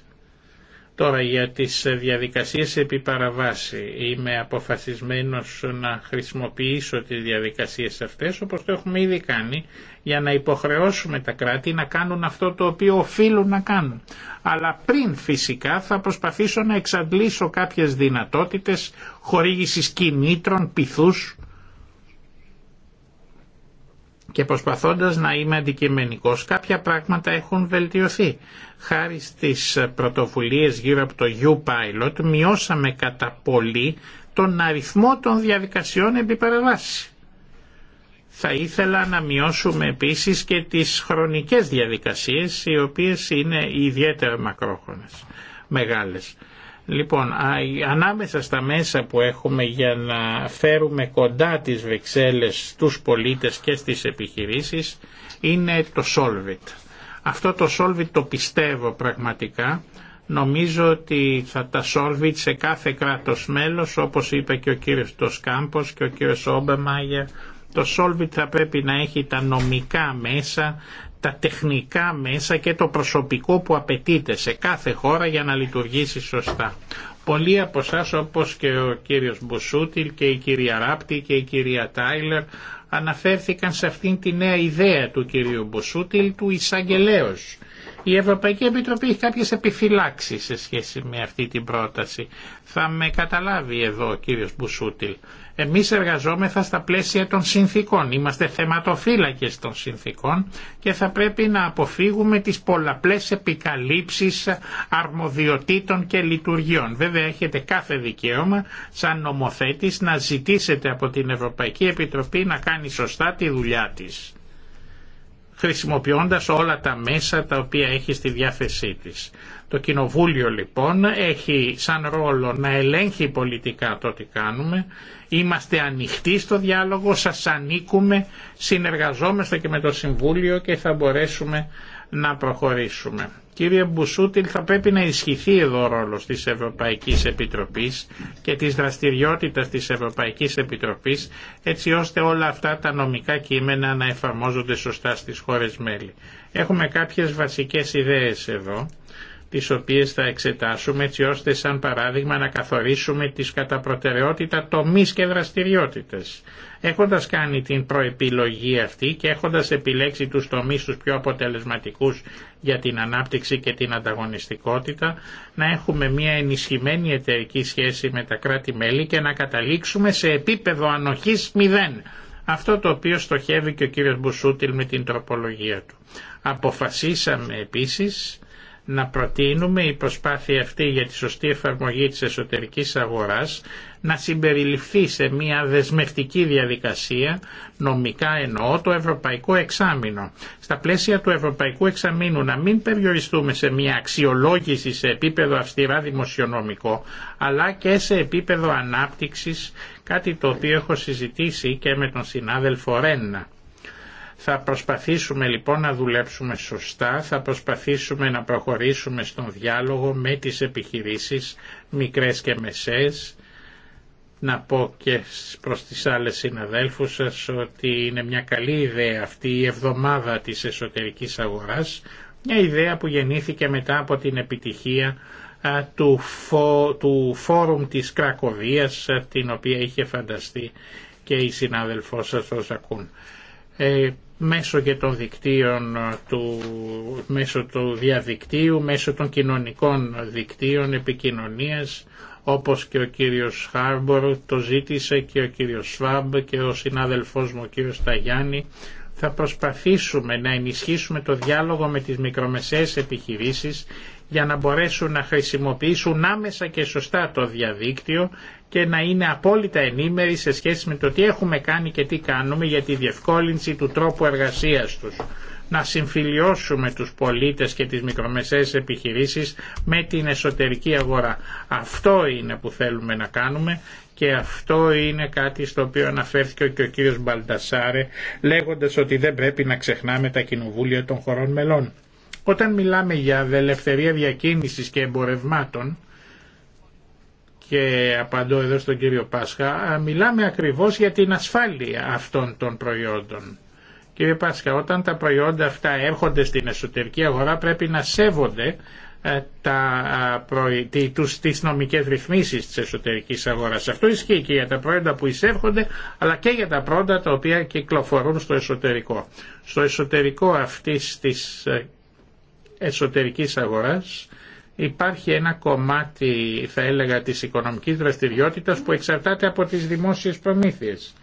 Τώρα για τις ε, διαδικασίες επί παραβάση είμαι αποφασισμένος να χρησιμοποιήσω τις διαδικασίες αυτές όπως το έχουμε ήδη κάνει για να υποχρεώσουμε τα κράτη να κάνουν αυτό το οποίο οφείλουν να κάνουν. Αλλά πριν φυσικά θα προσπαθήσω να εξαντλήσω κάποιες δυνατότητες χορήγησης κινήτρων, πυθούς και προσπαθώντας να είμαι αντικειμενικός κάποια πράγματα έχουν βελτιωθεί. Χάρη στις πρωτοβουλίες γύρω από το U-Pilot μειώσαμε κατά πολύ τον αριθμό των διαδικασιών επί Θα ήθελα να μειώσουμε επίσης και τις χρονικές διαδικασίες οι οποίες είναι ιδιαίτερα μακρόχρονες, μεγάλες. Λοιπόν, ανάμεσα στα μέσα που έχουμε για να φέρουμε κοντά τις βεξέλες στους πολίτες και στις επιχειρήσεις είναι το Solvit. Αυτό το Solvit το πιστεύω πραγματικά. Νομίζω ότι θα τα Solvit σε κάθε κράτος μέλος, όπως είπε και ο κύριος Τοσκάμπος και ο κύριος Όμπεμάγερ, το Solvit θα πρέπει να έχει τα νομικά μέσα τα τεχνικά μέσα και το προσωπικό που απαιτείται σε κάθε χώρα για να λειτουργήσει σωστά. Πολλοί από εσά, όπως και ο κύριος Μπουσούτιλ και η κυρία Ράπτη και η κυρία Τάιλερ αναφέρθηκαν σε αυτήν τη νέα ιδέα του κυρίου Μπουσούτιλ του εισαγγελέως. Η Ευρωπαϊκή Επιτροπή έχει κάποιες επιφυλάξεις σε σχέση με αυτή την πρόταση. Θα με καταλάβει εδώ ο κύριος Μπουσούτιλ. Εμείς εργαζόμεθα στα πλαίσια των συνθήκων, είμαστε θεματοφύλακες των συνθήκων και θα πρέπει να αποφύγουμε τις πολλαπλές επικαλύψεις αρμοδιοτήτων και λειτουργιών. Βέβαια έχετε κάθε δικαίωμα σαν νομοθέτης να ζητήσετε από την Ευρωπαϊκή Επιτροπή να κάνει σωστά τη δουλειά της χρησιμοποιώντας όλα τα μέσα τα οποία έχει στη διάθεσή της. Το Κοινοβούλιο λοιπόν έχει σαν ρόλο να ελέγχει πολιτικά το τι κάνουμε. Είμαστε ανοιχτοί στο διάλογο, σας ανήκουμε, συνεργαζόμαστε και με το Συμβούλιο και θα μπορέσουμε να προχωρήσουμε. Κύριε Μπουσούτιλ, θα πρέπει να ισχυθεί εδώ ο ρόλος της Ευρωπαϊκής Επιτροπής και της δραστηριότητας της Ευρωπαϊκής Επιτροπής, έτσι ώστε όλα αυτά τα νομικά κείμενα να εφαρμόζονται σωστά στις χώρες μέλη. Έχουμε κάποιες βασικές ιδέες εδώ τις οποίες θα εξετάσουμε έτσι ώστε σαν παράδειγμα να καθορίσουμε τις κατά προτεραιότητα τομείς και δραστηριότητες. Έχοντας κάνει την προεπιλογή αυτή και έχοντας επιλέξει τους τομείς τους πιο αποτελεσματικούς για την ανάπτυξη και την ανταγωνιστικότητα, να έχουμε μια ενισχυμένη εταιρική σχέση με τα κράτη-μέλη και να καταλήξουμε σε επίπεδο ανοχής μηδέν. Αυτό το οποίο στοχεύει και ο κύριος Μπουσούτιλ με την τροπολογία του. Αποφασίσαμε επίσης να προτείνουμε η προσπάθεια αυτή για τη σωστή εφαρμογή της εσωτερικής αγοράς να συμπεριληφθεί σε μια δεσμευτική διαδικασία, νομικά εννοώ το Ευρωπαϊκό Εξάμεινο. Στα πλαίσια του Ευρωπαϊκού Εξαμήνου να μην περιοριστούμε σε μια αξιολόγηση σε επίπεδο αυστηρά δημοσιονομικό, αλλά και σε επίπεδο ανάπτυξης, κάτι το οποίο έχω συζητήσει και με τον συνάδελφο Ρένα. Θα προσπαθήσουμε λοιπόν να δουλέψουμε σωστά, θα προσπαθήσουμε να προχωρήσουμε στον διάλογο με τις επιχειρήσεις μικρές και μεσές. Να πω και προς τις άλλες συναδέλφους σας ότι είναι μια καλή ιδέα αυτή η εβδομάδα της εσωτερικής αγοράς, μια ιδέα που γεννήθηκε μετά από την επιτυχία του, του φόρουμ της Κρακοβίας την οποία είχε φανταστεί και η συνάδελφός σας ο Ζακούν. Ε, μέσω και των δικτύων ε, του, μέσω του διαδικτύου, μέσω των κοινωνικών δικτύων επικοινωνίας, όπως και ο κύριος Χάρμπορ το ζήτησε και ο κύριος Σφάμπ και ο συνάδελφός μου ο κύριος Ταγιάννη, θα προσπαθήσουμε να ενισχύσουμε το διάλογο με τις μικρομεσαίες επιχειρήσεις για να μπορέσουν να χρησιμοποιήσουν άμεσα και σωστά το διαδίκτυο και να είναι απόλυτα ενήμεροι σε σχέση με το τι έχουμε κάνει και τι κάνουμε για τη διευκόλυνση του τρόπου εργασίας τους. Να συμφιλιώσουμε τους πολίτες και τις μικρομεσαίες επιχειρήσεις με την εσωτερική αγορά. Αυτό είναι που θέλουμε να κάνουμε και αυτό είναι κάτι στο οποίο αναφέρθηκε και ο κύριος Μπαλτασάρε λέγοντας ότι δεν πρέπει να ξεχνάμε τα κοινοβούλια των χωρών μελών. Όταν μιλάμε για ελευθερία διακίνησης και εμπορευμάτων και απαντώ εδώ στον κύριο Πάσχα, μιλάμε ακριβώς για την ασφάλεια αυτών των προϊόντων. Κύριε Πάσχα, όταν τα προϊόντα αυτά έρχονται στην εσωτερική αγορά πρέπει να σέβονται ε, τα, τους, τις νομικές ρυθμίσεις της εσωτερικής αγοράς. Αυτό ισχύει και για τα προϊόντα που εισέρχονται αλλά και για τα προϊόντα τα οποία κυκλοφορούν στο εσωτερικό. Στο εσωτερικό αυτής της ε, εσωτερικής αγοράς υπάρχει ένα κομμάτι θα έλεγα της οικονομικής δραστηριότητας που εξαρτάται από τις δημόσιες προμήθειες.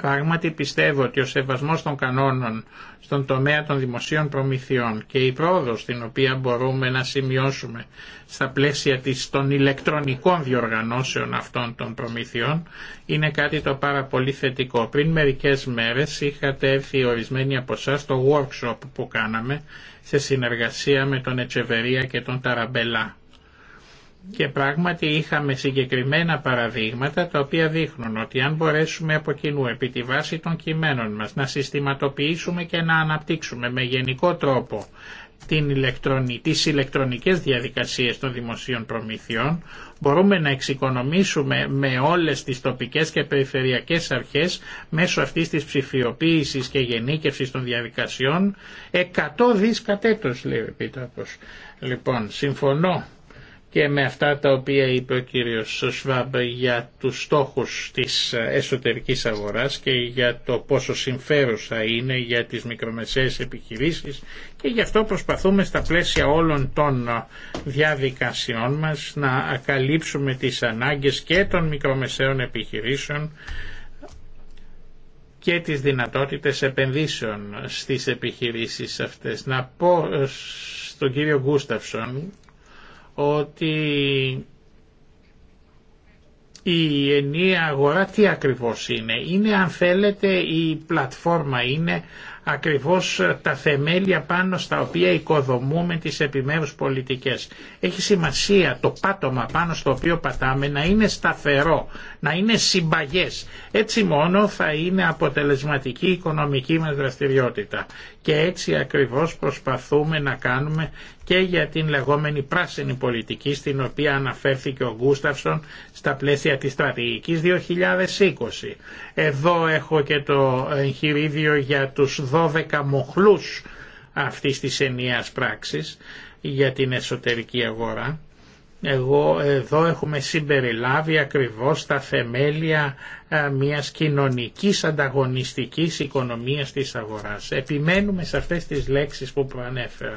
Πράγματι πιστεύω ότι ο σεβασμός των κανόνων στον τομέα των δημοσίων προμηθειών και η πρόοδος την οποία μπορούμε να σημειώσουμε στα πλαίσια της των ηλεκτρονικών διοργανώσεων αυτών των προμηθειών είναι κάτι το πάρα πολύ θετικό. Πριν μερικές μέρες είχατε έρθει ορισμένοι από εσά στο workshop που κάναμε σε συνεργασία με τον Ετσεβερία και τον Ταραμπελά και πράγματι είχαμε συγκεκριμένα παραδείγματα τα οποία δείχνουν ότι αν μπορέσουμε από κοινού επί τη βάση των κειμένων μας να συστηματοποιήσουμε και να αναπτύξουμε με γενικό τρόπο την ηλεκτρονική, τις ηλεκτρονικές διαδικασίες των δημοσίων προμηθειών, μπορούμε να εξοικονομήσουμε με όλες τις τοπικές και περιφερειακές αρχές μέσω αυτής της ψηφιοποίησης και γενίκευσης των διαδικασιών 100 δις κατέτος λέει ο Λοιπόν, συμφωνώ και με αυτά τα οποία είπε ο κύριος Σβάμπ για τους στόχους της εσωτερικής αγοράς και για το πόσο θα είναι για τις μικρομεσαίες επιχειρήσεις και γι' αυτό προσπαθούμε στα πλαίσια όλων των διαδικασιών μας να ακαλύψουμε τις ανάγκες και των μικρομεσαίων επιχειρήσεων και τις δυνατότητες επενδύσεων στις επιχειρήσεις αυτές. Να πω στον κύριο Γκούσταυσον ότι η ενιαία αγορά τι ακριβώς είναι. Είναι αν θέλετε η πλατφόρμα, είναι ακριβώς τα θεμέλια πάνω στα οποία οικοδομούμε τις επιμέρους πολιτικές. Έχει σημασία το πάτωμα πάνω στο οποίο πατάμε να είναι σταθερό, να είναι συμπαγές. Έτσι μόνο θα είναι αποτελεσματική οικονομική μας δραστηριότητα. Και έτσι ακριβώς προσπαθούμε να κάνουμε και για την λεγόμενη πράσινη πολιτική στην οποία αναφέρθηκε ο Γκούσταυσον στα πλαίσια της στρατηγικής 2020. Εδώ έχω και το εγχειρίδιο για τους 12 μοχλούς αυτής της ενιαίας πράξης για την εσωτερική αγορά εγώ εδώ έχουμε συμπεριλάβει ακριβώς τα θεμέλια μιας κοινωνικής ανταγωνιστικής οικονομίας της αγοράς. Επιμένουμε σε αυτές τις λέξεις που προανέφερα.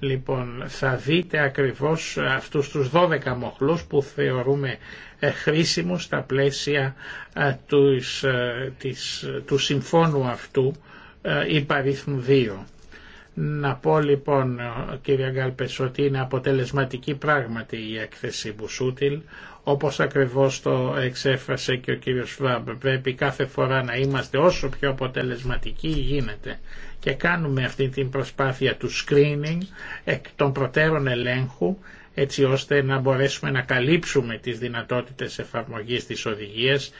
Λοιπόν, θα δείτε ακριβώς αυτούς τους 12 μοχλούς που θεωρούμε ε, χρήσιμους στα πλαίσια ε, του συμφώνου αυτού ε, υπαρίθμου 2. Να πω λοιπόν κύριε Γκάλπες ότι είναι αποτελεσματική πράγματι η έκθεση Μπουσούτιλ όπως ακριβώς το εξέφρασε και ο κύριος Σβάμπ. Πρέπει κάθε φορά να είμαστε όσο πιο αποτελεσματικοί γίνεται και κάνουμε αυτή την προσπάθεια του screening εκ των προτέρων ελέγχου έτσι ώστε να μπορέσουμε να καλύψουμε τις δυνατότητες εφαρμογής της οδηγίας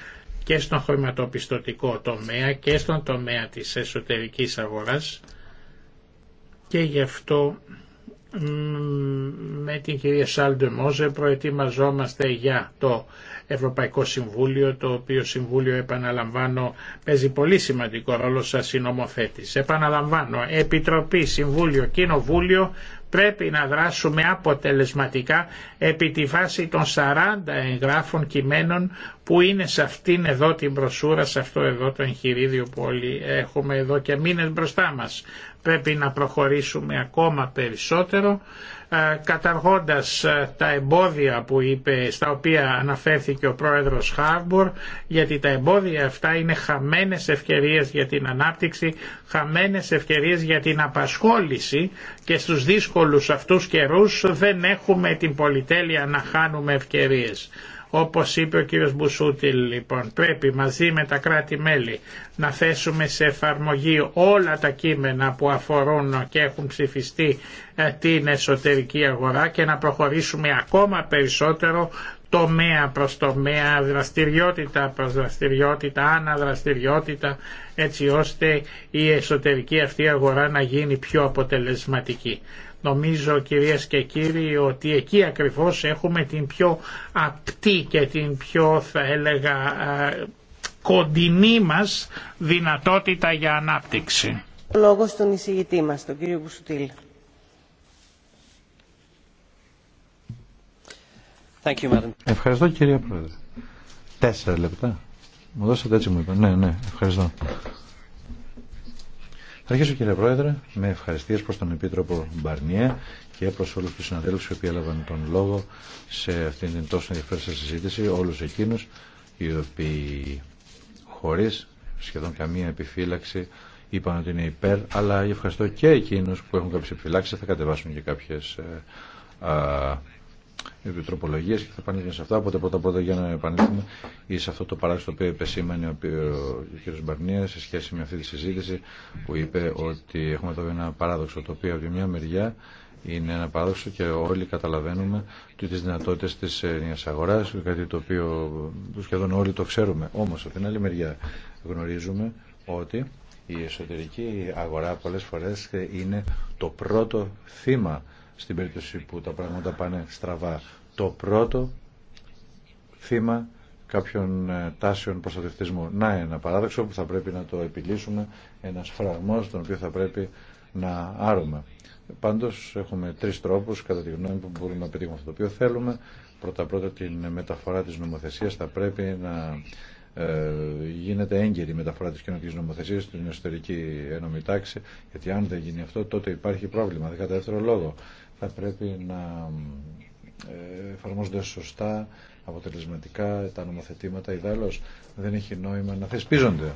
και στον χρηματοπιστωτικό τομέα και στον τομέα της εσωτερικής αγοράς και γι' αυτό με την κυρία Σάλντε Μόζε προετοιμαζόμαστε για το Ευρωπαϊκό Συμβούλιο το οποίο Συμβούλιο επαναλαμβάνω παίζει πολύ σημαντικό ρόλο σαν συνομοθέτης. Επαναλαμβάνω, Επιτροπή, Συμβούλιο, Κοινοβούλιο πρέπει να δράσουμε αποτελεσματικά επί τη βάση των 40 εγγράφων κειμένων που είναι σε αυτήν εδώ την προσούρα, σε αυτό εδώ το εγχειρίδιο που όλοι έχουμε εδώ και μήνες μπροστά μας. Πρέπει να προχωρήσουμε ακόμα περισσότερο ε, καταργώντας ε, τα εμπόδια που είπε, στα οποία αναφέρθηκε ο πρόεδρος Χάρμπορ, γιατί τα εμπόδια αυτά είναι χαμένες ευκαιρίες για την ανάπτυξη, χαμένες ευκαιρίες για την απασχόληση και στους δύσκολους αυτούς καιρούς δεν έχουμε την πολυτέλεια να χάνουμε ευκαιρίες. Όπως είπε ο κύριος Μπουσούτη λοιπόν, πρέπει μαζί με τα κράτη-μέλη να θέσουμε σε εφαρμογή όλα τα κείμενα που αφορούν και έχουν ψηφιστεί ε, την εσωτερική αγορά και να προχωρήσουμε ακόμα περισσότερο τομέα προς τομέα, δραστηριότητα προς δραστηριότητα, αναδραστηριότητα, έτσι ώστε η εσωτερική αυτή αγορά να γίνει πιο αποτελεσματική. Νομίζω κυρίες και κύριοι ότι εκεί ακριβώς έχουμε την πιο απτή και την πιο θα έλεγα ε, κοντινή μας δυνατότητα για ανάπτυξη.
Λόγο στον μας, τον κύριο
Ευχαριστώ κύριε Πρόεδρε. Τέσσερα λεπτά. Μου δώσατε έτσι μου είπα. Ναι, ναι, ευχαριστώ. Θα αρχίσω κύριε Πρόεδρε με ευχαριστίες προς τον Επίτροπο Μπαρνιέ και προς όλους τους συναδέλφους οι οποίοι έλαβαν τον λόγο σε αυτήν την τόσο ενδιαφέρουσα συζήτηση, όλους εκείνους οι οποίοι χωρίς σχεδόν καμία επιφύλαξη είπαν ότι είναι υπέρ, αλλά ευχαριστώ και εκείνους που έχουν κάποιες επιφυλάξεις, θα κατεβάσουν και κάποιες ε, α, επιτροπολογίε και θα επανέλθουμε σε αυτά. Οπότε πρώτα πρώτα για να επανέλθουμε ή σε αυτό το παράδειγμα το οποίο επεσήμανε ο, ο κ. Μπαρνία σε σχέση με αυτή τη συζήτηση που είπε ότι έχουμε εδώ ένα παράδοξο το οποίο από τη μια μεριά είναι ένα παράδοξο και όλοι καταλαβαίνουμε τις δυνατότητες της νέας αγοράς, κάτι το οποίο σχεδόν όλοι το ξέρουμε. Όμως από την άλλη μεριά γνωρίζουμε ότι η εσωτερική αγορά πολλές φορές είναι το πρώτο θύμα στην περίπτωση που τα πράγματα πάνε στραβά. Το πρώτο θύμα κάποιων ε, τάσεων προστατευτισμού. Να ένα παράδοξο που θα πρέπει να το επιλύσουμε, ένας φραγμός τον οποίο θα πρέπει να άρουμε. Πάντως έχουμε τρεις τρόπους κατά τη γνώμη που μπορούμε να πετύχουμε αυτό το οποίο θέλουμε. Πρώτα-πρώτα την μεταφορά της νομοθεσίας θα πρέπει να ε, γίνεται έγκαιρη η μεταφορά της κοινωνικής νομοθεσίας στην εσωτερική τάξη. γιατί αν δεν γίνει αυτό τότε υπάρχει πρόβλημα. Κατά δεύτερο λόγο, θα πρέπει να ε, εφαρμόζονται σωστά, αποτελεσματικά τα νομοθετήματα. Ιδάλλως δεν έχει νόημα να θεσπίζονται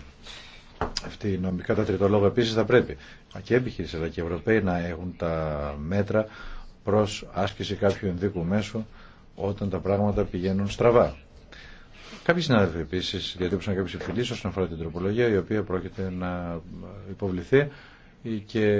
Αυτή η νομικά τα τρίτο λόγο επίσης θα πρέπει και επιχείρηση αλλά και οι Ευρωπαίοι να έχουν τα μέτρα προς άσκηση κάποιου ενδίκου μέσου όταν τα πράγματα πηγαίνουν στραβά. Κάποιοι συνάδελφοι επίση διατύπωσαν κάποιε επιλύσει όσον αφορά την τροπολογία η οποία πρόκειται να ε, υποβληθεί και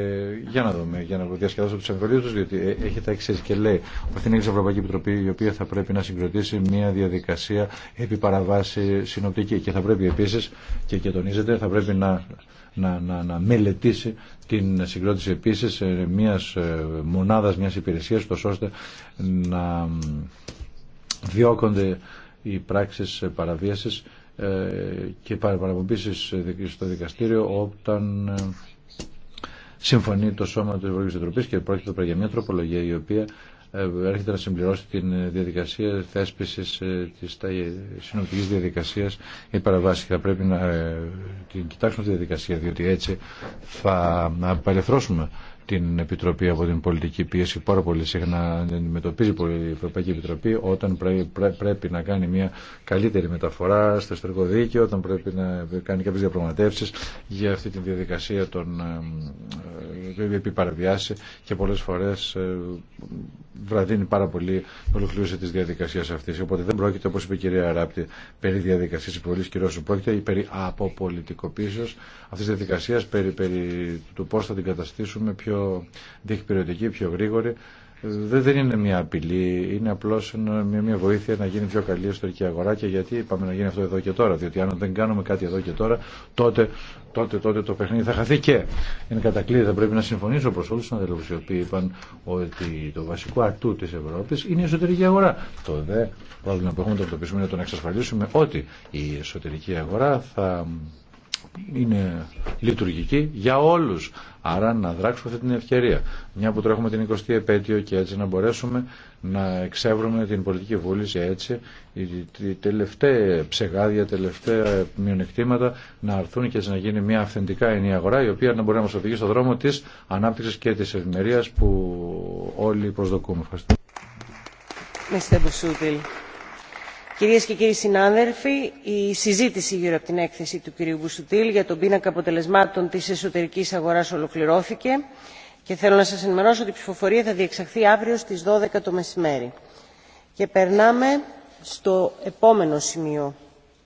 για να δούμε, για να διασκεδάσω του εμβολίου του, διότι ε, έχει τα εξή και λέει ότι είναι η Ευρωπαϊκή Επιτροπή η οποία θα πρέπει να συγκροτήσει μια διαδικασία επί παραβάση συνοπτική και θα πρέπει επίση και, και τονίζεται θα πρέπει να, να, να, να μελετήσει την συγκρότηση επίση ε, μια ε, μονάδα, μια υπηρεσία, ώστε να διώκονται οι πράξεις παραβίαση και παραπομπήσεις στο δικαστήριο όταν συμφωνεί το σώμα του Ευρωπαϊκής Επιτροπής και πρόκειται για μια τροπολογία η οποία ε, έρχεται να συμπληρώσει την ε, διαδικασία θέσπισης ε, της συνοπτικής διαδικασίας η παραβάση θα πρέπει να την κοιτάξουμε τη διαδικασία διότι έτσι θα απελευθερώσουμε την Επιτροπή από την πολιτική πίεση πάρα πολύ συχνά αντιμετωπίζει η Ευρωπαϊκή Επιτροπή όταν πρέπει να κάνει μια καλύτερη μεταφορά στο εσωτερικό δίκαιο, όταν πρέπει να κάνει κάποιες διαπραγματεύσεις για αυτή τη διαδικασία των ε, ε, επιπαραβιάσει και πολλές φορές ε, βραδύνει πάρα πολύ ολοκλήρωση τη διαδικασία αυτή. Οπότε δεν πρόκειται, όπω είπε η κυρία Ράπτη, περί διαδικασία υποβολή κυρώσεων. Πρόκειται περί αποπολιτικοποίηση αυτή τη διαδικασία, περί, περί του πώ θα την καταστήσουμε πιο διεκπαιρεωτική, πιο γρήγορη δεν είναι μια απειλή, είναι απλώ μια βοήθεια να γίνει πιο καλή η ιστορική αγορά και γιατί είπαμε να γίνει αυτό εδώ και τώρα, διότι αν δεν κάνουμε κάτι εδώ και τώρα, τότε, τότε, τότε το παιχνίδι θα χαθεί και είναι κατακλείδη, θα πρέπει να συμφωνήσω προς όλους του αδελφούς οι οποίοι είπαν ότι το βασικό ατού τη Ευρώπη είναι η εσωτερική αγορά. Το δε πρόβλημα που έχουμε το αντιμετωπίσουμε είναι το να εξασφαλίσουμε ότι η εσωτερική αγορά θα είναι λειτουργική για όλους. Άρα να δράξουμε αυτή την ευκαιρία. Μια που τρέχουμε την 20η επέτειο και έτσι να μπορέσουμε να εξεύρουμε την πολιτική βούληση έτσι οι τελευταία ψεγάδια, τελευταία μειονεκτήματα να αρθούν και έτσι να γίνει μια αυθεντικά ενή αγορά η οποία να μπορεί να μας οδηγεί στον δρόμο της ανάπτυξης και της ευημερίας που όλοι προσδοκούμε. Ευχαριστώ.
Κυρίες και κύριοι συνάδελφοι, η συζήτηση γύρω από την έκθεση του κυρίου Μπουσουτήλ για τον πίνακα αποτελεσμάτων της εσωτερικής αγοράς ολοκληρώθηκε και θέλω να σας ενημερώσω ότι η ψηφοφορία θα διεξαχθεί αύριο στις 12 το μεσημέρι. Και περνάμε στο επόμενο σημείο